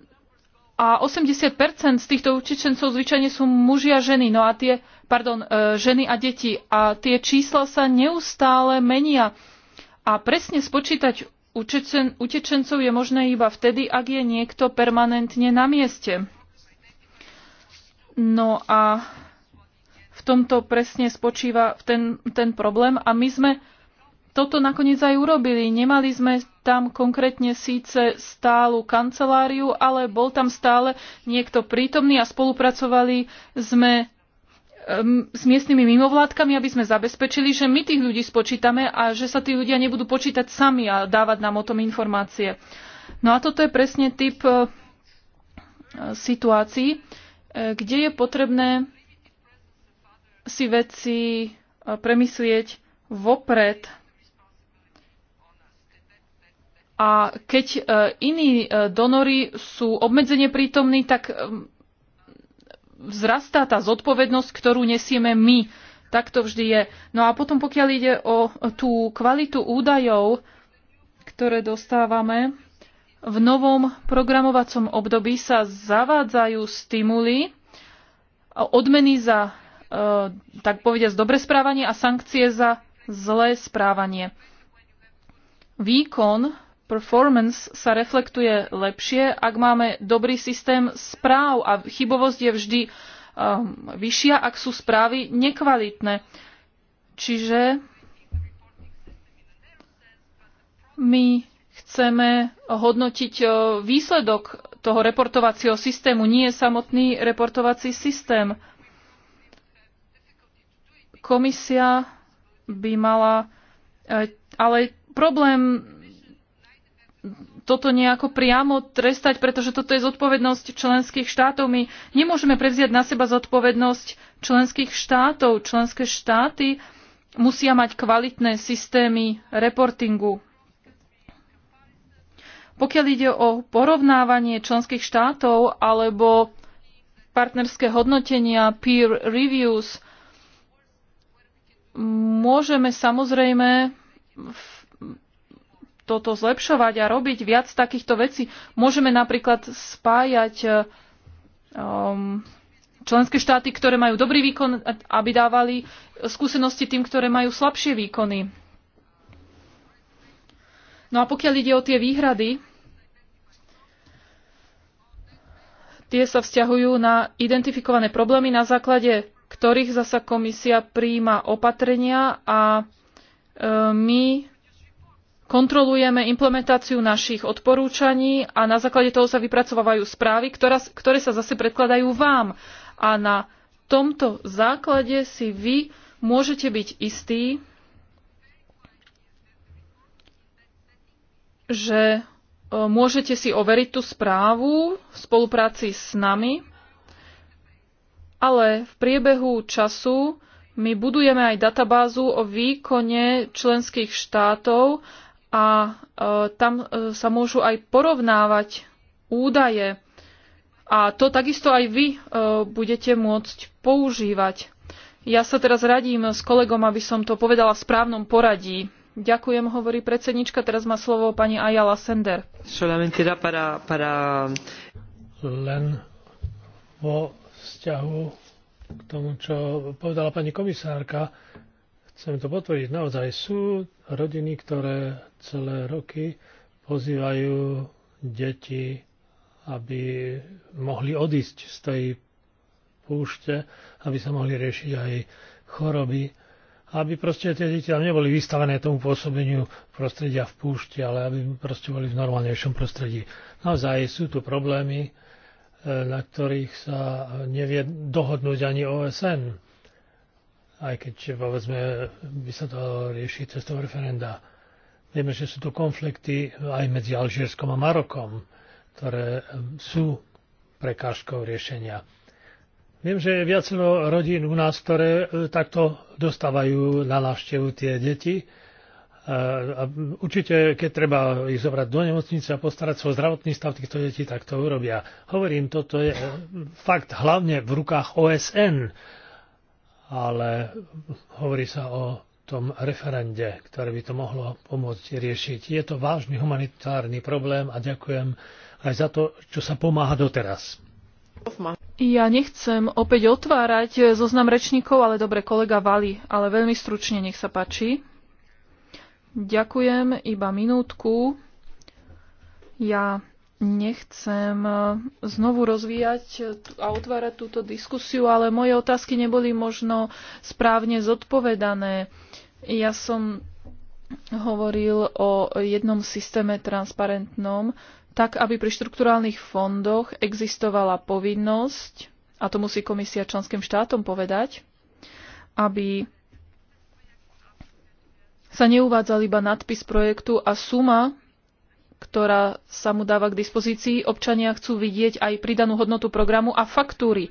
a 80% z týchto utečencov zvyčajne sú muži a ženy, no a tie, pardon, e, ženy a deti. A tie čísla sa neustále menia. A presne spočítať utečen, utečencov je možné iba vtedy, ak je niekto permanentne na mieste. No a v tomto presne spočíva ten, ten problém. A my sme toto nakoniec aj urobili. Nemali sme tam konkrétne síce stálu kanceláriu, ale bol tam stále niekto prítomný a spolupracovali sme ehm, s miestnymi mimovládkami, aby sme zabezpečili, že my tých ľudí spočítame a že sa tí ľudia nebudú počítať sami a dávať nám o tom informácie. No a toto je presne typ e, situácií, e, kde je potrebné si veci e, premyslieť vopred a keď e, iní e, donory sú obmedzenie prítomní, tak e, vzrastá tá zodpovednosť, ktorú nesieme my. Tak to vždy je. No a potom, pokiaľ ide o tú kvalitu údajov, ktoré dostávame, v novom programovacom období sa zavádzajú stimuly, odmeny za, tak povediať, dobre správanie a sankcie za zlé správanie. Výkon performance sa reflektuje lepšie, ak máme dobrý systém správ a chybovosť je vždy um, vyššia, ak sú správy nekvalitné. Čiže my chceme hodnotiť uh, výsledok toho reportovacieho systému, nie samotný reportovací systém. Komisia by mala uh, ale problém toto nejako priamo trestať, pretože toto je zodpovednosť členských štátov. My nemôžeme prevziať na seba zodpovednosť členských štátov. Členské štáty musia mať kvalitné systémy reportingu. Pokiaľ ide o porovnávanie členských štátov alebo partnerské hodnotenia, peer reviews, môžeme samozrejme v toto zlepšovať a robiť viac takýchto vecí. Môžeme napríklad spájať eh, um, členské štáty, ktoré majú dobrý výkon, aby dávali skúsenosti tým, ktoré majú slabšie výkony. No a pokiaľ ide o tie výhrady, tie sa vzťahujú na identifikované problémy, na základe ktorých zasa komisia príjma opatrenia a eh, my kontrolujeme implementáciu našich odporúčaní a na základe toho sa vypracovávajú správy, ktoré sa zase predkladajú vám. A na tomto základe si vy môžete byť istí, že e, môžete si overiť tú správu v spolupráci s nami, ale v priebehu času my budujeme aj databázu o výkone členských štátov a e, tam e, sa môžu aj porovnávať údaje. A to takisto aj vy e, budete môcť používať. Ja sa teraz radím s kolegom, aby som to povedala v správnom poradí. Ďakujem, hovorí predsednička. Teraz má slovo pani Ayala Sender. Len vo vzťahu k tomu, čo povedala pani komisárka, Chcem to potvrdiť, naozaj sú rodiny, ktoré celé roky pozývajú deti, aby mohli odísť z tej púšte, aby sa mohli riešiť aj choroby, aby proste tie deti tam neboli vystavené tomu pôsobeniu prostredia v púšti, ale aby proste boli v normálnejšom prostredí. Naozaj sú tu problémy, e, na ktorých sa nevie dohodnúť ani OSN aj keď povedzme, by sa to riešiť cez toho referenda. Vieme, že sú tu konflikty aj medzi Alžírskom a Marokom, ktoré sú prekážkou riešenia. Viem, že je viacero rodín u nás, ktoré e, takto dostávajú na návštevu tie deti. E, a určite, keď treba ich zobrať do nemocnice a postarať sa o zdravotný stav týchto detí, tak to urobia. Hovorím, toto je e, fakt hlavne v rukách OSN, ale hovorí sa o tom referende, ktoré by to mohlo pomôcť riešiť. Je to vážny humanitárny problém a ďakujem aj za to, čo sa pomáha doteraz. Ja nechcem opäť otvárať zoznam rečníkov, ale dobre, kolega Vali, ale veľmi stručne, nech sa páči. Ďakujem, iba minútku. Ja nechcem e, znovu rozvíjať a otvárať túto diskusiu, ale moje otázky neboli možno správne zodpovedané. Ja som hovoril o jednom systéme transparentnom, tak aby pri štrukturálnych fondoch existovala povinnosť, a to musí komisia členským štátom povedať, aby sa neuvádzal iba nadpis projektu a suma ktorá sa mu dáva k dispozícii. Občania chcú vidieť aj pridanú hodnotu programu a faktúry.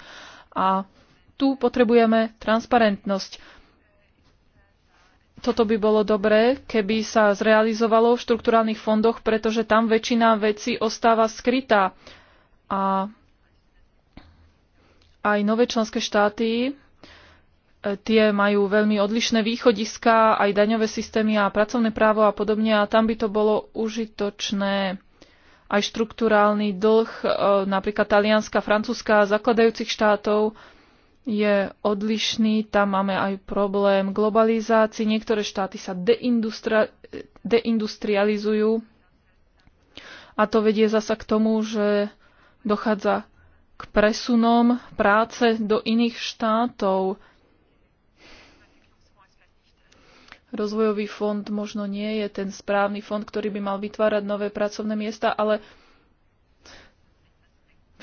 A tu potrebujeme transparentnosť. Toto by bolo dobré, keby sa zrealizovalo v štrukturálnych fondoch, pretože tam väčšina vecí ostáva skrytá. A aj nové členské štáty tie majú veľmi odlišné východiska, aj daňové systémy a pracovné právo a podobne a tam by to bolo užitočné aj štruktúrálny dlh e, napríklad Talianska, Francúzska a zakladajúcich štátov je odlišný. Tam máme aj problém globalizácie. Niektoré štáty sa deindustri- deindustrializujú a to vedie zasa k tomu, že dochádza k presunom práce do iných štátov. Rozvojový fond možno nie je ten správny fond, ktorý by mal vytvárať nové pracovné miesta, ale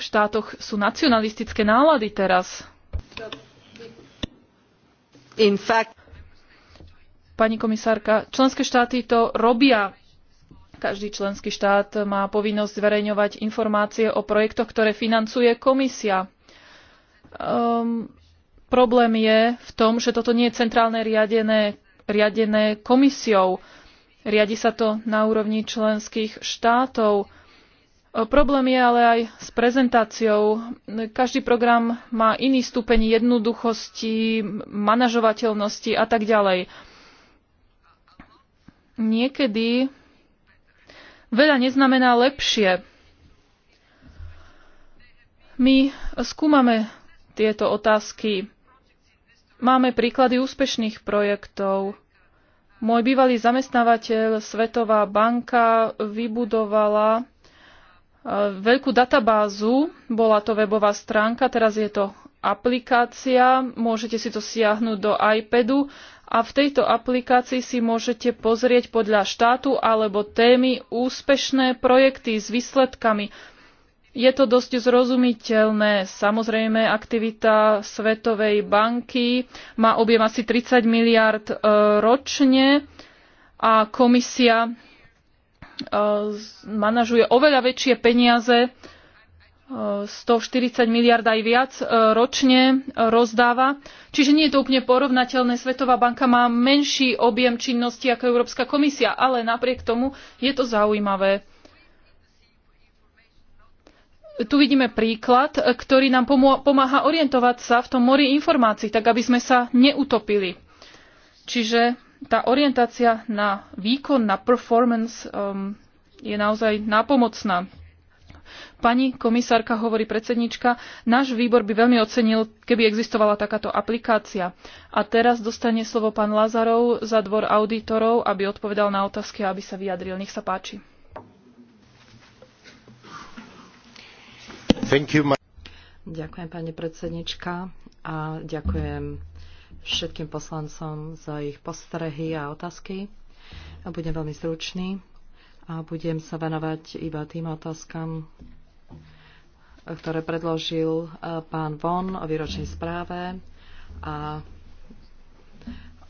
v štátoch sú nacionalistické nálady teraz. In fact... Pani komisárka, členské štáty to robia. Každý členský štát má povinnosť zverejňovať informácie o projektoch, ktoré financuje komisia. Um, problém je v tom, že toto nie je centrálne riadené riadené komisiou. Riadi sa to na úrovni členských štátov. E, problém je ale aj s prezentáciou. Každý program má iný stupeň jednoduchosti, manažovateľnosti a tak ďalej. Niekedy veľa neznamená lepšie. My skúmame tieto otázky. Máme príklady úspešných projektov. Môj bývalý zamestnávateľ Svetová banka vybudovala e, veľkú databázu, bola to webová stránka, teraz je to aplikácia, môžete si to siahnuť do iPadu a v tejto aplikácii si môžete pozrieť podľa štátu alebo témy úspešné projekty s výsledkami je to dosť zrozumiteľné. Samozrejme, aktivita Svetovej banky má objem asi 30 miliard e, ročne a komisia e, manažuje oveľa väčšie peniaze, 140 e, miliard aj viac ročne rozdáva. Čiže nie je to úplne porovnateľné. Svetová banka má menší objem činnosti ako Európska komisia, ale napriek tomu je to zaujímavé tu vidíme príklad, ktorý nám pomáha orientovať sa v tom mori informácií, tak aby sme sa neutopili. Čiže tá orientácia na výkon, na performance um, je naozaj nápomocná. Pani komisárka hovorí predsednička, náš výbor by veľmi ocenil, keby existovala takáto aplikácia. A teraz dostane slovo pán Lazarov za dvor auditorov, aby odpovedal na otázky a aby sa vyjadril. Nech sa páči. ďakujem, pani predsednička, a ďakujem všetkým poslancom za ich postrehy a otázky. A budem veľmi stručný a budem sa venovať iba tým otázkam, ktoré predložil e, pán Von o výročnej správe a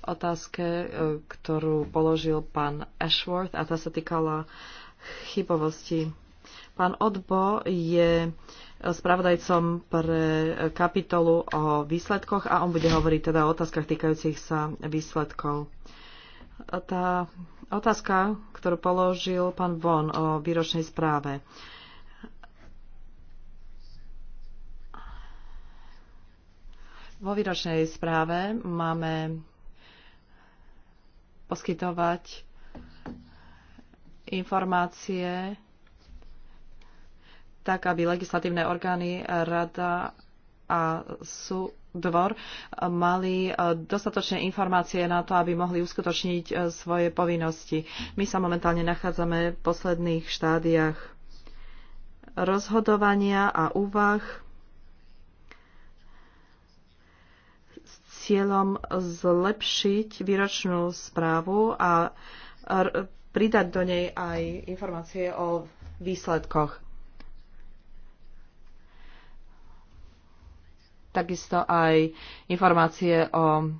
otázke, e, ktorú položil pán Ashworth a tá sa týkala chybovosti. Pán Odbo je spravodajcom pre kapitolu o výsledkoch a on bude hovoriť teda o otázkach týkajúcich sa výsledkov. Tá otázka, ktorú položil pán Von o výročnej správe. Vo výročnej správe máme poskytovať informácie tak aby legislatívne orgány, rada a sú dvor mali e, dostatočné informácie na to, aby mohli uskutočniť e, svoje povinnosti. My sa momentálne nachádzame v posledných štádiách rozhodovania a úvah s cieľom zlepšiť výročnú správu a pridať do nej aj informácie o výsledkoch. takisto aj informácie o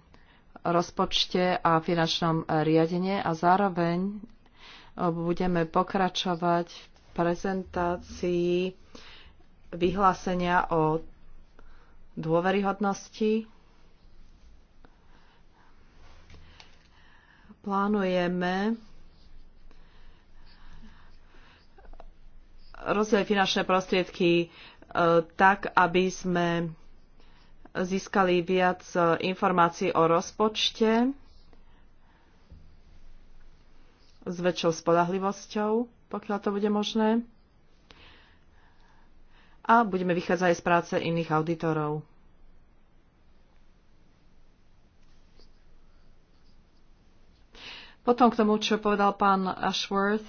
rozpočte a finančnom riadenie a zároveň eh, budeme pokračovať v prezentácii vyhlásenia o dôveryhodnosti. Plánujeme rozvoj finančné prostriedky eh, tak, aby sme získali viac e, informácií o rozpočte s väčšou spolahlivosťou, pokiaľ to bude možné. A budeme vychádzať aj z práce iných auditorov. Potom k tomu, čo povedal pán Ashworth,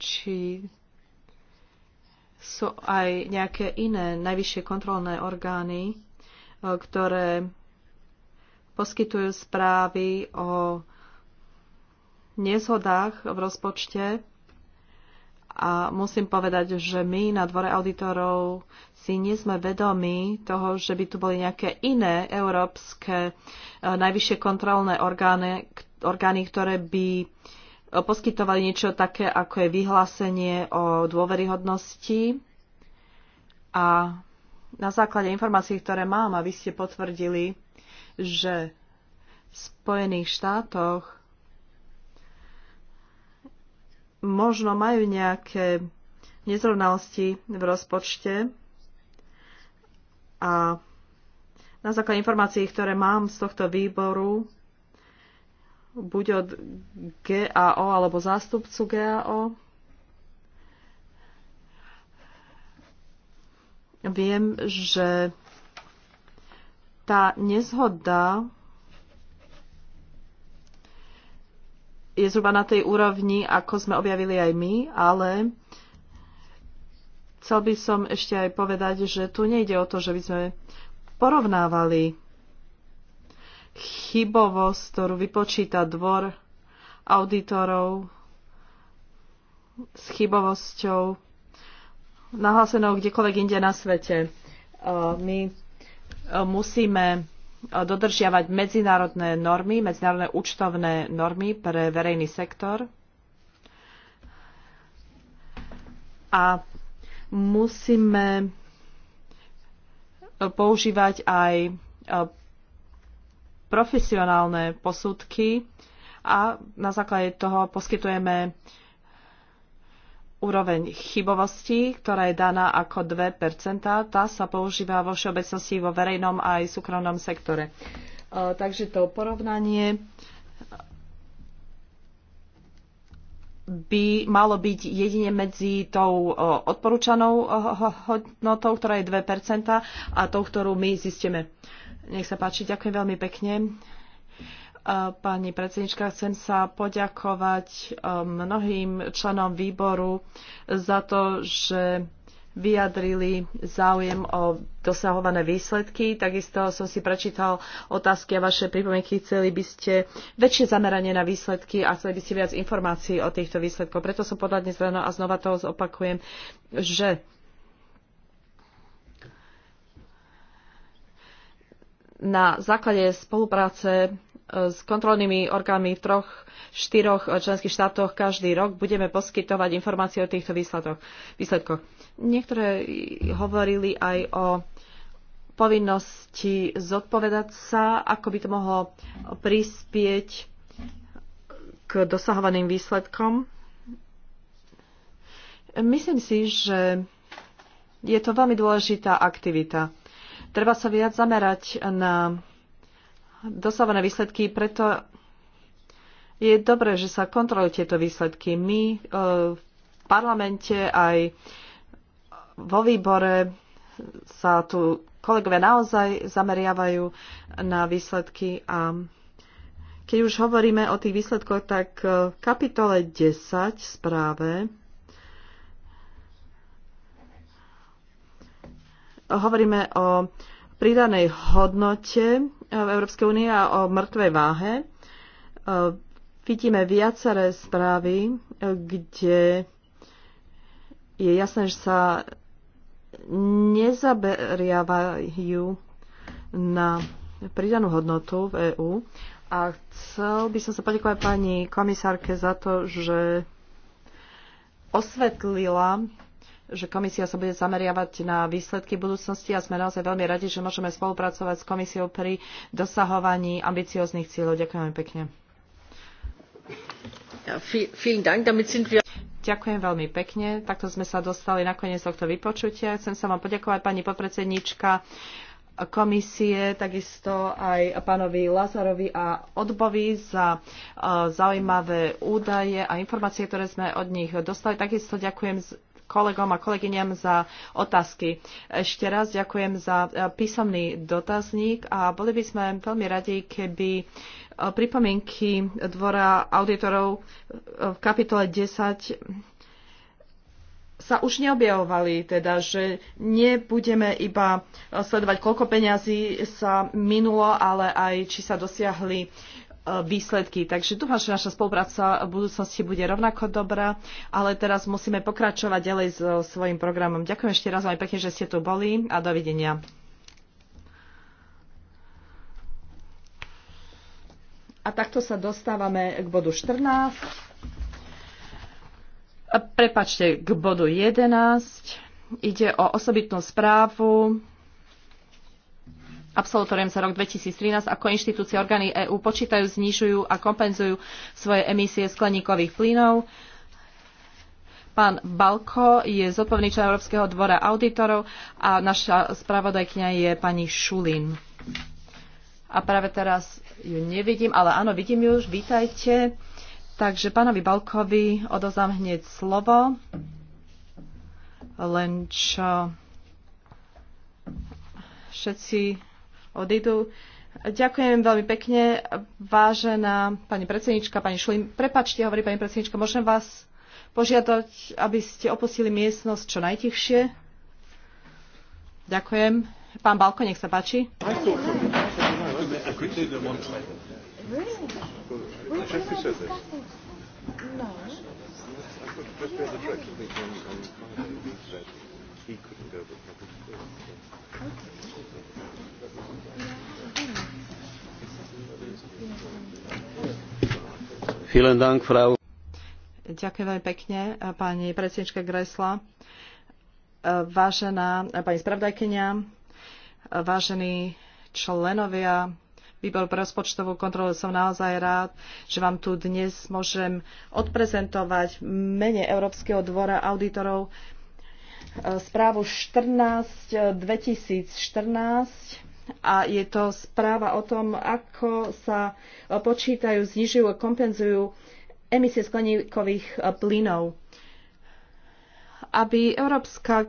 či sú aj nejaké iné najvyššie kontrolné orgány, e, ktoré poskytujú správy o nezhodách v rozpočte a musím povedať, že my na dvore auditorov si nie sme vedomi toho, že by tu boli nejaké iné európske e, najvyššie kontrolné orgány, orgány ktoré by poskytovali niečo také, ako je vyhlásenie o dôveryhodnosti. A na základe informácií, ktoré mám, a vy ste potvrdili, že v Spojených štátoch možno majú nejaké nezrovnalosti v rozpočte a na základe informácií, ktoré mám z tohto výboru, buď od GAO alebo zástupcu GAO. Viem, že tá nezhoda je zhruba na tej úrovni, ako sme objavili aj my, ale chcel by som ešte aj povedať, že tu nejde o to, že by sme porovnávali chybovosť, ktorú vypočíta dvor auditorov s chybovosťou nahlásenou kdekoľvek inde na svete. E, my e, musíme e, dodržiavať medzinárodné normy, medzinárodné účtovné normy pre verejný sektor a musíme používať aj profesionálne posudky a na základe toho poskytujeme úroveň chybovosti, ktorá je daná ako 2%. Tá sa používa vo všeobecnosti vo verejnom a aj súkromnom sektore. E, takže to porovnanie by malo byť jedine medzi tou e, odporúčanou e, hodnotou, ktorá je 2%, a tou, ktorú my zistíme. Nech sa páči, ďakujem veľmi pekne. E, pani predsednička, chcem sa poďakovať e, mnohým členom výboru za to, že vyjadrili záujem o dosahované výsledky. Takisto som si prečítal otázky a vaše pripomienky. Chceli by ste väčšie zameranie na výsledky a chceli by ste viac informácií o týchto výsledkoch. Preto som podľa dnes ráno a znova toho zopakujem, že na základe spolupráce e, s kontrolnými orgánmi v troch, štyroch e, členských štátoch každý rok budeme poskytovať informácie o týchto výsledkoch. Niektoré hovorili aj o povinnosti zodpovedať sa, ako by to mohlo prispieť k dosahovaným výsledkom. Myslím si, že je to veľmi dôležitá aktivita. Treba sa viac zamerať na dosávané výsledky, preto je dobré, že sa kontrolujú tieto výsledky. My e, v parlamente aj vo výbore sa tu kolegovia naozaj zameriavajú na výsledky a keď už hovoríme o tých výsledkoch, tak v kapitole 10 správe Hovoríme o pridanej hodnote e, v Európskej únie a o mŕtvej váhe. E, vidíme viaceré správy, e, kde je jasné, že sa nezaberiavajú na pridanú hodnotu v EÚ. A chcel by som sa poďakovať pani komisárke za to, že osvetlila že komisia sa bude zameriavať na výsledky budúcnosti a sme naozaj veľmi radi, že môžeme spolupracovať s komisiou pri dosahovaní ambicióznych cieľov. Ďakujem pekne. Ďakujem veľmi pekne. Takto sme sa dostali na koniec tohto vypočutia. Chcem sa vám poďakovať, pani podpredsednička komisie, takisto aj pánovi Lazarovi a Odbovi za e, zaujímavé údaje a informácie, ktoré sme od nich dostali. Takisto ďakujem kolegom a kolegyňam za otázky. Ešte raz ďakujem za e, písomný dotazník a boli by sme veľmi radi, keby e, pripomienky dvora auditorov e, v kapitole 10 sa už neobjavovali, teda, že nebudeme iba sledovať, koľko peňazí sa minulo, ale aj či sa dosiahli E, výsledky. Takže dúfam, že naša spolupráca v budúcnosti bude rovnako dobrá, ale teraz musíme pokračovať ďalej so svojím programom. Ďakujem ešte raz veľmi pekne, že ste tu boli a dovidenia. A takto sa dostávame k bodu 14. Prepačte, k bodu 11. Ide o osobitnú správu absolutorium za rok 2013 ako inštitúcie orgány EÚ počítajú, znižujú a kompenzujú svoje emisie skleníkových plynov. Pán Balko je zodpovedný člen Európskeho dvora auditorov a naša spravodajkňa je pani Šulin. A práve teraz ju nevidím, ale áno, vidím ju už, vítajte. Takže pánovi Balkovi odozám hneď slovo, len čo všetci odídu. Ďakujem veľmi pekne, vážená pani predsednička, pani Šulín. Prepačte, hovorí pani predsednička, môžem vás požiadať, aby ste opustili miestnosť čo najtichšie? Ďakujem. Pán Balko, nech sa páči. He couldn't go, but I couldn't Okay. Ďakujem veľmi pekne, pani predsednička Gresla. Vážená pani spravdajkynia, vážení členovia výboru pre rozpočtovú kontrolu, som naozaj rád, že vám tu dnes môžem odprezentovať mene Európskeho dvora auditorov správu 14 2014 a je to správa o tom, ako sa e, počítajú, znižujú a kompenzujú emisie skleníkových e, plynov. Aby európska e,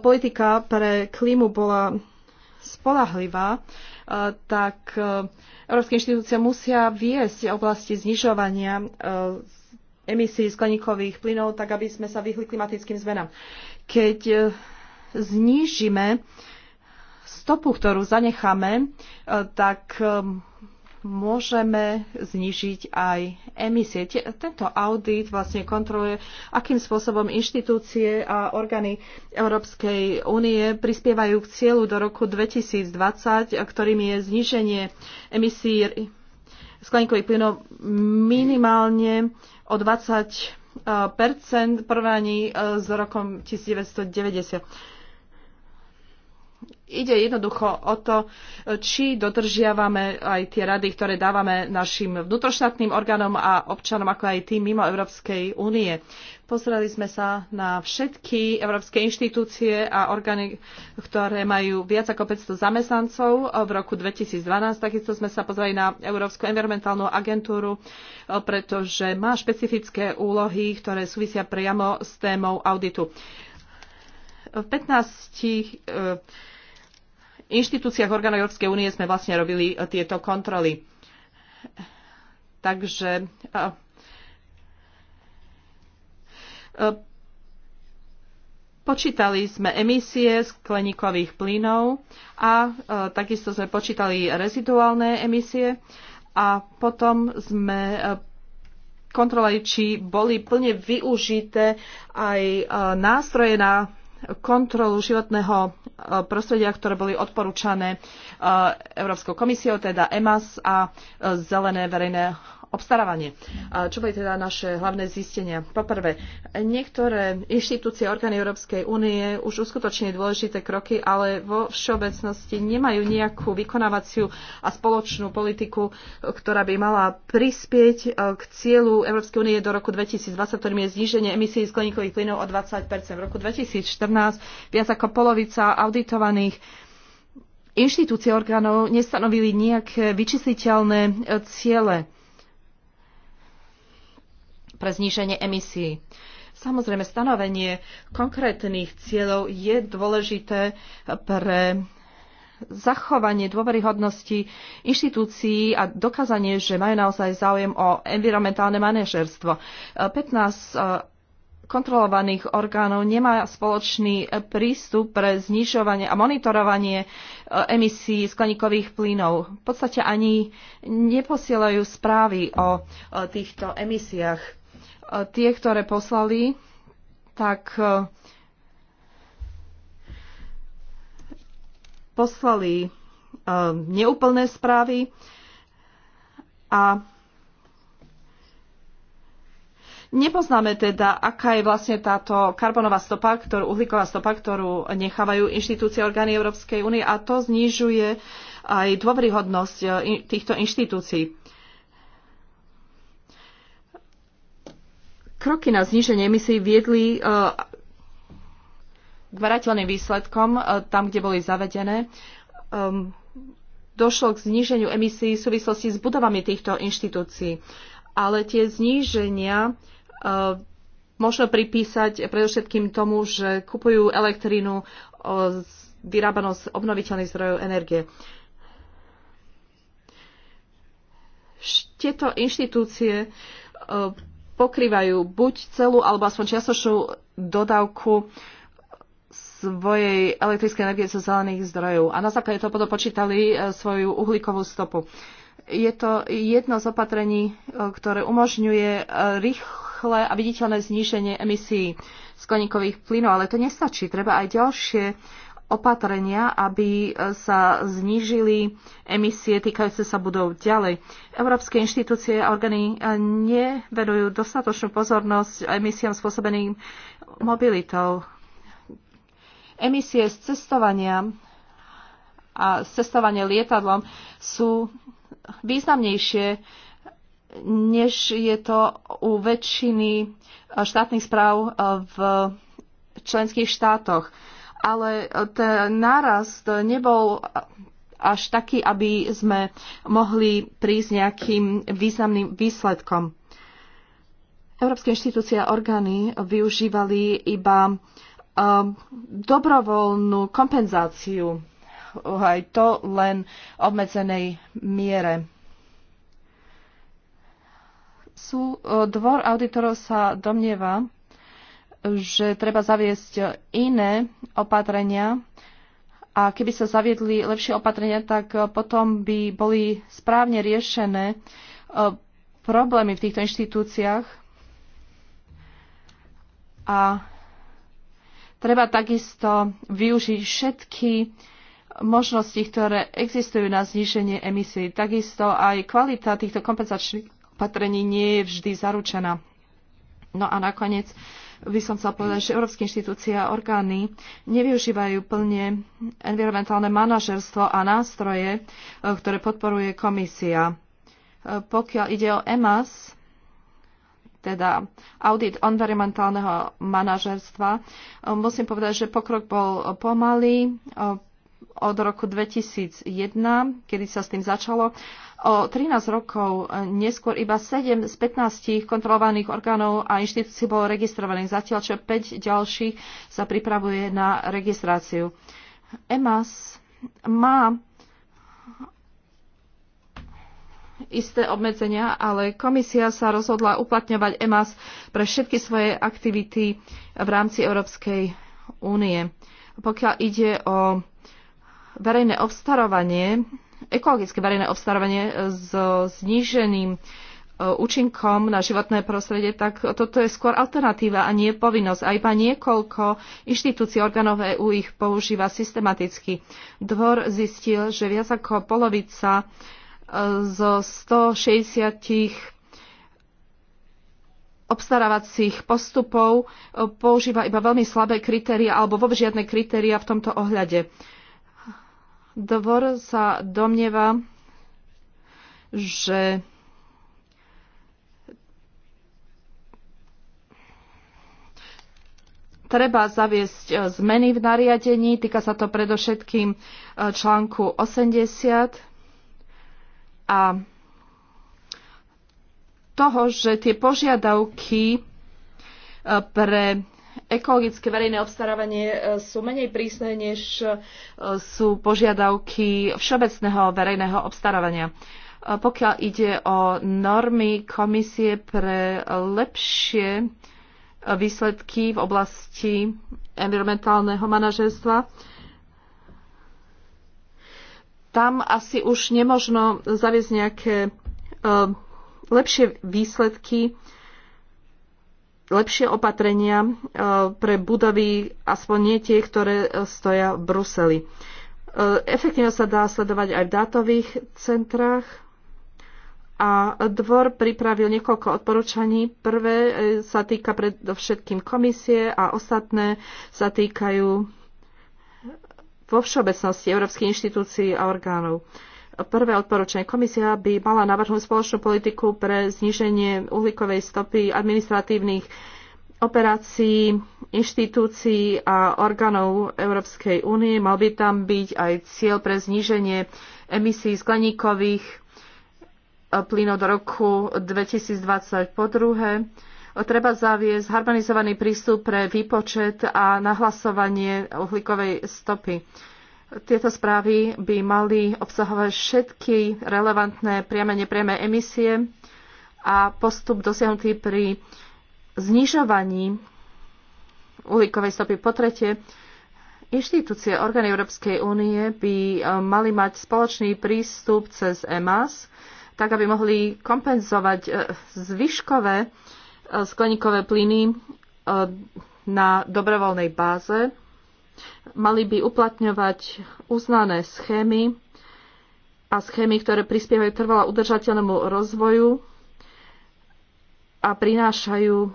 politika pre klímu bola spolahlivá, tak európske inštitúcie musia viesť oblasti znižovania emisí skleníkových plynov, tak aby sme sa vyhli klimatickým zmenám. Keď znížime stopu, ktorú zanecháme, e, tak e, môžeme znižiť aj emisie. Tento audit vlastne kontroluje, akým spôsobom inštitúcie a orgány Európskej únie prispievajú k cieľu do roku 2020, ktorým je zníženie emisí skleníkových plynov minimálne o 20 percent porovnaní e, s rokom 1990. Ide jednoducho o to, či dodržiavame aj tie rady, ktoré dávame našim vnútroštátnym orgánom a občanom, ako aj tým mimo Európskej únie. Pozreli sme sa na všetky európske inštitúcie a orgány, ktoré majú viac ako 500 zamestnancov v roku 2012. Takisto sme sa pozreli na Európsku environmentálnu agentúru, pretože má špecifické úlohy, ktoré súvisia priamo s témou auditu. V 15 inštitúciách orgánov Európskej únie sme vlastne robili e, tieto kontroly. Takže e, e, Počítali sme emisie skleníkových plynov a e, takisto sme počítali reziduálne emisie a potom sme e, kontrolovali, či boli plne využité aj e, nástroje na kontrolu životného e, prostredia, ktoré boli odporúčané e, Európskou komisiou, teda EMAS a e, zelené verejné obstarávanie. A čo boli teda naše hlavné zistenia? Poprvé, niektoré inštitúcie orgány Európskej únie už uskutočnili dôležité kroky, ale vo všeobecnosti nemajú nejakú vykonávaciu a spoločnú politiku, ktorá by mala prispieť e, k cieľu Európskej únie do roku 2020, ktorým je zníženie emisí skleníkových plynov o 20 V roku 2014 viac ako polovica auditovaných inštitúcie orgánov nestanovili nejaké vyčísliteľné e, ciele pre zníženie emisí. Samozrejme, stanovenie konkrétnych cieľov je dôležité pre zachovanie dôveryhodnosti inštitúcií a dokázanie, že majú naozaj záujem o environmentálne manažerstvo. 15 eh, kontrolovaných orgánov nemá spoločný prístup pre znižovanie a monitorovanie eh, emisí skleníkových plynov. V podstate ani neposielajú správy o eh, týchto emisiách tie, ktoré poslali, tak e, poslali e, neúplné správy a Nepoznáme teda, aká je vlastne táto karbonová stopa, ktorú, uhlíková stopa, ktorú nechávajú inštitúcie orgány Európskej únie a to znižuje aj dôveryhodnosť e, týchto inštitúcií. Kroky na zníženie emisí viedli e, k varateľným výsledkom e, tam, kde boli zavedené. Ehm, došlo k zníženiu emisí v súvislosti s budovami týchto inštitúcií. Ale tie zníženia e, možno pripísať predovšetkým tomu, že kupujú elektrínu vyrábanú z obnoviteľných zdrojov energie. Tieto inštitúcie pokrývajú buď celú alebo aspoň čiastočnú dodávku svojej elektrickej energie zo zelených zdrojov. A na základe toho potom počítali e, svoju uhlíkovú stopu. Je to jedno z opatrení, e, ktoré umožňuje e, rýchle a viditeľné zníženie emisí skleníkových plynov, ale to nestačí. Treba aj ďalšie opatrenia, aby e, sa znížili emisie týkajúce sa budov ďalej. Európske inštitúcie a orgány e, nevedujú dostatočnú pozornosť emisiám spôsobeným mobilitou. Emisie z cestovania a z cestovania lietadlom sú významnejšie než je to u väčšiny štátnych správ e, v členských štátoch ale ten nárast nebol až taký, aby sme mohli prísť nejakým významným výsledkom. Európske inštitúcie a orgány využívali iba um, dobrovoľnú kompenzáciu, aj to len v obmedzenej miere. Sú, eh, dvor auditorov sa domnieva, že treba zaviesť iné opatrenia a keby sa zaviedli lepšie opatrenia, tak e, potom by boli správne riešené e, problémy v týchto inštitúciách. A treba takisto využiť všetky možnosti, ktoré existujú na zníženie emisí. Takisto aj kvalita týchto kompenzačných opatrení nie je vždy zaručená. No a nakoniec by som chcel povedať, že európske inštitúcie a orgány nevyužívajú plne environmentálne manažerstvo a nástroje, e, ktoré podporuje komisia. E, pokiaľ ide o EMAS, teda audit environmentálneho manažerstva, e, musím povedať, že pokrok bol pomalý od roku 2001, kedy sa s tým začalo O 13 rokov e, neskôr iba 7 z 15 kontrolovaných orgánov a inštitúcií bolo registrovaných, zatiaľ čo 5 ďalších sa pripravuje na registráciu. EMAS má isté obmedzenia, ale komisia sa rozhodla uplatňovať EMAS pre všetky svoje aktivity v rámci Európskej únie. Pokiaľ ide o verejné obstarovanie, ekologické verejné obstarávanie so zníženým e, účinkom na životné prostredie, tak toto je skôr alternatíva a nie povinnosť. A iba niekoľko inštitúcií orgánov EÚ ich používa systematicky. Dvor zistil, že viac ako polovica e, zo 160 obstarávacích postupov e, používa iba veľmi slabé kritéria alebo vôbec žiadne kritéria v tomto ohľade. Dvor sa domnieva, že treba zaviesť e, zmeny v nariadení. Týka sa to predovšetkým e, článku 80 a toho, že tie požiadavky e, pre ekologické verejné obstarávanie e, sú menej prísne, než e, sú požiadavky všeobecného verejného obstarávania. E, pokiaľ ide o normy komisie pre lepšie výsledky v oblasti environmentálneho manažerstva, tam asi už nemožno zaviesť nejaké lepšie výsledky lepšie opatrenia e, pre budovy, aspoň nie tie, ktoré e, stoja v Bruseli. E, efektívne sa dá sledovať aj v dátových centrách a dvor pripravil niekoľko odporúčaní. Prvé sa týka predovšetkým komisie a ostatné sa týkajú vo všeobecnosti európskych inštitúcií a orgánov. Prvé odporúčanie. Komisia by mala navrhnúť spoločnú politiku pre zníženie uhlíkovej stopy administratívnych operácií, inštitúcií a orgánov Európskej únie. Mal by tam byť aj cieľ pre zníženie emisí skleníkových eh, plynov do roku 2020. Po druhé, treba zaviesť harmonizovaný prístup pre výpočet a nahlasovanie uhlíkovej stopy tieto správy by mali obsahovať všetky relevantné priame nepriame emisie a postup dosiahnutý pri znižovaní uhlíkovej stopy. Po tretie, inštitúcie orgány Európskej únie by e, mali mať spoločný prístup cez EMAS, tak aby mohli kompenzovať e, zvyškové e, skleníkové plyny na dobrovoľnej báze Mali by uplatňovať uznané schémy a schémy, ktoré prispievajú trvalo udržateľnému rozvoju a prinášajú e,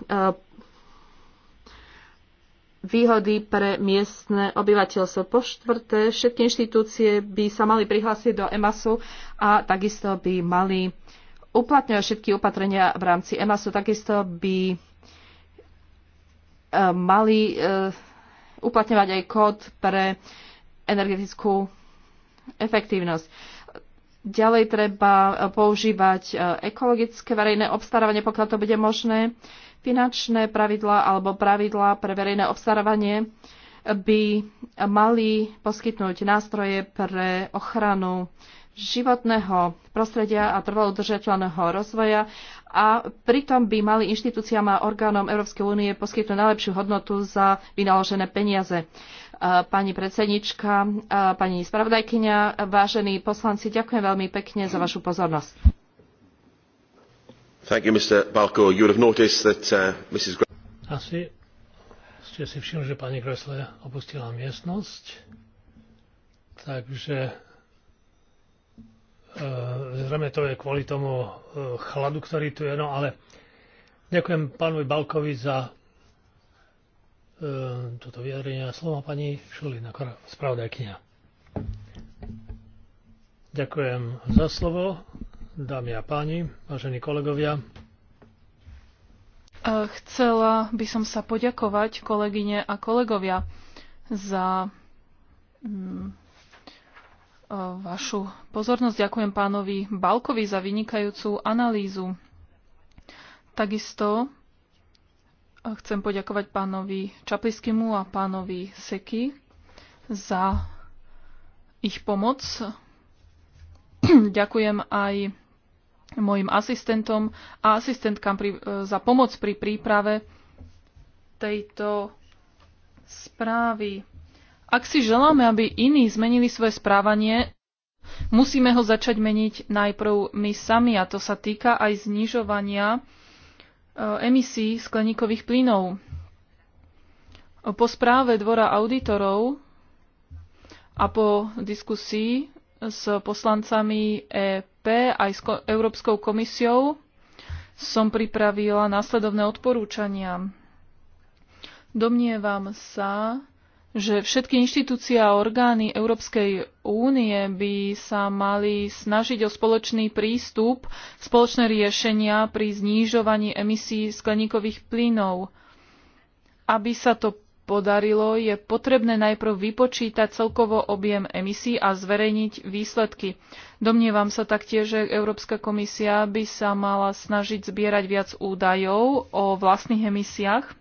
výhody pre miestne obyvateľstvo. Po štvrté, všetky inštitúcie by sa mali prihlásiť do EMASu a takisto by mali uplatňovať všetky opatrenia v rámci EMASu. Takisto by e, mali e, uplatňovať aj kód pre energetickú efektívnosť. Ďalej treba e, používať e, ekologické verejné obstarávanie, pokiaľ to bude možné. Finančné pravidlá alebo pravidlá pre verejné obstarávanie by mali poskytnúť nástroje pre ochranu životného prostredia a trvalo udržateľného rozvoja a pritom by mali inštitúciám a orgánom Európskej únie poskytnúť najlepšiu hodnotu za vynaložené peniaze. Pani predsednička, pani spravodajkyňa, vážení poslanci, ďakujem veľmi pekne za vašu pozornosť. You, Balko. That, uh, Mrs... Asi ste si všimli, že pani Gressle opustila miestnosť, takže E, zrejme to je kvôli tomu e, chladu, ktorý tu je, no ale ďakujem pánovi Balkovi za e, toto vyjadrenie a slova pani Šulina, spravodajkynia. Ďakujem za slovo, dámy a páni, vážení kolegovia. Chcela by som sa poďakovať kolegyne a kolegovia za mm, vašu pozornosť. Ďakujem pánovi Balkovi za vynikajúcu analýzu. Takisto chcem poďakovať pánovi Čapliskému a pánovi Seky za ich pomoc. Ďakujem aj mojim asistentom a asistentkám pri, e, za pomoc pri príprave tejto správy. Ak si želáme, aby iní zmenili svoje správanie, musíme ho začať meniť najprv my sami a to sa týka aj znižovania e, emisí skleníkových plynov. Po správe Dvora auditorov a po diskusii s poslancami EP aj s Európskou komisiou som pripravila následovné odporúčania. Domnievam sa, že všetky inštitúcie a orgány Európskej únie by sa mali snažiť o spoločný prístup, spoločné riešenia pri znižovaní emisí skleníkových plynov. Aby sa to podarilo, je potrebné najprv vypočítať celkovo objem emisí a zverejniť výsledky. Domnievam sa taktiež, že Európska komisia by sa mala snažiť zbierať viac údajov o vlastných emisiách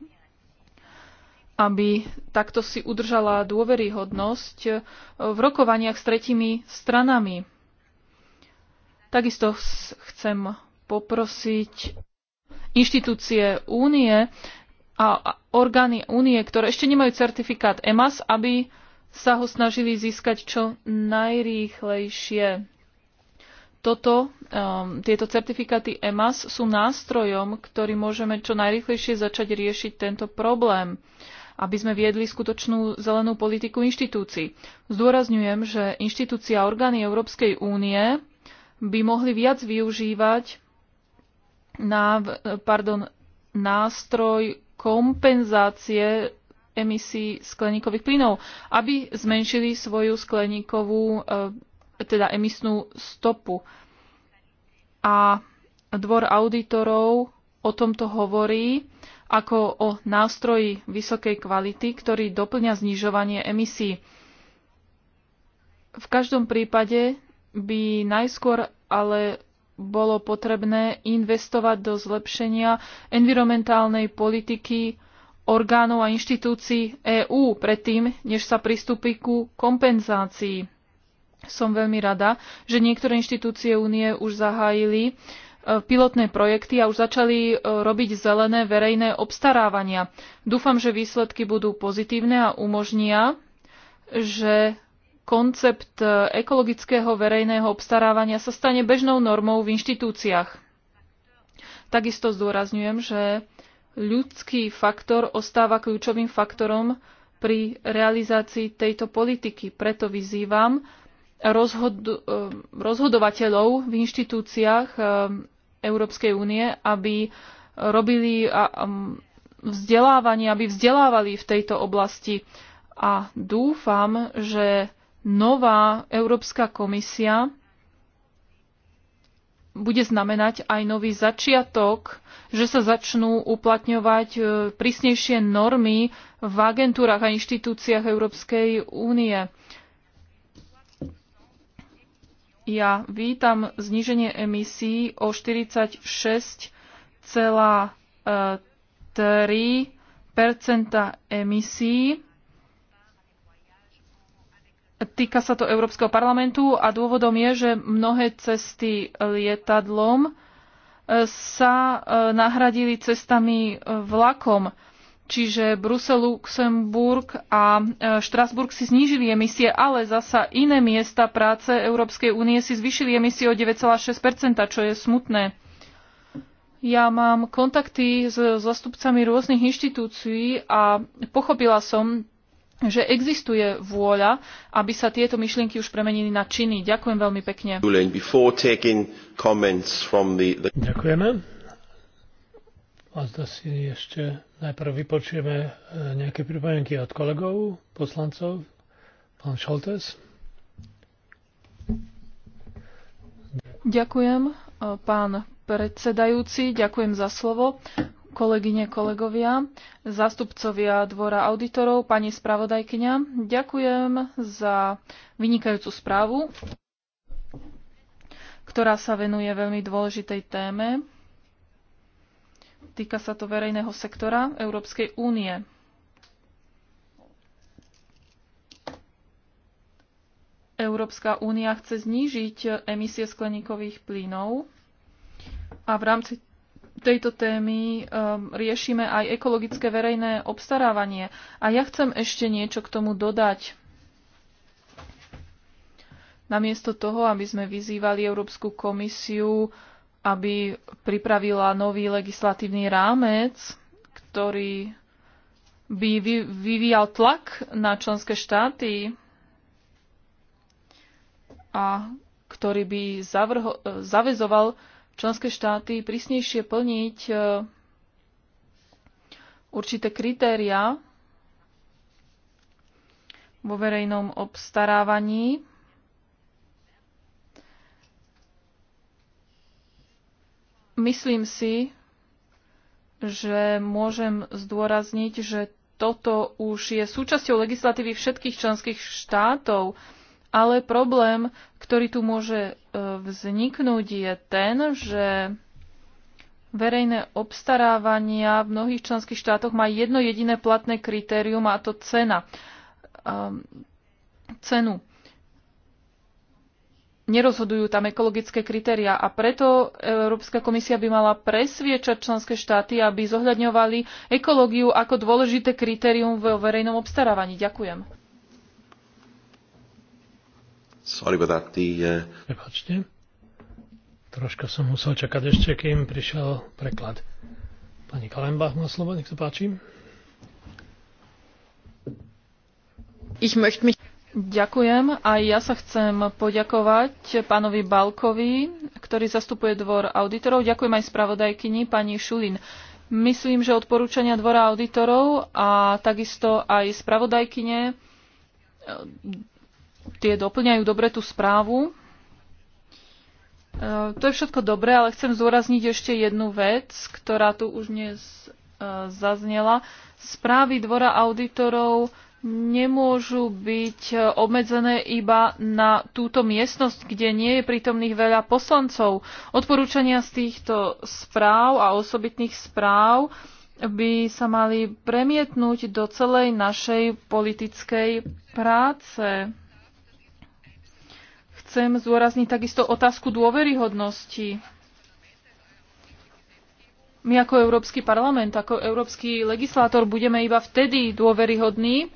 aby takto si udržala dôveryhodnosť eh, v rokovaniach s tretími stranami. Takisto chcem poprosiť inštitúcie únie a orgány únie, ktoré ešte nemajú certifikát EMAS, aby sa ho snažili získať čo najrýchlejšie. Toto, um, tieto certifikáty EMAS sú nástrojom, ktorý môžeme čo najrýchlejšie začať riešiť tento problém aby sme viedli skutočnú zelenú politiku inštitúcií. Zdôrazňujem, že inštitúcia a orgány Európskej únie by mohli viac využívať na, pardon, nástroj kompenzácie emisí skleníkových plynov, aby zmenšili svoju skleníkovú, e, teda emisnú stopu. A dvor auditorov o tomto hovorí ako o nástroji vysokej kvality, ktorý doplňa znižovanie emisí. V každom prípade by najskôr ale bolo potrebné investovať do zlepšenia environmentálnej politiky orgánov a inštitúcií EÚ predtým, než sa pristúpi ku kompenzácii. Som veľmi rada, že niektoré inštitúcie únie už zahájili uh, E, pilotné projekty a už začali e, robiť zelené verejné obstarávania. Dúfam, že výsledky budú pozitívne a umožnia, že koncept e, ekologického verejného obstarávania sa stane bežnou normou v inštitúciách. Takisto zdôrazňujem, že ľudský faktor ostáva kľúčovým faktorom pri realizácii tejto politiky. Preto vyzývam rozhod- rozhodovateľov v inštitúciách Európskej únie, aby robili vzdelávanie, aby vzdelávali v tejto oblasti. A dúfam, že nová Európska komisia bude znamenať aj nový začiatok, že sa začnú uplatňovať e, prísnejšie normy v agentúrach a inštitúciách Európskej únie. Ja vítam zníženie emisí o 46,3 e, emisí. Týka sa to Európskeho parlamentu a dôvodom je, že mnohé cesty lietadlom e, sa e, nahradili cestami vlakom. Čiže Brusel, Luxemburg a e, Štrasburg si znížili emisie, ale zasa iné miesta práce Európskej únie si zvyšili emisie o 9,6%, čo je smutné. Ja mám kontakty s zastupcami rôznych inštitúcií a pochopila som, že existuje vôľa, aby sa tieto myšlienky už premenili na činy. Ďakujem veľmi pekne. Ďakujeme. A zda si ešte najprv vypočujeme e, nejaké pripomienky od kolegov, poslancov. Pán Šoltes. Ďakujem, e, pán predsedajúci, ďakujem za slovo. Kolegyne, kolegovia, zástupcovia dvora auditorov, pani spravodajkyňa, ďakujem za vynikajúcu správu, ktorá sa venuje veľmi dôležitej téme Týka sa to verejného sektora Európskej únie. Európska únia chce znížiť emisie skleníkových plynov a v rámci tejto témy um, riešime aj ekologické verejné obstarávanie. A ja chcem ešte niečo k tomu dodať. Namiesto toho, aby sme vyzývali Európsku komisiu aby pripravila nový legislatívny rámec, ktorý by vyvíjal tlak na členské štáty a ktorý by zavrho- e, zavezoval členské štáty prísnejšie plniť e, určité kritéria vo verejnom obstarávaní Myslím si, že môžem zdôrazniť, že toto už je súčasťou legislatívy všetkých členských štátov, ale problém, ktorý tu môže e, vzniknúť, je ten, že verejné obstarávania v mnohých členských štátoch má jedno jediné platné kritérium a to cena. Ehm, cenu nerozhodujú tam ekologické kritéria a preto Európska komisia by mala presviečať členské štáty, aby zohľadňovali ekológiu ako dôležité kritérium vo verejnom obstarávaní. Ďakujem. Sorry that the, uh, Prepačte. Troška som musel čakať ešte, kým prišiel preklad. Pani Kalembach má slovo, nech sa páči. Ich möchte mich Ďakujem. A ja sa chcem poďakovať pánovi Balkovi, ktorý zastupuje dvor auditorov. Ďakujem aj spravodajkyni pani Šulin. Myslím, že odporúčania dvora auditorov a takisto aj spravodajkyne eh, tie doplňajú dobre tú správu. Eh, to je všetko dobré, ale chcem zdôrazniť ešte jednu vec, ktorá tu už dnes eh, zaznela. Správy dvora auditorov nemôžu byť e, obmedzené iba na túto miestnosť, kde nie je prítomných veľa poslancov. Odporúčania z týchto správ a osobitných správ by sa mali premietnúť do celej našej politickej práce. Chcem zdôrazniť takisto otázku dôveryhodnosti my ako Európsky parlament, ako Európsky legislátor budeme iba vtedy dôveryhodní,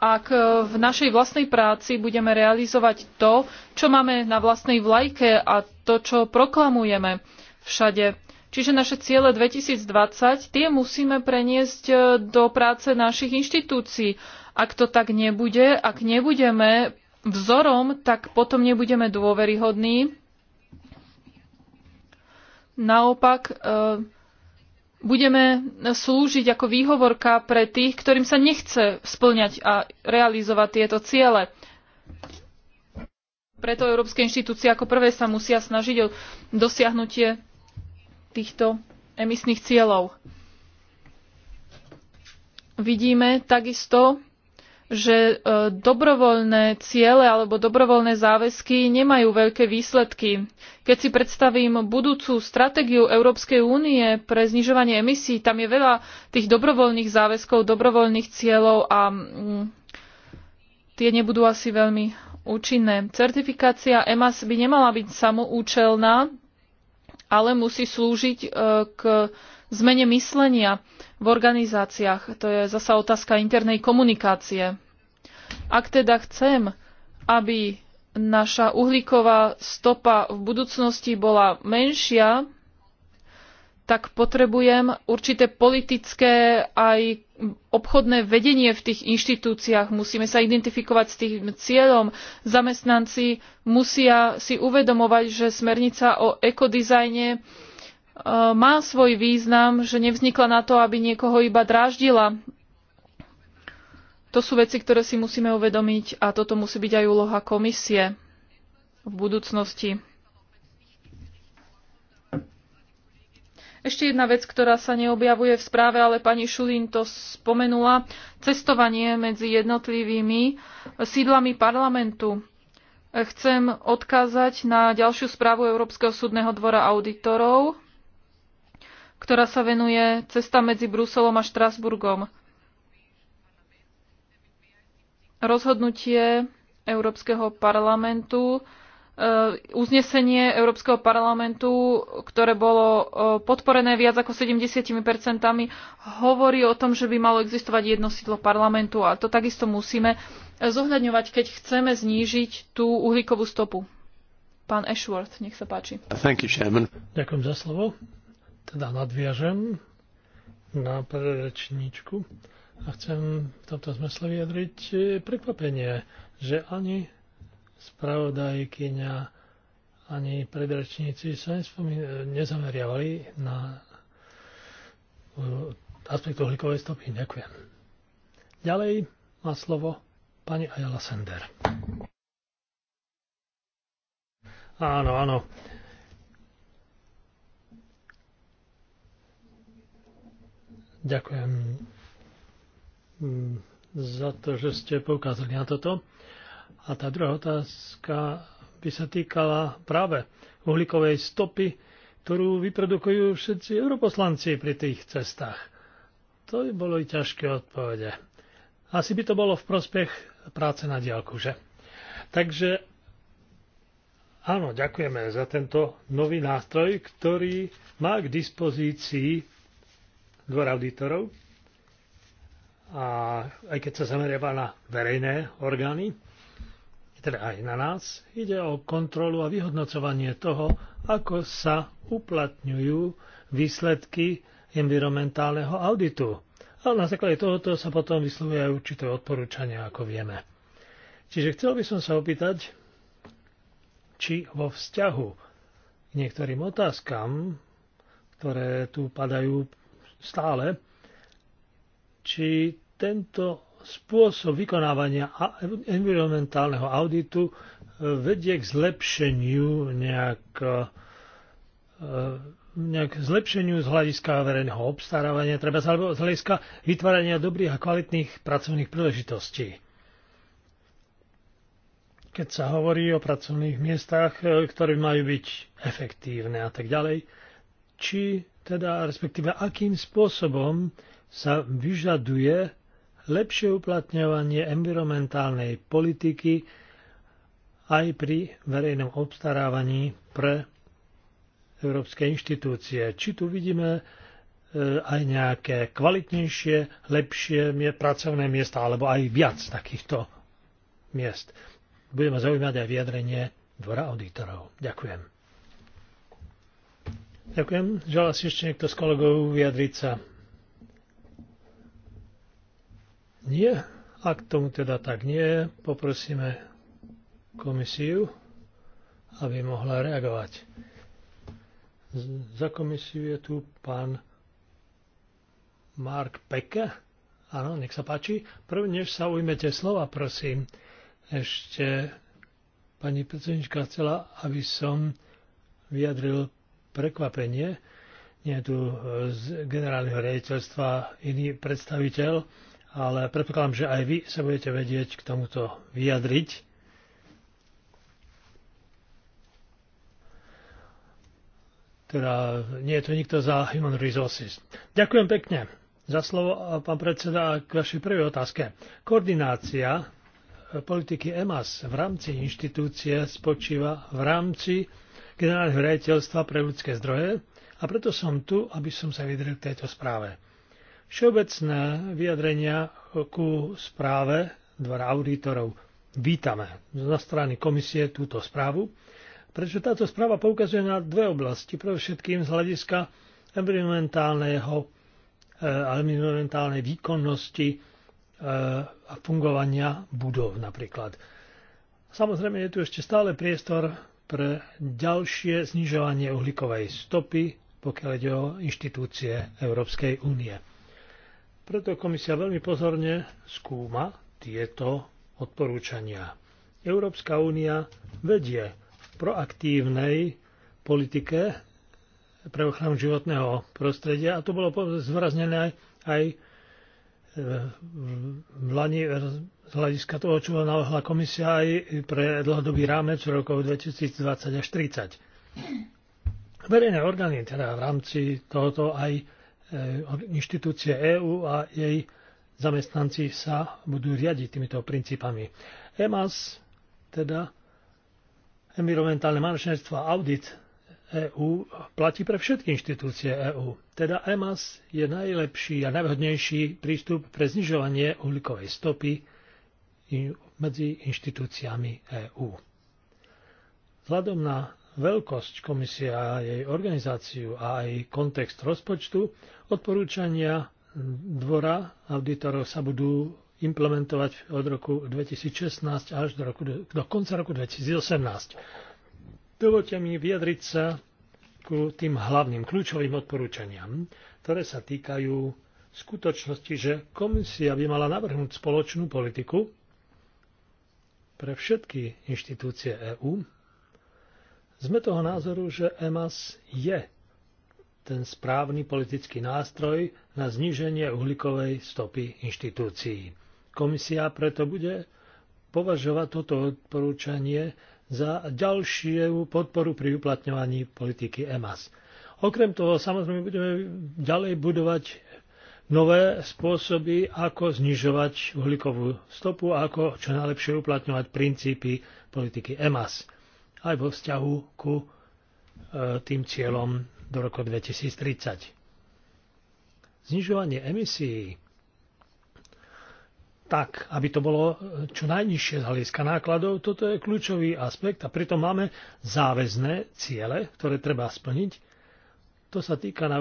ak e, v našej vlastnej práci budeme realizovať to, čo máme na vlastnej vlajke a to, čo proklamujeme všade. Čiže naše ciele 2020, tie musíme preniesť e, do práce našich inštitúcií. Ak to tak nebude, ak nebudeme vzorom, tak potom nebudeme dôveryhodní. Naopak, e budeme slúžiť ako výhovorka pre tých, ktorým sa nechce splňať a realizovať tieto ciele. Preto európske inštitúcie ako prvé sa musia snažiť o dosiahnutie týchto emisných cieľov. Vidíme takisto, že e, dobrovoľné ciele alebo dobrovoľné záväzky nemajú veľké výsledky. Keď si predstavím budúcu stratégiu Európskej únie pre znižovanie emisí, tam je veľa tých dobrovoľných záväzkov, dobrovoľných cieľov a mm, tie nebudú asi veľmi účinné. Certifikácia EMAS by nemala byť samoučelná, ale musí slúžiť e, k zmene myslenia v organizáciách. To je zasa otázka internej komunikácie. Ak teda chcem, aby naša uhlíková stopa v budúcnosti bola menšia, tak potrebujem určité politické aj obchodné vedenie v tých inštitúciách. Musíme sa identifikovať s tým cieľom. Zamestnanci musia si uvedomovať, že smernica o ekodizajne E, má svoj význam, že nevznikla na to, aby niekoho iba dráždila. To sú veci, ktoré si musíme uvedomiť a toto musí byť aj úloha komisie v budúcnosti. Ešte jedna vec, ktorá sa neobjavuje v správe, ale pani Šulín to spomenula, cestovanie medzi jednotlivými sídlami parlamentu. Chcem odkázať na ďalšiu správu Európskeho súdneho dvora auditorov, ktorá sa venuje cesta medzi Bruselom a Štrasburgom. Rozhodnutie Európskeho parlamentu, eh, uznesenie Európskeho parlamentu, ktoré bolo eh, podporené viac ako 70 hovorí o tom, že by malo existovať jedno sídlo parlamentu a to takisto musíme zohľadňovať, keď chceme znížiť tú uhlíkovú stopu. Pán Ashworth, nech sa páči. You, Ďakujem za slovo teda nadviažem na predrečníčku a chcem v tomto zmysle vyjadriť e, prekvapenie, že ani spravodajkyňa, ani predrečníci sa nezameriavali na e, aspekt uhlíkovej stopy. Ďakujem. Ďalej má slovo pani Ayala Sender. Áno, áno. Ďakujem mm, za to, že ste poukázali na toto. A tá druhá otázka by sa týkala práve uhlíkovej stopy, ktorú vyprodukujú všetci europoslanci pri tých cestách. To by bolo i ťažké odpovede. Asi by to bolo v prospech práce na diálku, že? Takže áno, ďakujeme za tento nový nástroj, ktorý má k dispozícii dvor auditorov. A aj keď sa zameriava na verejné orgány, teda aj na nás, ide o kontrolu a vyhodnocovanie toho, ako sa uplatňujú výsledky environmentálneho auditu. A na základe tohoto sa potom vyslovuje aj určité odporúčania, ako vieme. Čiže chcel by som sa opýtať, či vo vzťahu k niektorým otázkam, ktoré tu padajú stále, či tento spôsob vykonávania environmentálneho auditu e, vedie k zlepšeniu nejak, e, nejak zlepšeniu z hľadiska verejného obstarávania, treba alebo z hľadiska vytvárania dobrých a kvalitných pracovných príležitostí. Keď sa hovorí o pracovných miestach, e, ktoré majú byť efektívne a tak ďalej, či teda respektíve akým spôsobom sa vyžaduje lepšie uplatňovanie environmentálnej politiky aj pri verejnom obstarávaní pre európske inštitúcie. Či tu vidíme e, aj nejaké kvalitnejšie, lepšie pracovné miesta, alebo aj viac takýchto miest. Budeme zaujímať aj vyjadrenie Dvora auditorov. Ďakujem. Ďakujem. Želá si ešte niekto z kolegov vyjadriť sa? Nie? Ak tomu teda tak nie, poprosíme komisiu, aby mohla reagovať. Za komisiu je tu pán Mark Peke. Áno, nech sa páči. Prv, než sa ujmete slova, prosím, ešte pani predsednička chcela, aby som vyjadril prekvapenie. Nie je tu e, z generálneho riaditeľstva iný predstaviteľ, ale predpokladám, že aj vy sa budete vedieť k tomuto vyjadriť. Teda nie je tu nikto za Human Resources. Ďakujem pekne za slovo, pán predseda, k vašej prvej otázke. Koordinácia e, politiky EMAS v rámci inštitúcie spočíva v rámci generálneho riaditeľstva pre ľudské zdroje a preto som tu, aby som sa vyjadril k tejto správe. Všeobecné vyjadrenia ku správe dvora auditorov vítame zo strany komisie túto správu, pretože táto správa poukazuje na dve oblasti, pre všetkým z hľadiska environmentálneho e, environmentálnej výkonnosti e, a fungovania budov napríklad. Samozrejme je tu ešte stále priestor pre ďalšie znižovanie uhlíkovej stopy, pokiaľ ide o inštitúcie Európskej únie. Preto komisia veľmi pozorne skúma tieto odporúčania. Európska únia vedie v proaktívnej politike pre ochranu životného prostredia a to bolo zvraznené aj v Lani z hľadiska toho, čo navrhla komisia aj pre dlhodobý rámec rokov 2020 až 30. Verejné orgány teda v rámci tohoto aj eh, inštitúcie EÚ a jej zamestnanci sa budú riadiť týmito princípami. EMAS, teda environmentálne manažerstvo a audit EÚ platí pre všetky inštitúcie EÚ. Teda EMAS je najlepší a najvhodnejší prístup pre znižovanie uhlíkovej stopy medzi inštitúciami EÚ. Vzhľadom na veľkosť komisie a jej organizáciu a aj kontext rozpočtu, odporúčania dvora auditorov sa budú implementovať od roku 2016 až do, roku, do konca roku 2018. Dovolte mi vyjadriť sa ku tým hlavným kľúčovým odporúčaniam, ktoré sa týkajú skutočnosti, že komisia by mala navrhnúť spoločnú politiku pre všetky inštitúcie EÚ. Sme toho názoru, že EMAS je ten správny politický nástroj na zníženie uhlíkovej stopy inštitúcií. Komisia preto bude považovať toto odporúčanie za ďalšiu podporu pri uplatňovaní politiky EMAS. Okrem toho samozrejme budeme ďalej budovať nové spôsoby, ako znižovať uhlíkovú stopu a ako čo najlepšie uplatňovať princípy politiky EMAS aj vo vzťahu ku e, tým cieľom do roku 2030. Znižovanie emisí tak, aby to bolo e, čo najnižšie z hľadiska nákladov. Toto je kľúčový aspekt a pritom máme záväzné ciele, ktoré treba splniť. To sa týka na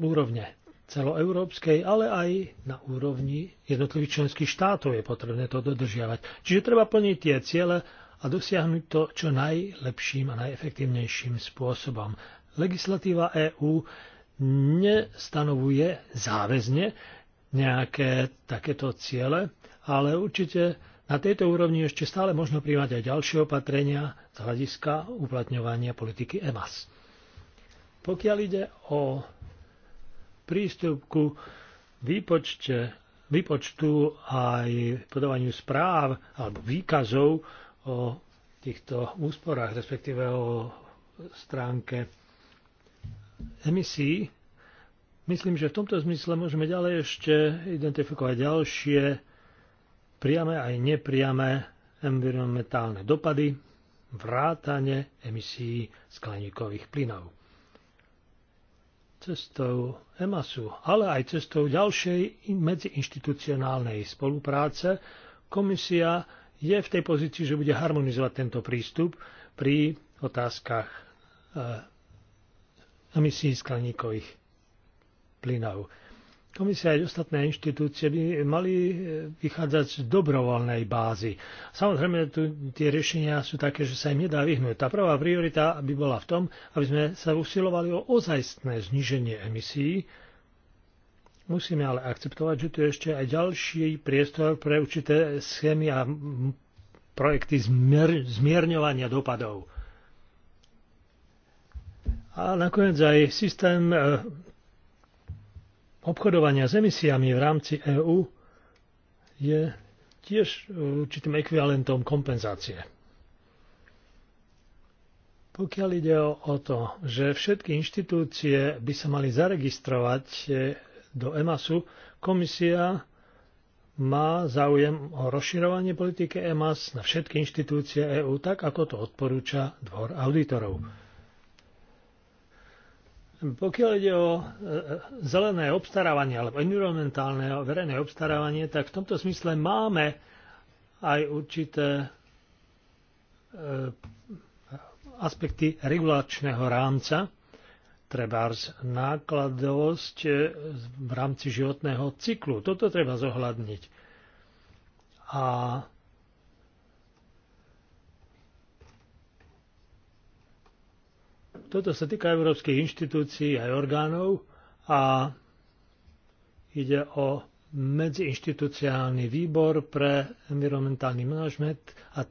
úrovne celoeurópskej, ale aj na úrovni jednotlivých členských štátov je potrebné to dodržiavať. Čiže treba plniť tie ciele a dosiahnuť to čo najlepším a najefektívnejším spôsobom. Legislatíva EÚ nestanovuje záväzne nejaké takéto ciele, ale určite na tejto úrovni ešte stále možno prijať aj ďalšie opatrenia z hľadiska uplatňovania politiky EMAS. Pokiaľ ide o prístup ku výpočte, výpočtu aj podávaniu správ alebo výkazov o týchto úsporách, respektíve o stránke emisí, myslím, že v tomto zmysle môžeme ďalej ešte identifikovať ďalšie priame aj nepriame environmentálne dopady, vrátane emisí skleníkových plynov. Cestou EMASu, ale aj cestou ďalšej medziinstitucionálnej spolupráce, komisia je v tej pozícii, že bude harmonizovať tento prístup pri otázkach eh, emisí skleníkových plynov. Komisia aj ostatné inštitúcie by mali e, vychádzať z dobrovoľnej bázy. Samozrejme, tu tie riešenia sú také, že sa im nedá vyhnúť. Tá prvá priorita by bola v tom, aby sme sa usilovali o ozajstné zníženie emisí. Musíme ale akceptovať, že tu je ešte aj ďalší priestor pre určité schémy a projekty zmier- zmierňovania dopadov. A nakoniec aj systém e, obchodovania s emisiami v rámci EÚ je tiež e, určitým ekvivalentom kompenzácie. Pokiaľ ide o to, že všetky inštitúcie by sa mali zaregistrovať e, do EMASu, komisia má záujem o rozširovanie politiky EMAS na všetky inštitúcie EÚ, tak ako to odporúča dvor auditorov. Pokiaľ ide o e, e, zelené obstarávanie alebo environmentálne verejné obstarávanie, tak v tomto smysle máme aj určité e, aspekty regulačného rámca, trebárs nákladovosť v rámci životného cyklu. Toto treba zohľadniť. A Toto sa týka európskych inštitúcií aj orgánov a ide o medziinštitucionálny výbor pre environmentálny manažment a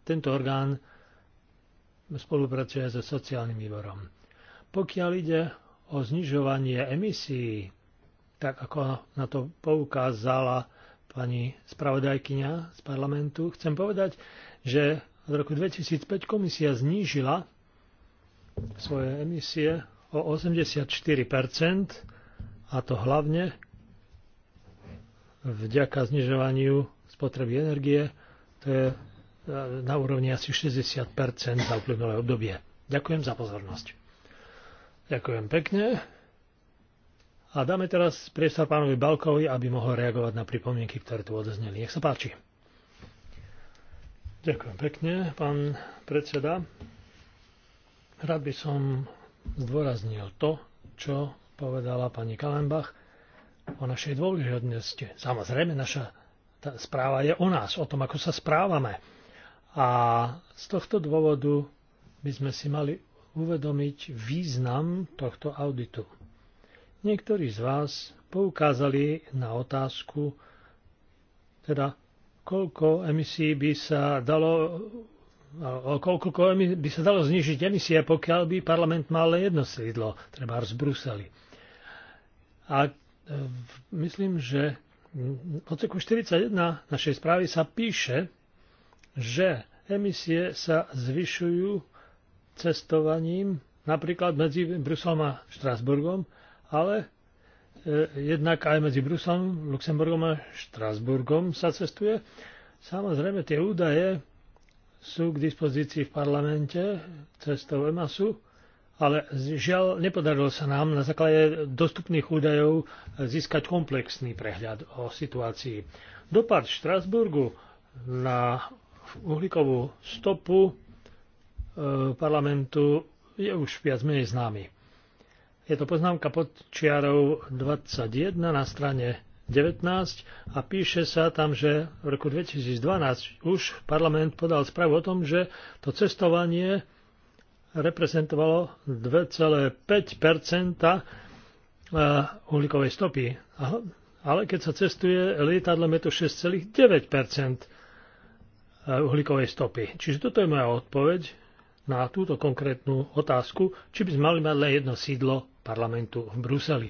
tento orgán spolupracuje so sociálnym výborom. Pokiaľ ide o znižovanie emisí, tak ako na to poukázala pani spravodajkyňa z parlamentu, chcem povedať, že od roku 2005 komisia znížila svoje emisie o 84 a to hlavne vďaka znižovaniu spotreby energie, to je e, na úrovni asi 60 za uplynulé obdobie. Ďakujem za pozornosť. Ďakujem pekne. A dáme teraz priestor pánovi Balkovi, aby mohol reagovať na pripomienky, ktoré tu odozneli. Nech sa páči. Ďakujem pekne, pán predseda. Rád by som zdôraznil to, čo povedala pani Kalembach o našej dôležitosti. Samozrejme, naša tá správa je o nás, o tom, ako sa správame. A z tohto dôvodu by sme si mali uvedomiť význam tohto auditu. Niektorí z vás poukázali na otázku, teda koľko emisí by sa dalo o koľko by sa dalo znižiť emisie, pokiaľ by parlament mal len jedno sídlo, treba z Bruseli. A e, myslím, že v odseku 41 našej správy sa píše, že emisie sa zvyšujú cestovaním napríklad medzi Bruselom a Štrasburgom, ale e, jednak aj medzi Bruselom, Luxemburgom a Štrásburgom sa cestuje. Samozrejme, tie údaje sú k dispozícii v parlamente cestou EMASu, ale žiaľ nepodarilo sa nám na základe dostupných údajov získať komplexný prehľad o situácii. Dopad Štrasburgu na uhlíkovú stopu e, parlamentu je už viac menej známy. Je to poznámka pod čiarou 21 na strane 19 a píše sa tam, že v roku 2012 už parlament podal správu o tom, že to cestovanie reprezentovalo 2,5 eh, uhlíkovej stopy. Ale keď sa cestuje lietadlom, je to 6,9 eh, uhlíkovej stopy. Čiže toto je moja odpoveď na túto konkrétnu otázku, či by sme mali mať len jedno sídlo parlamentu v Bruseli.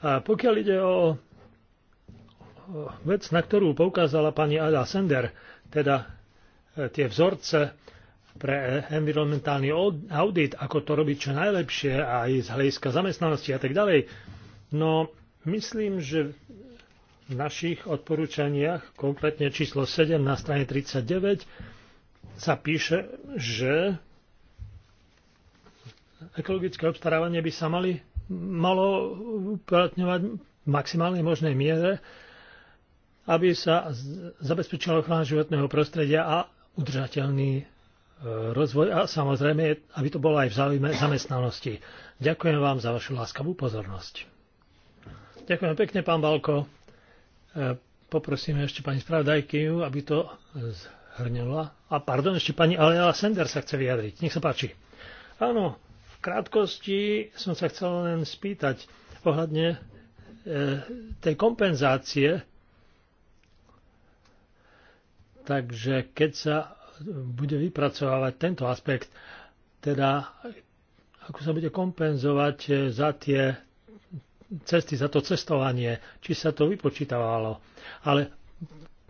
A pokiaľ ide o vec, na ktorú poukázala pani Ada Sender, teda e, tie vzorce pre environmentálny audit, ako to robiť čo najlepšie aj z hľadiska zamestnanosti a tak ďalej. No, myslím, že v našich odporúčaniach, konkrétne číslo 7 na strane 39, sa píše, že ekologické obstarávanie by sa mali, malo uplatňovať v maximálnej možnej miere aby sa zabezpečila ochrana životného prostredia a udržateľný e, rozvoj a samozrejme, aby to bolo aj v záujme zamestnanosti. Ďakujem vám za vašu láskavú pozornosť. Ďakujem pekne, pán Balko. E, poprosíme ešte pani spravodajkyju, aby to zhrnula. A pardon, ešte pani Alela Sender sa chce vyjadriť. Nech sa páči. Áno, v krátkosti som sa chcel len spýtať ohľadne e, tej kompenzácie Takže keď sa bude vypracovávať tento aspekt, teda ako sa bude kompenzovať eh, za tie cesty, za to cestovanie, či sa to vypočítavalo. Ale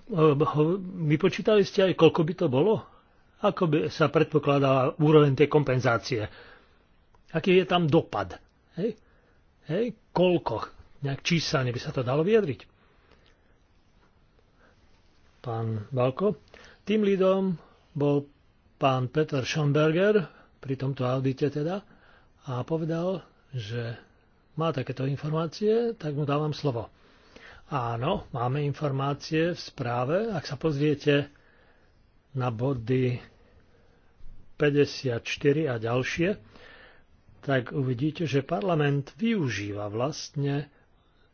eh, vypočítali ste aj, koľko by to bolo? Ako by sa predpokladala úroveň tej kompenzácie? Aký je tam dopad? Hej? Hej? Koľko? Nejak číselne by sa to dalo vyjadriť? pán Balko. Tým lídom bol pán Peter Schomberger, pri tomto audite teda, a povedal, že má takéto informácie, tak mu dávam slovo. Áno, máme informácie v správe. Ak sa pozriete na body 54 a ďalšie, tak uvidíte, že parlament využíva vlastne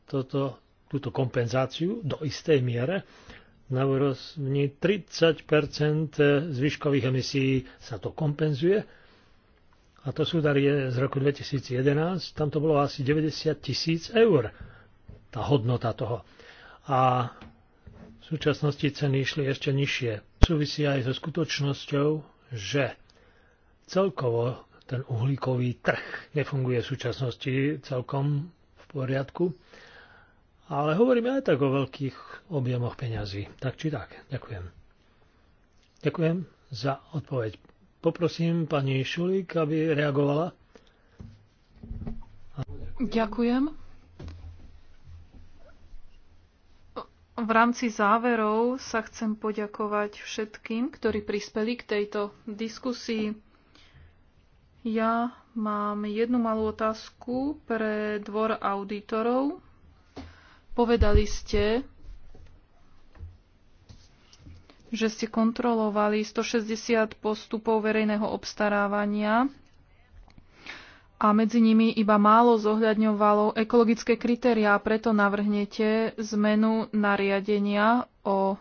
toto, túto kompenzáciu do istej miere na úrovni 30 zvyškových emisí sa to kompenzuje. A to sú je z roku 2011, tam to bolo asi 90 tisíc eur, tá hodnota toho. A v súčasnosti ceny išli ešte nižšie. Súvisí aj so skutočnosťou, že celkovo ten uhlíkový trh nefunguje v súčasnosti celkom v poriadku ale hovoríme aj tak o veľkých objemoch peňazí. Tak či tak. Ďakujem. Ďakujem za odpoveď. Poprosím pani Šulík, aby reagovala. Ďakujem. V rámci záverov sa chcem poďakovať všetkým, ktorí prispeli k tejto diskusii. Ja mám jednu malú otázku pre dvor auditorov. Povedali ste, že ste kontrolovali 160 postupov verejného obstarávania a medzi nimi iba málo zohľadňovalo ekologické kritériá, preto navrhnete zmenu nariadenia o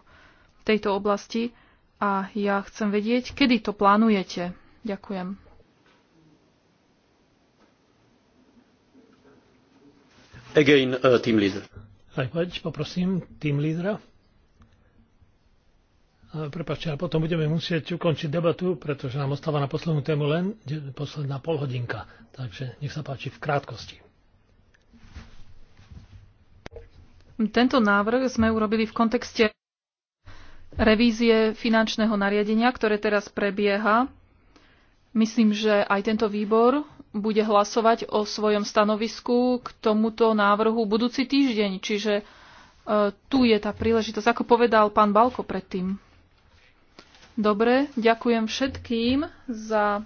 tejto oblasti a ja chcem vedieť, kedy to plánujete. Ďakujem. Again, uh, team leader poď, poprosím, tým lídra. Prepačte, ale potom budeme musieť ukončiť debatu, pretože nám ostáva na poslednú tému len posledná polhodinka. Takže nech sa páči v krátkosti. Tento návrh sme urobili v kontexte revízie finančného nariadenia, ktoré teraz prebieha. Myslím, že aj tento výbor bude hlasovať o svojom stanovisku k tomuto návrhu budúci týždeň. Čiže e, tu je tá príležitosť, ako povedal pán Balko predtým. Dobre, ďakujem všetkým za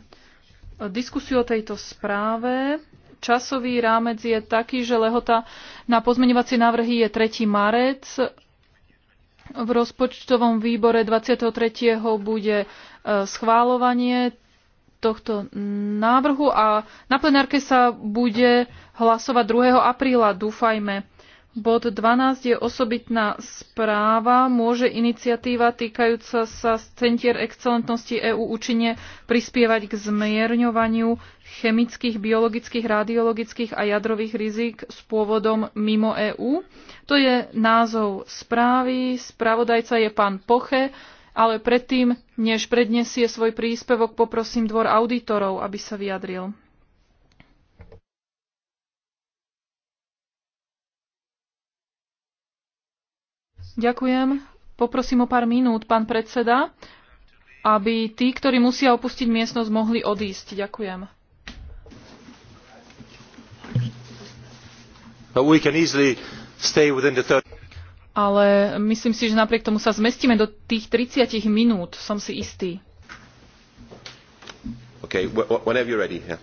diskusiu o tejto správe. Časový rámec je taký, že lehota na pozmeňovacie návrhy je 3. marec. V rozpočtovom výbore 23. bude e, schválovanie tohto návrhu a na plenárke sa bude hlasovať 2. apríla, dúfajme. Bod 12 je osobitná správa. Môže iniciatíva týkajúca sa Centier excelentnosti EÚ účinne prispievať k zmierňovaniu chemických, biologických, radiologických a jadrových rizik s pôvodom mimo EÚ? To je názov správy. Spravodajca je pán Poche. Ale predtým, než predniesie svoj príspevok, poprosím dvor auditorov, aby sa vyjadril. Ďakujem. Poprosím o pár minút, pán predseda, aby tí, ktorí musia opustiť miestnosť, mohli odísť. Ďakujem. But we can easily stay within the ale myslím si, že napriek tomu sa zmestíme do tých 30 minút, som si istý. Okay, whenever you're ready. Yeah.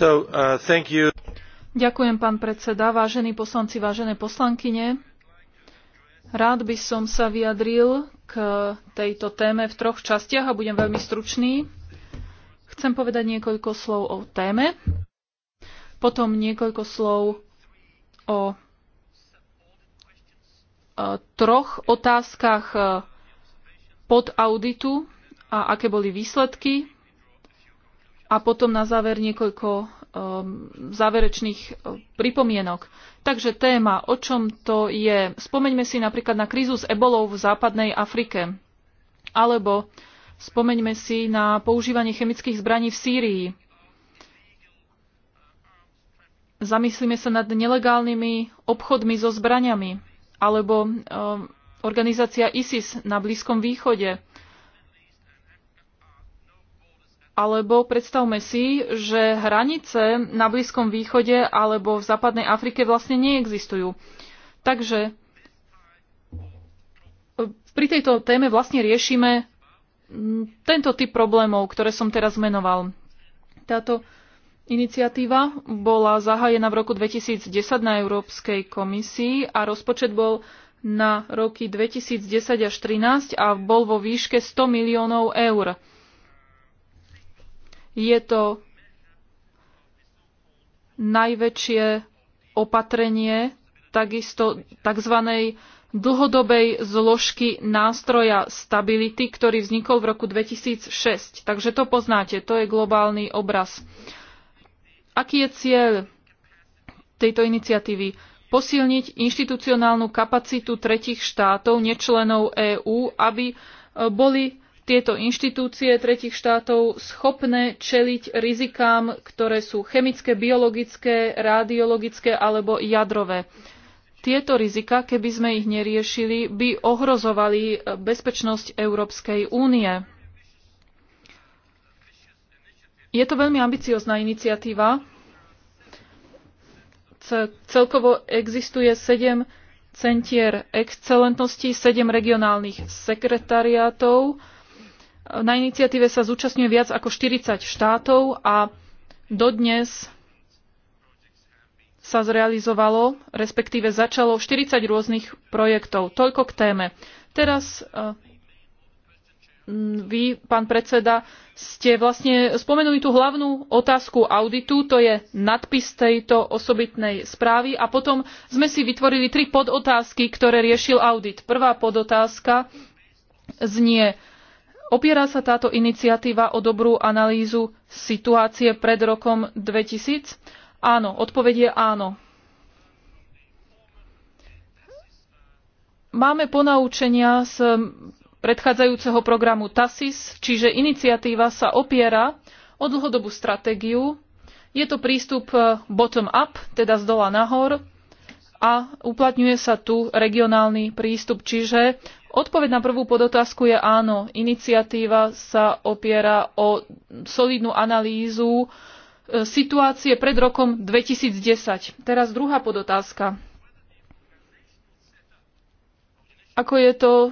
Uh, Ďakujem, pán predseda, vážení poslanci, vážené poslankyne. Rád by som sa vyjadril k tejto téme v troch častiach a budem veľmi stručný. Chcem povedať niekoľko slov o téme, potom niekoľko slov o e, troch otázkach e, pod auditu a aké boli výsledky a potom na záver niekoľko um, záverečných uh, pripomienok. Takže téma, o čom to je? Spomeňme si napríklad na krízu s ebolou v západnej Afrike. Alebo spomeňme si na používanie chemických zbraní v Sýrii. Zamyslíme sa nad nelegálnymi obchodmi so zbraniami. Alebo um, organizácia ISIS na Blízkom východe. Alebo predstavme si, že hranice na Blízkom východe alebo v západnej Afrike vlastne neexistujú. Takže e, pri tejto téme vlastne riešime tento typ problémov, ktoré som teraz menoval. Táto iniciatíva bola zahájená v roku 2010 na Európskej komisii a rozpočet bol na roky 2010 až 2013 a bol vo výške 100 miliónov eur. Je to najväčšie opatrenie takisto tzv. dlhodobej zložky nástroja stability, ktorý vznikol v roku 2006. Takže to poznáte, to je globálny obraz. Aký je cieľ tejto iniciatívy? Posilniť inštitucionálnu kapacitu tretich štátov, nečlenov EÚ, aby boli tieto inštitúcie tretich štátov schopné čeliť rizikám, ktoré sú chemické, biologické, radiologické alebo jadrové. Tieto rizika, keby sme ich neriešili, by ohrozovali bezpečnosť Európskej únie. Je to veľmi ambiciozná iniciatíva. Celkovo existuje sedem centier excelentnosti, sedem regionálnych sekretariátov, na iniciatíve sa zúčastňuje viac ako 40 štátov a dodnes sa zrealizovalo, respektíve začalo 40 rôznych projektov. Toľko k téme. Teraz eh, vy, pán predseda, ste vlastne spomenuli tú hlavnú otázku auditu, to je nadpis tejto osobitnej správy a potom sme si vytvorili tri podotázky, ktoré riešil audit. Prvá podotázka znie Opiera sa táto iniciatíva o dobrú analýzu situácie pred rokom 2000? Áno, odpovedie áno. Máme ponaučenia z predchádzajúceho programu TASIS, čiže iniciatíva sa opiera o dlhodobú stratégiu. Je to prístup e, bottom-up, teda z dola nahor, a uplatňuje sa tu regionálny prístup, čiže Odpoveď na prvú podotázku je áno. Iniciatíva sa opiera o solidnú analýzu e, situácie pred rokom 2010. Teraz druhá podotázka. Ako je to e,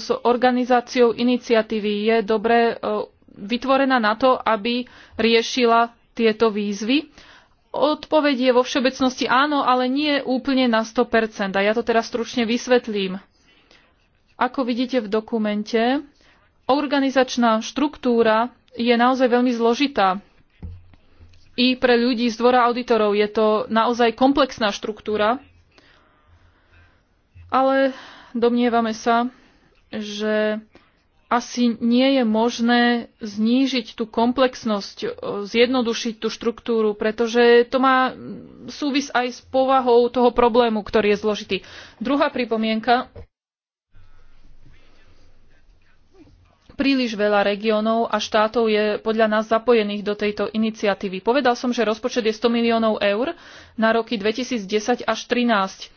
s organizáciou iniciatívy? Je dobre vytvorená na to, aby riešila tieto výzvy? Odpoveď je vo všeobecnosti áno, ale nie úplne na 100%. A ja to teraz stručne vysvetlím. Ako vidíte v dokumente, organizačná štruktúra je naozaj veľmi zložitá. I pre ľudí z dvora auditorov je to naozaj komplexná štruktúra, ale domnievame sa, že asi nie je možné znížiť tú komplexnosť, e, zjednodušiť tú štruktúru, pretože to má súvis aj s povahou toho problému, ktorý je zložitý. Druhá pripomienka Príliš veľa regiónov a štátov je podľa nás zapojených do tejto iniciatívy. Povedal som, že rozpočet je 100 miliónov eur na roky 2010 až 2013.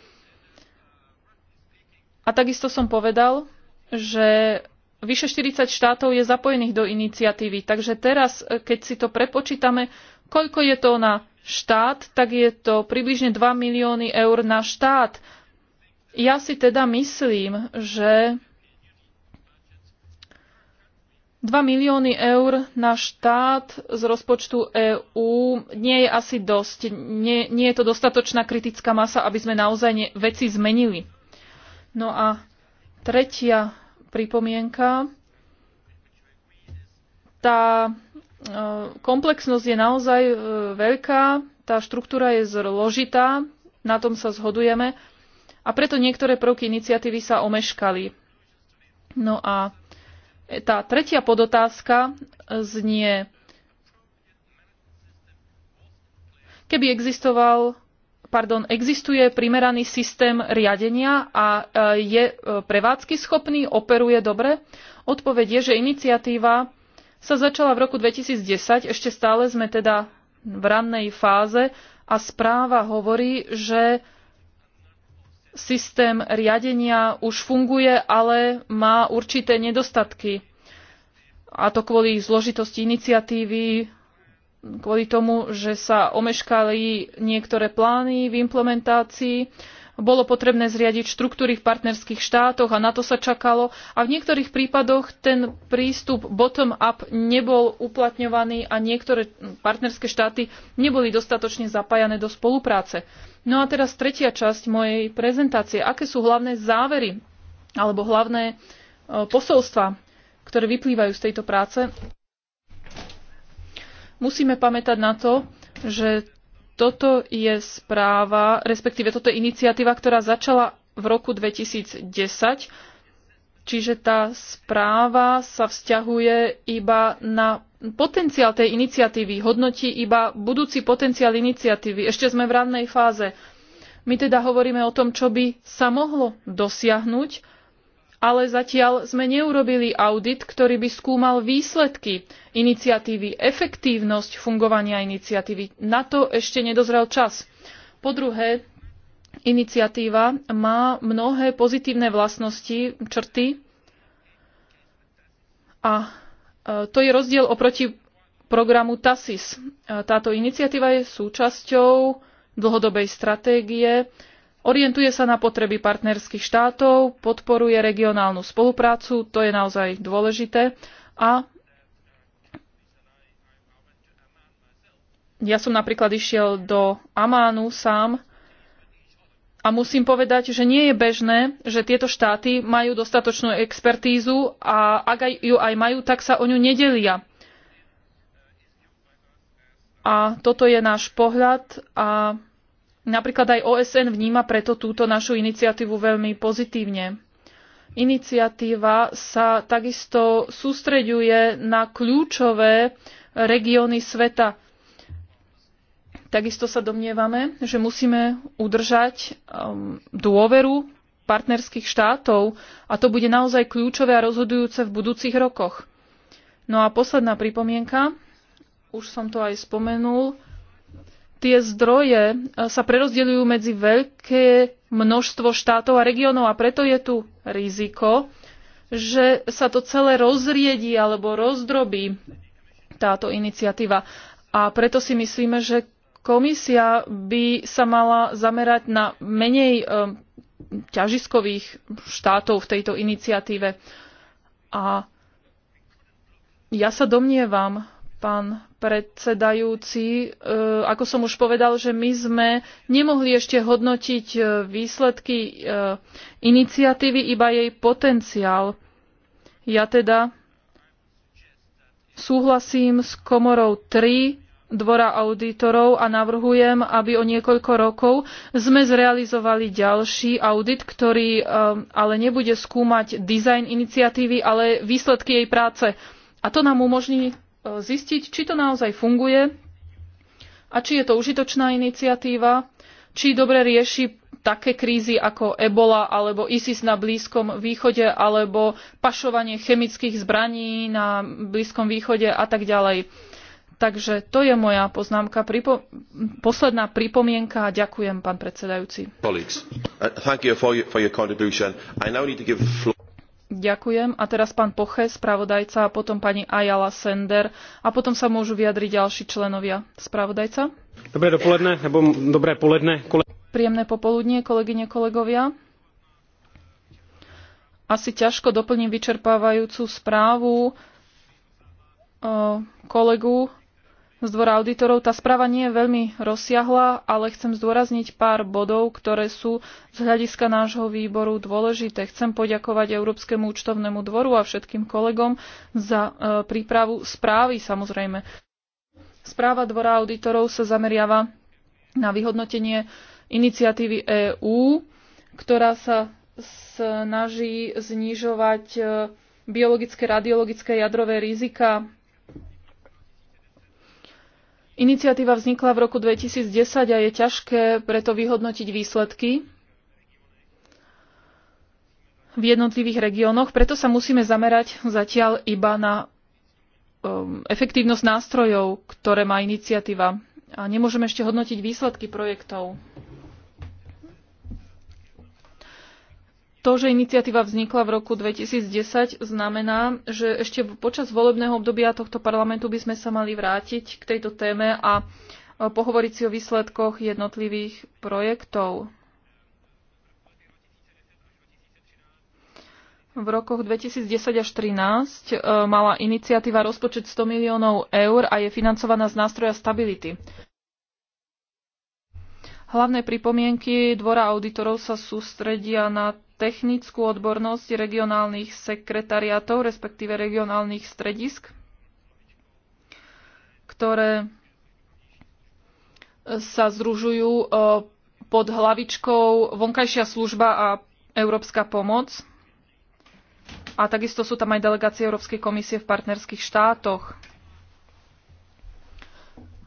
A takisto som povedal, že vyše 40 štátov je zapojených do iniciatívy. Takže teraz, keď si to prepočítame, koľko je to na štát, tak je to približne 2 milióny eur na štát. Ja si teda myslím, že 2 milióny eur na štát z rozpočtu EÚ nie je asi dosť. Nie, nie je to dostatočná kritická masa, aby sme naozaj ne, veci zmenili. No a tretia pripomienka. Tá e, komplexnosť je naozaj e, veľká, tá štruktúra je zložitá, na tom sa zhodujeme a preto niektoré prvky iniciatívy sa omeškali. No a tá tretia podotázka znie, keby existoval pardon, existuje primeraný systém riadenia a e, je e, prevádzky schopný, operuje dobre? Odpoveď je, že iniciatíva sa začala v roku 2010, ešte stále sme teda v rannej fáze a správa hovorí, že systém riadenia už funguje, ale má určité nedostatky. A to kvôli zložitosti iniciatívy, kvôli tomu, že sa omeškali niektoré plány v implementácii bolo potrebné zriadiť štruktúry v partnerských štátoch a na to sa čakalo. A v niektorých prípadoch ten prístup bottom-up nebol uplatňovaný a niektoré partnerské štáty neboli dostatočne zapájané do spolupráce. No a teraz tretia časť mojej prezentácie. Aké sú hlavné závery alebo hlavné e, posolstva, ktoré vyplývajú z tejto práce? Musíme pamätať na to, že toto je správa, respektíve toto je iniciatíva, ktorá začala v roku 2010, čiže tá správa sa vzťahuje iba na potenciál tej iniciatívy, hodnotí iba budúci potenciál iniciatívy. Ešte sme v rannej fáze. My teda hovoríme o tom, čo by sa mohlo dosiahnuť ale zatiaľ sme neurobili audit, ktorý by skúmal výsledky iniciatívy, efektívnosť fungovania iniciatívy. Na to ešte nedozrel čas. Po druhé, iniciatíva má mnohé pozitívne vlastnosti, črty a e, to je rozdiel oproti programu TASIS. E, táto iniciatíva je súčasťou dlhodobej stratégie, Orientuje sa na potreby partnerských štátov, podporuje regionálnu spoluprácu, to je naozaj dôležité. A ja som napríklad išiel do Amánu sám a musím povedať, že nie je bežné, že tieto štáty majú dostatočnú expertízu a ak ju aj majú, tak sa o ňu nedelia. A toto je náš pohľad a Napríklad aj OSN vníma preto túto našu iniciatívu veľmi pozitívne. Iniciatíva sa takisto sústreďuje na kľúčové regióny sveta. Takisto sa domnievame, že musíme udržať um, dôveru partnerských štátov a to bude naozaj kľúčové a rozhodujúce v budúcich rokoch. No a posledná pripomienka, už som to aj spomenul, tie zdroje e, sa prerozdeľujú medzi veľké množstvo štátov a regiónov a preto je tu riziko, že sa to celé rozriedí alebo rozdrobí táto iniciatíva. A preto si myslíme, že komisia by sa mala zamerať na menej e, ťažiskových štátov v tejto iniciatíve. A ja sa domnievam, pán predsedajúci. E, ako som už povedal, že my sme nemohli ešte hodnotiť e, výsledky e, iniciatívy, iba jej potenciál. Ja teda súhlasím s komorou 3 dvora auditorov a navrhujem, aby o niekoľko rokov sme zrealizovali ďalší audit, ktorý ale nebude skúmať dizajn iniciatívy, ale výsledky jej práce. A to nám umožní zistiť, či to naozaj funguje a či je to užitočná iniciatíva, či dobre rieši také krízy ako ebola alebo ISIS na Blízkom východe alebo pašovanie chemických zbraní na Blízkom východe a tak ďalej. Takže to je moja poznámka, pripo- posledná pripomienka. Ďakujem, pán predsedajúci. Ďakujem. A teraz pán Poche, spravodajca, a potom pani Ayala Sender. A potom sa môžu vyjadriť ďalší členovia. Spravodajca? Dobré dopoledne, nebo dobré poledne. Kole... Príjemné popoludnie, kolegyne, kolegovia. Asi ťažko doplním vyčerpávajúcu správu eh, kolegu z dvora auditorov. Tá správa nie je veľmi rozsiahla, ale chcem zdôrazniť pár bodov, ktoré sú z hľadiska nášho výboru dôležité. Chcem poďakovať Európskemu účtovnému dvoru a všetkým kolegom za e, prípravu správy samozrejme. Správa dvora auditorov sa zameriava na vyhodnotenie iniciatívy EÚ, ktorá sa snaží znižovať e, biologické, radiologické, jadrové rizika Iniciatíva vznikla v roku 2010 a je ťažké preto vyhodnotiť výsledky v jednotlivých regiónoch, preto sa musíme zamerať zatiaľ iba na um, efektívnosť nástrojov, ktoré má iniciatíva. A nemôžeme ešte hodnotiť výsledky projektov. To, že iniciatíva vznikla v roku 2010, znamená, že ešte počas volebného obdobia tohto parlamentu by sme sa mali vrátiť k tejto téme a e, pohovoriť si o výsledkoch jednotlivých projektov. V rokoch 2010 až 2013 e, mala iniciatíva rozpočet 100 miliónov eur a je financovaná z nástroja stability. Hlavné pripomienky Dvora auditorov sa sústredia na technickú odbornosť regionálnych sekretariátov, respektíve regionálnych stredisk, ktoré sa združujú e, pod hlavičkou vonkajšia služba a európska pomoc. A takisto sú tam aj delegácie Európskej komisie v partnerských štátoch.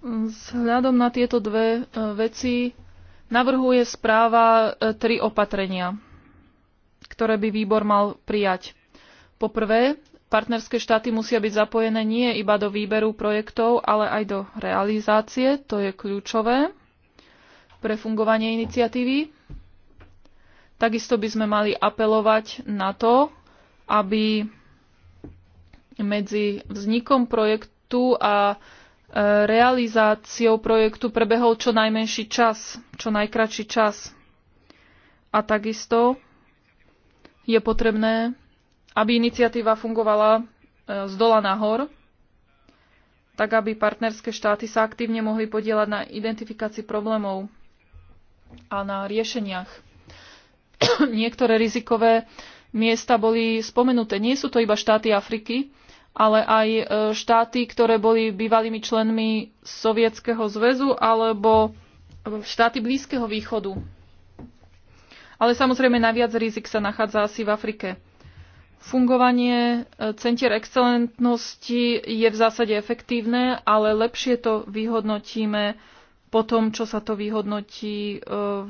Vzhľadom na tieto dve e, veci navrhuje správa e, tri opatrenia ktoré by výbor mal prijať. Poprvé, partnerské štáty musia byť zapojené nie iba do výberu projektov, ale aj do realizácie, to je kľúčové pre fungovanie iniciatívy. Takisto by sme mali apelovať na to, aby medzi vznikom projektu a e, realizáciou projektu prebehol čo najmenší čas, čo najkračší čas. A takisto je potrebné, aby iniciatíva fungovala e, z dola nahor, tak aby partnerské štáty sa aktívne mohli podielať na identifikácii problémov a na riešeniach. Niektoré rizikové miesta boli spomenuté. Nie sú to iba štáty Afriky, ale aj e, štáty, ktoré boli bývalými členmi Sovietskeho zväzu alebo štáty Blízkeho východu. Ale samozrejme najviac rizik sa nachádza asi v Afrike. Fungovanie e, centier excelentnosti je v zásade efektívne, ale lepšie to vyhodnotíme po tom, čo sa to vyhodnotí e,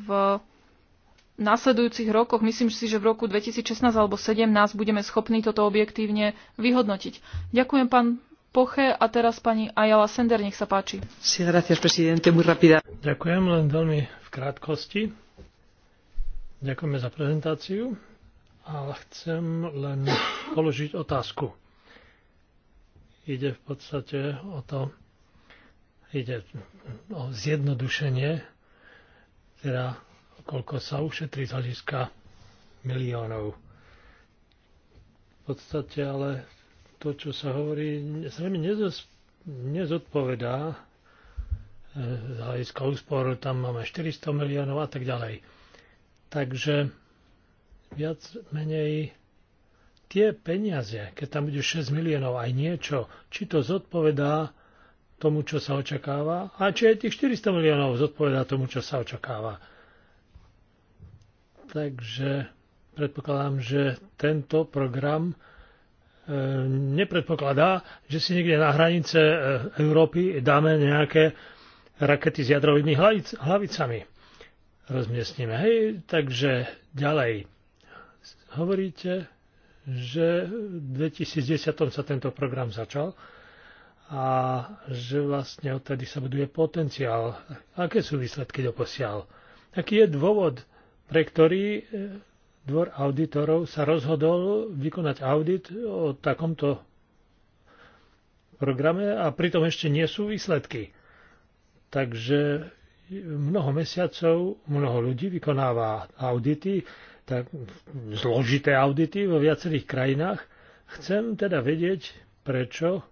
v nasledujúcich rokoch, myslím si, že v roku 2016 alebo 2017 budeme schopní toto objektívne vyhodnotiť. Ďakujem pán Poche a teraz pani Ajala Sender, nech sa páči. Ďakujem, len veľmi v krátkosti. Ďakujeme za prezentáciu a chcem len položiť otázku. Ide v podstate o to, ide o zjednodušenie, teda koľko sa ušetrí z hľadiska miliónov. V podstate ale to, čo sa hovorí, zrejme nezodpovedá e, z hľadiska úsporu tam máme 400 miliónov a tak ďalej. Takže viac menej tie peniaze, keď tam bude 6 miliónov aj niečo, či to zodpovedá tomu, čo sa očakáva, a či aj tých 400 miliónov zodpovedá tomu, čo sa očakáva. Takže predpokladám, že tento program e, nepredpokladá, že si niekde na hranice e, Európy dáme nejaké rakety s jadrovými hlavicami rozmiestnime. Hej, takže ďalej. Hovoríte, že v 2010 sa tento program začal a že vlastne odtedy sa buduje potenciál. Aké sú výsledky doposiaľ? Aký je dôvod, pre ktorý e, dvor auditorov sa rozhodol vykonať audit o takomto programe a pritom ešte nie sú výsledky. Takže mnoho mesiacov mnoho ľudí vykonáva audity, tak zložité audity vo viacerých krajinách. Chcem teda vedieť, prečo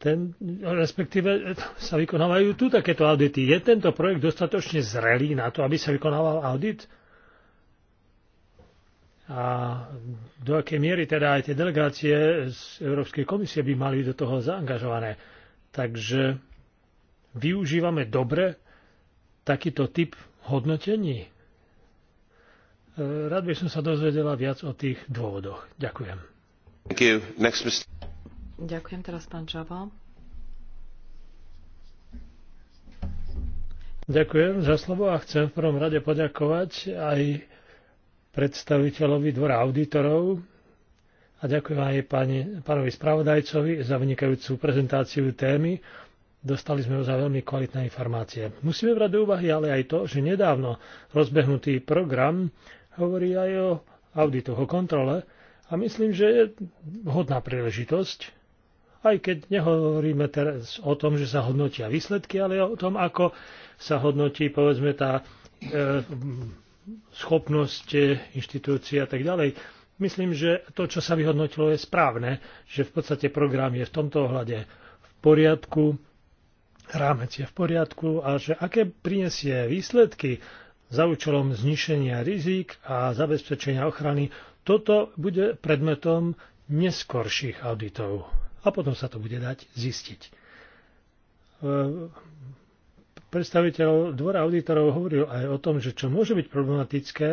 ten, respektíve sa vykonávajú tu takéto audity. Je tento projekt dostatočne zrelý na to, aby sa vykonával audit? A do akej miery teda aj tie delegácie z Európskej komisie by mali do toho zaangažované. Takže využívame dobre takýto typ hodnotení? E, rád by som sa dozvedela viac o tých dôvodoch. Ďakujem. Next, Ďakujem teraz pán Čavo. Ďakujem za slovo a chcem v prvom rade poďakovať aj predstaviteľovi dvora auditorov a ďakujem aj pani, pánovi spravodajcovi za vynikajúcu prezentáciu témy Dostali sme za veľmi kvalitné informácie. Musíme brať do úvahy ale aj to, že nedávno rozbehnutý program hovorí aj o auditoch, o kontrole a myslím, že je hodná príležitosť, aj keď nehovoríme teraz o tom, že sa hodnotia výsledky, ale o tom, ako sa hodnotí povedzme tá e, schopnosť e, inštitúcie a tak ďalej. Myslím, že to, čo sa vyhodnotilo, je správne, že v podstate program je v tomto ohľade v poriadku rámec je v poriadku a že aké prinesie výsledky za účelom znišenia rizik a zabezpečenia ochrany, toto bude predmetom neskorších auditov. A potom sa to bude dať zistiť. E, predstaviteľ dvora auditorov hovoril aj o tom, že čo môže byť problematické,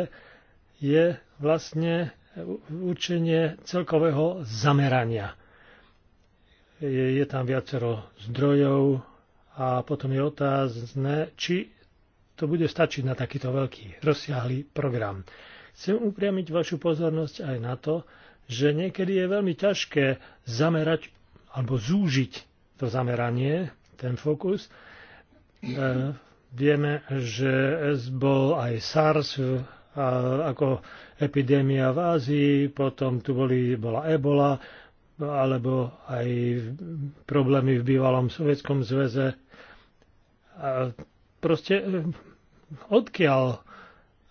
je vlastne určenie celkového zamerania. Je tam viacero zdrojov, a potom je otázne, či to bude stačiť na takýto veľký, rozsiahlý program. Chcem upriamiť vašu pozornosť aj na to, že niekedy je veľmi ťažké zamerať alebo zúžiť to zameranie, ten fokus. E, vieme, že bol aj SARS e, a, ako epidémia v Ázii, potom tu boli, bola ebola, No, alebo aj problémy v bývalom Sovietskom zväze. A proste e, odkiaľ,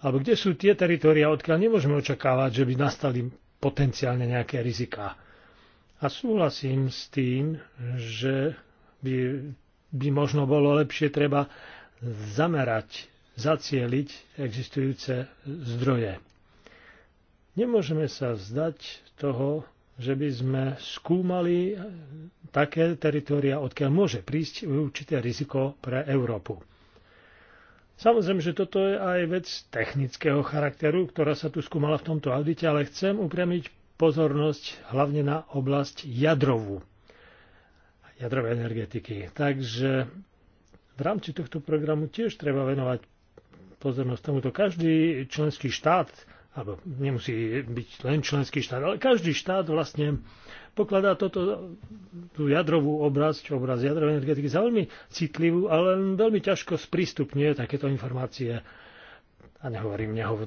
alebo kde sú tie teritoria, odkiaľ nemôžeme očakávať, že by nastali potenciálne nejaké riziká. A súhlasím s tým, že by, by možno bolo lepšie treba zamerať, zacieliť existujúce zdroje. Nemôžeme sa vzdať toho, že by sme skúmali také teritoria, odkiaľ môže prísť určité riziko pre Európu. Samozrejme, že toto je aj vec technického charakteru, ktorá sa tu skúmala v tomto audite, ale chcem upriamiť pozornosť hlavne na oblasť jadrovú, jadrovej energetiky. Takže v rámci tohto programu tiež treba venovať pozornosť tomuto. Každý členský štát alebo nemusí byť len členský štát, ale každý štát vlastne pokladá toto, tú jadrovú oblasť, obraz jadrovej energetiky za veľmi citlivú, ale len veľmi ťažko sprístupňuje takéto informácie. A nehovorím neho,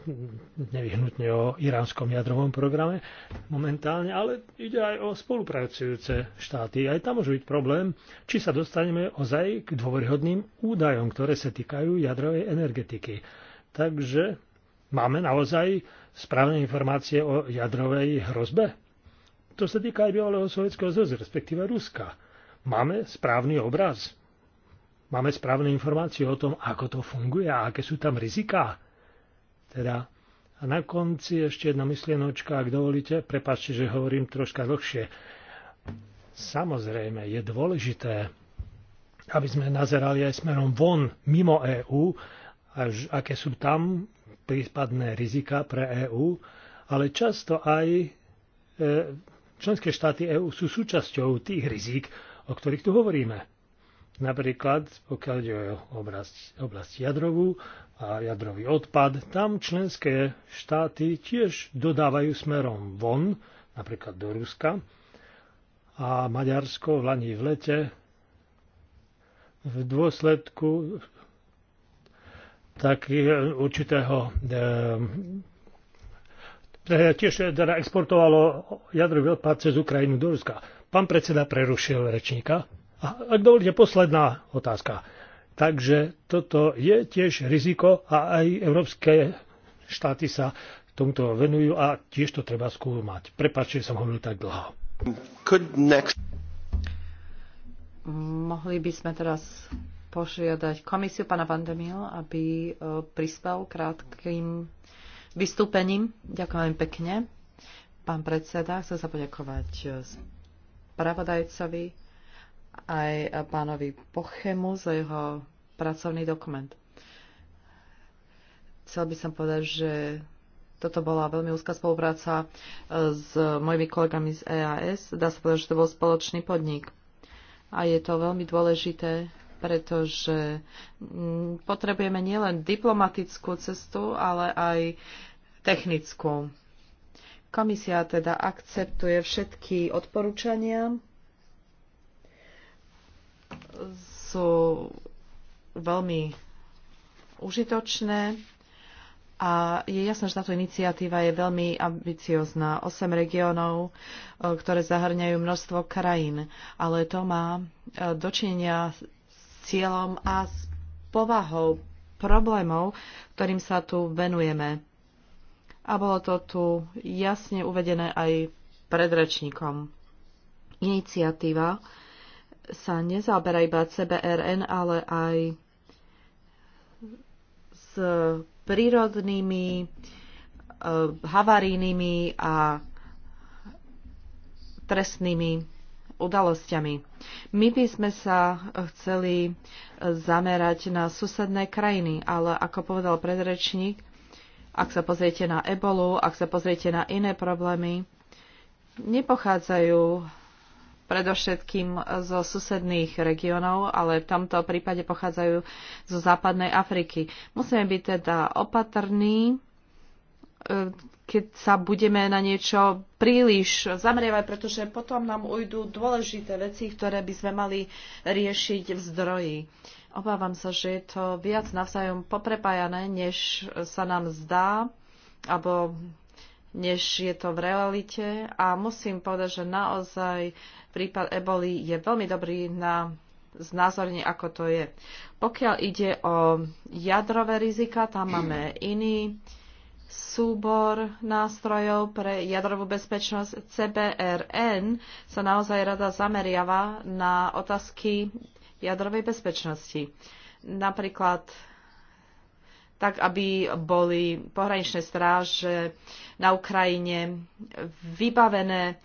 nevyhnutne o iránskom jadrovom programe momentálne, ale ide aj o spolupracujúce štáty. Aj tam môže byť problém, či sa dostaneme ozaj k dôveryhodným údajom, ktoré sa týkajú jadrovej energetiky. Takže Máme naozaj správne informácie o jadrovej hrozbe? To sa týka aj bývalého Sovjetského zväzu, respektíve Ruska. Máme správny obraz? Máme správne informácie o tom, ako to funguje a aké sú tam riziká? Teda a na konci ešte jedna myslienočka, ak dovolíte, prepáčte, že hovorím troška dlhšie. Samozrejme, je dôležité, aby sme nazerali aj smerom von, mimo EÚ, až aké sú tam prípadné rizika pre EÚ, ale často aj e, členské štáty EÚ sú súčasťou tých rizik, o ktorých tu hovoríme. Napríklad, pokiaľ ide o oblasť, oblasť jadrovú a jadrový odpad, tam členské štáty tiež dodávajú smerom von, napríklad do Ruska. A Maďarsko v Lani v lete v dôsledku tak e, určitého e, e, tiež teda exportovalo jadrový odpad cez Ukrajinu do Ruska. Pán predseda prerušil rečníka. A ak dovolíte, posledná otázka. Takže toto je tiež riziko a aj európske štáty sa tomuto venujú a tiež to treba skúmať. Prepačte, že som hovoril tak dlho. Mohli by sme teraz požiadať komisiu pana Vandemil, aby e, prispel krátkým vystúpením. Ďakujem pekne. Pán predseda, chcem sa poďakovať e, spravodajcovi aj e, pánovi Pochemu za jeho pracovný dokument. Chcel by som povedať, že toto bola veľmi úzka spolupráca s mojimi kolegami z EAS. Dá sa povedať, že to bol spoločný podnik. A je to veľmi dôležité pretože mm, potrebujeme nielen diplomatickú cestu, ale aj technickú. Komisia teda akceptuje všetky odporúčania. Sú veľmi užitočné a je jasné, že táto iniciatíva je veľmi ambiciozná. Osem regiónov, e, ktoré zahrňajú množstvo krajín, ale to má e, dočinenia cieľom a s povahou problémov, ktorým sa tu venujeme. A bolo to tu jasne uvedené aj predrečníkom. Iniciatíva sa nezabera iba CBRN, ale aj s prírodnými, eh, havarijnými a trestnými udalosťami. My by sme sa chceli zamerať na susedné krajiny, ale ako povedal predrečník, ak sa pozriete na ebolu, ak sa pozriete na iné problémy, nepochádzajú predovšetkým zo susedných regiónov, ale v tomto prípade pochádzajú zo západnej Afriky. Musíme byť teda opatrní E, keď sa budeme na niečo príliš zamrievať, pretože potom nám ujdú dôležité veci, ktoré by sme mali riešiť v zdroji. Obávam sa, že je to viac navzájom poprepájané, než sa nám zdá, alebo než je to v realite. A musím povedať, že naozaj prípad eboli je veľmi dobrý na znázorne, ako to je. Pokiaľ ide o jadrové rizika, tam máme iný súbor nástrojov pre jadrovú bezpečnosť CBRN sa naozaj rada zameriava na otázky jadrovej bezpečnosti. Napríklad tak, aby boli pohraničné stráže na Ukrajine vybavené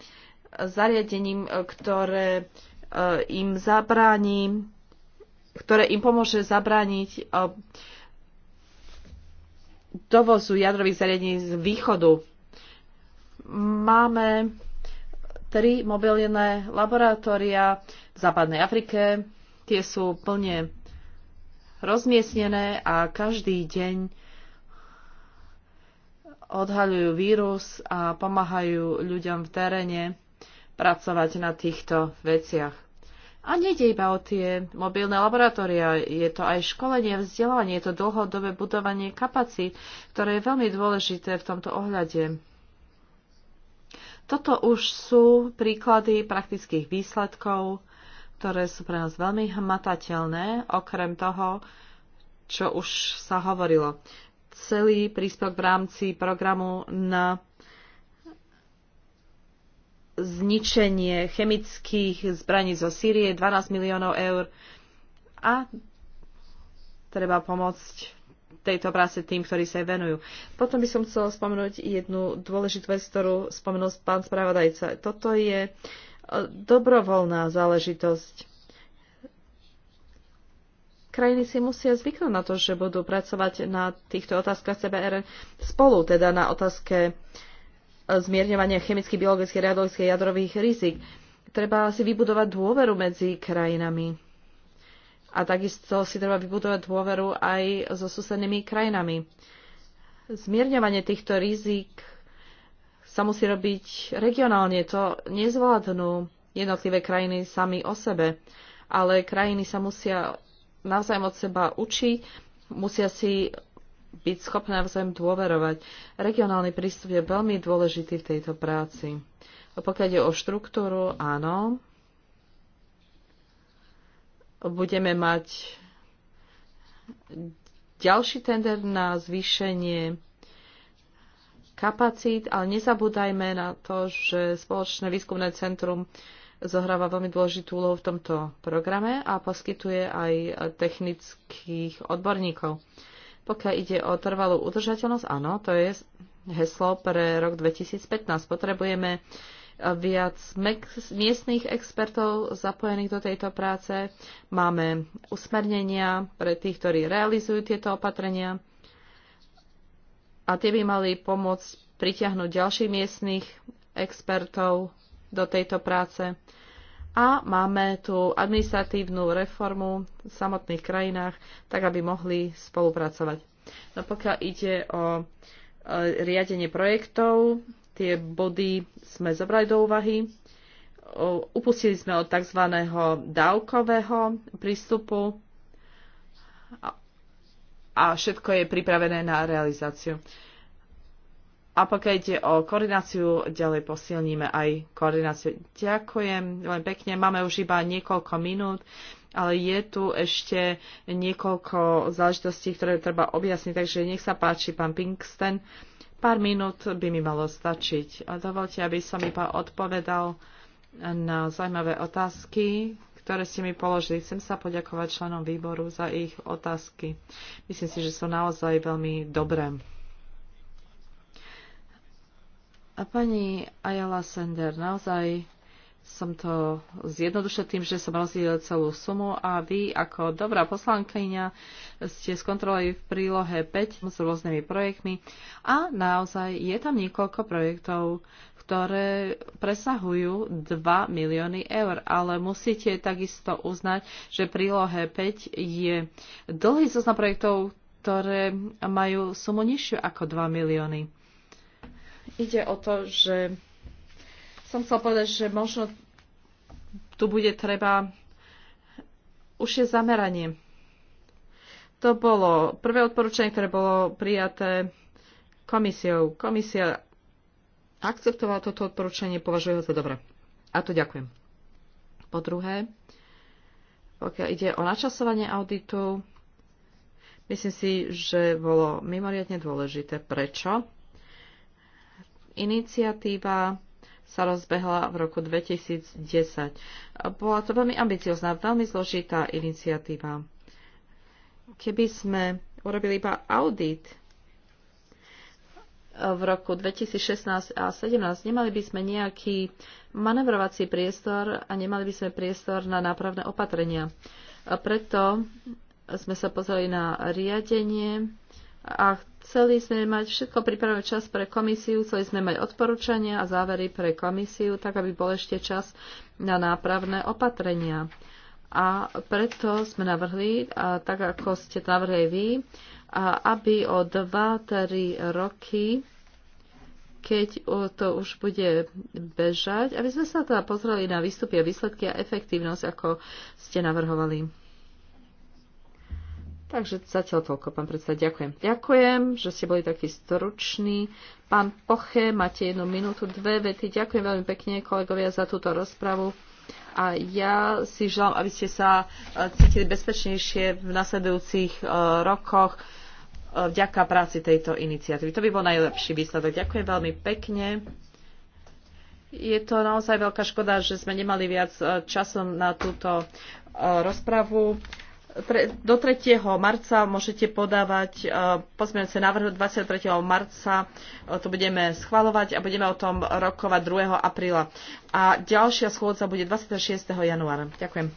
zariadením, ktoré e, im zabráni, ktoré im pomôže zabrániť e, dovozu jadrových zariadení z východu. Máme tri mobilné laboratória v západnej Afrike. Tie sú plne rozmiestnené a každý deň odhaľujú vírus a pomáhajú ľuďom v teréne pracovať na týchto veciach. A nejde iba o tie mobilné laboratória, je to aj školenie, vzdelávanie, je to dlhodobé budovanie kapacít, ktoré je veľmi dôležité v tomto ohľade. Toto už sú príklady praktických výsledkov, ktoré sú pre nás veľmi hmatateľné, okrem toho, čo už sa hovorilo. Celý príspevok v rámci programu na zničenie chemických zbraní zo Sýrie 12 miliónov eur a treba pomôcť tejto práce tým, ktorí sa jej venujú. Potom by som chcela spomenúť jednu dôležitú vec, ktorú spomenul pán spravodajca. Toto je e, dobrovoľná záležitosť. Krajiny si musia zvyknúť na to, že budú pracovať na týchto otázkach CBRN spolu, teda na otázke uh, zmierňovania chemických, biologických, radiologických, jadrových rizik. Treba si vybudovať dôveru medzi krajinami. A takisto si treba vybudovať dôveru aj so susednými krajinami. Zmierňovanie týchto rizik sa musí robiť regionálne. To nezvládnu jednotlivé krajiny sami o sebe, ale krajiny sa musia navzájom od seba učiť, musia si byť schopné navzájom dôverovať. Regionálny prístup je veľmi dôležitý v tejto práci. A pokiaľ ide o štruktúru, áno, budeme mať ďalší tender na zvýšenie kapacít, ale nezabúdajme na to, že spoločné výskumné centrum zohráva veľmi dôležitú úlohu v tomto programe a poskytuje aj technických odborníkov. Pokiaľ ide o trvalú udržateľnosť, áno, to je heslo pre rok 2015. Potrebujeme viac miestných expertov zapojených do tejto práce. Máme usmernenia pre tých, ktorí realizujú tieto opatrenia a tie by mali pomôcť pritiahnuť ďalších miestných expertov do tejto práce a máme tu administratívnu reformu v samotných krajinách, tak aby mohli spolupracovať. No pokiaľ ide o e, riadenie projektov, tie body sme zobrali do úvahy. Upustili sme od tzv. dávkového prístupu a všetko je pripravené na realizáciu. A pokiaľ ide o koordináciu, ďalej posilníme aj koordináciu. Ďakujem len pekne. Máme už iba niekoľko minút, ale je tu ešte niekoľko záležitostí, ktoré treba objasniť. Takže nech sa páči, pán Pinkston. Pár minút by mi malo stačiť. A dovolte, aby som iba odpovedal na zaujímavé otázky, ktoré ste mi položili. Chcem sa poďakovať členom výboru za ich otázky. Myslím si, že sú naozaj veľmi dobré. A pani Ayala Sender, naozaj som to zjednodušil tým, že som rozdielil celú sumu a vy ako dobrá poslankyňa ste skontrolovali v prílohe 5 s rôznymi projektmi a naozaj je tam niekoľko projektov, ktoré presahujú 2 milióny eur, ale musíte takisto uznať, že prílohe 5 je dlhý zoznam projektov, ktoré majú sumu nižšiu ako 2 milióny ide o to, že som chcel povedať, že možno tu bude treba už je zameranie. To bolo prvé odporúčanie, ktoré bolo prijaté komisiou. Komisia akceptovala toto odporúčanie, považuje ho za dobre. A to ďakujem. Po druhé, pokiaľ ide o načasovanie auditu, myslím si, že bolo mimoriadne dôležité. Prečo? iniciatíva sa rozbehla v roku 2010. Bola to veľmi ambiciozná, veľmi zložitá iniciatíva. Keby sme urobili iba audit eh, v roku 2016 a 2017, nemali by sme nejaký manevrovací priestor a nemali by sme priestor na nápravné opatrenia. A preto sme sa pozreli na riadenie a chceli sme mať všetko pripravené čas pre komisiu, chceli sme mať odporúčania a závery pre komisiu, tak aby bol ešte čas na nápravné opatrenia. A preto sme navrhli, a tak ako ste to navrhli aj vy, a aby o 2-3 roky, keď to už bude bežať, aby sme sa teda pozreli na výstupy a výsledky a efektívnosť, ako ste navrhovali. Takže zatiaľ toľko, pán predseda. Ďakujem. Ďakujem, že ste boli takí stručný. Pán Poche, máte jednu minútu, dve vety. Ďakujem veľmi pekne, kolegovia, za túto rozpravu. A ja si želám, aby ste sa e, cítili bezpečnejšie v nasledujúcich e, rokoch e, vďaka práci tejto iniciatívy. To by bol najlepší výsledok. Ďakujem veľmi pekne. Je to naozaj veľká škoda, že sme nemali viac času na túto rozpravu. Pre, do 3. marca môžete podávať uh, pozmeňujúce návrhy 23. marca. Uh, to budeme schvalovať a budeme o tom rokovať 2. apríla. A ďalšia schôdza bude 26. januára. Ďakujem.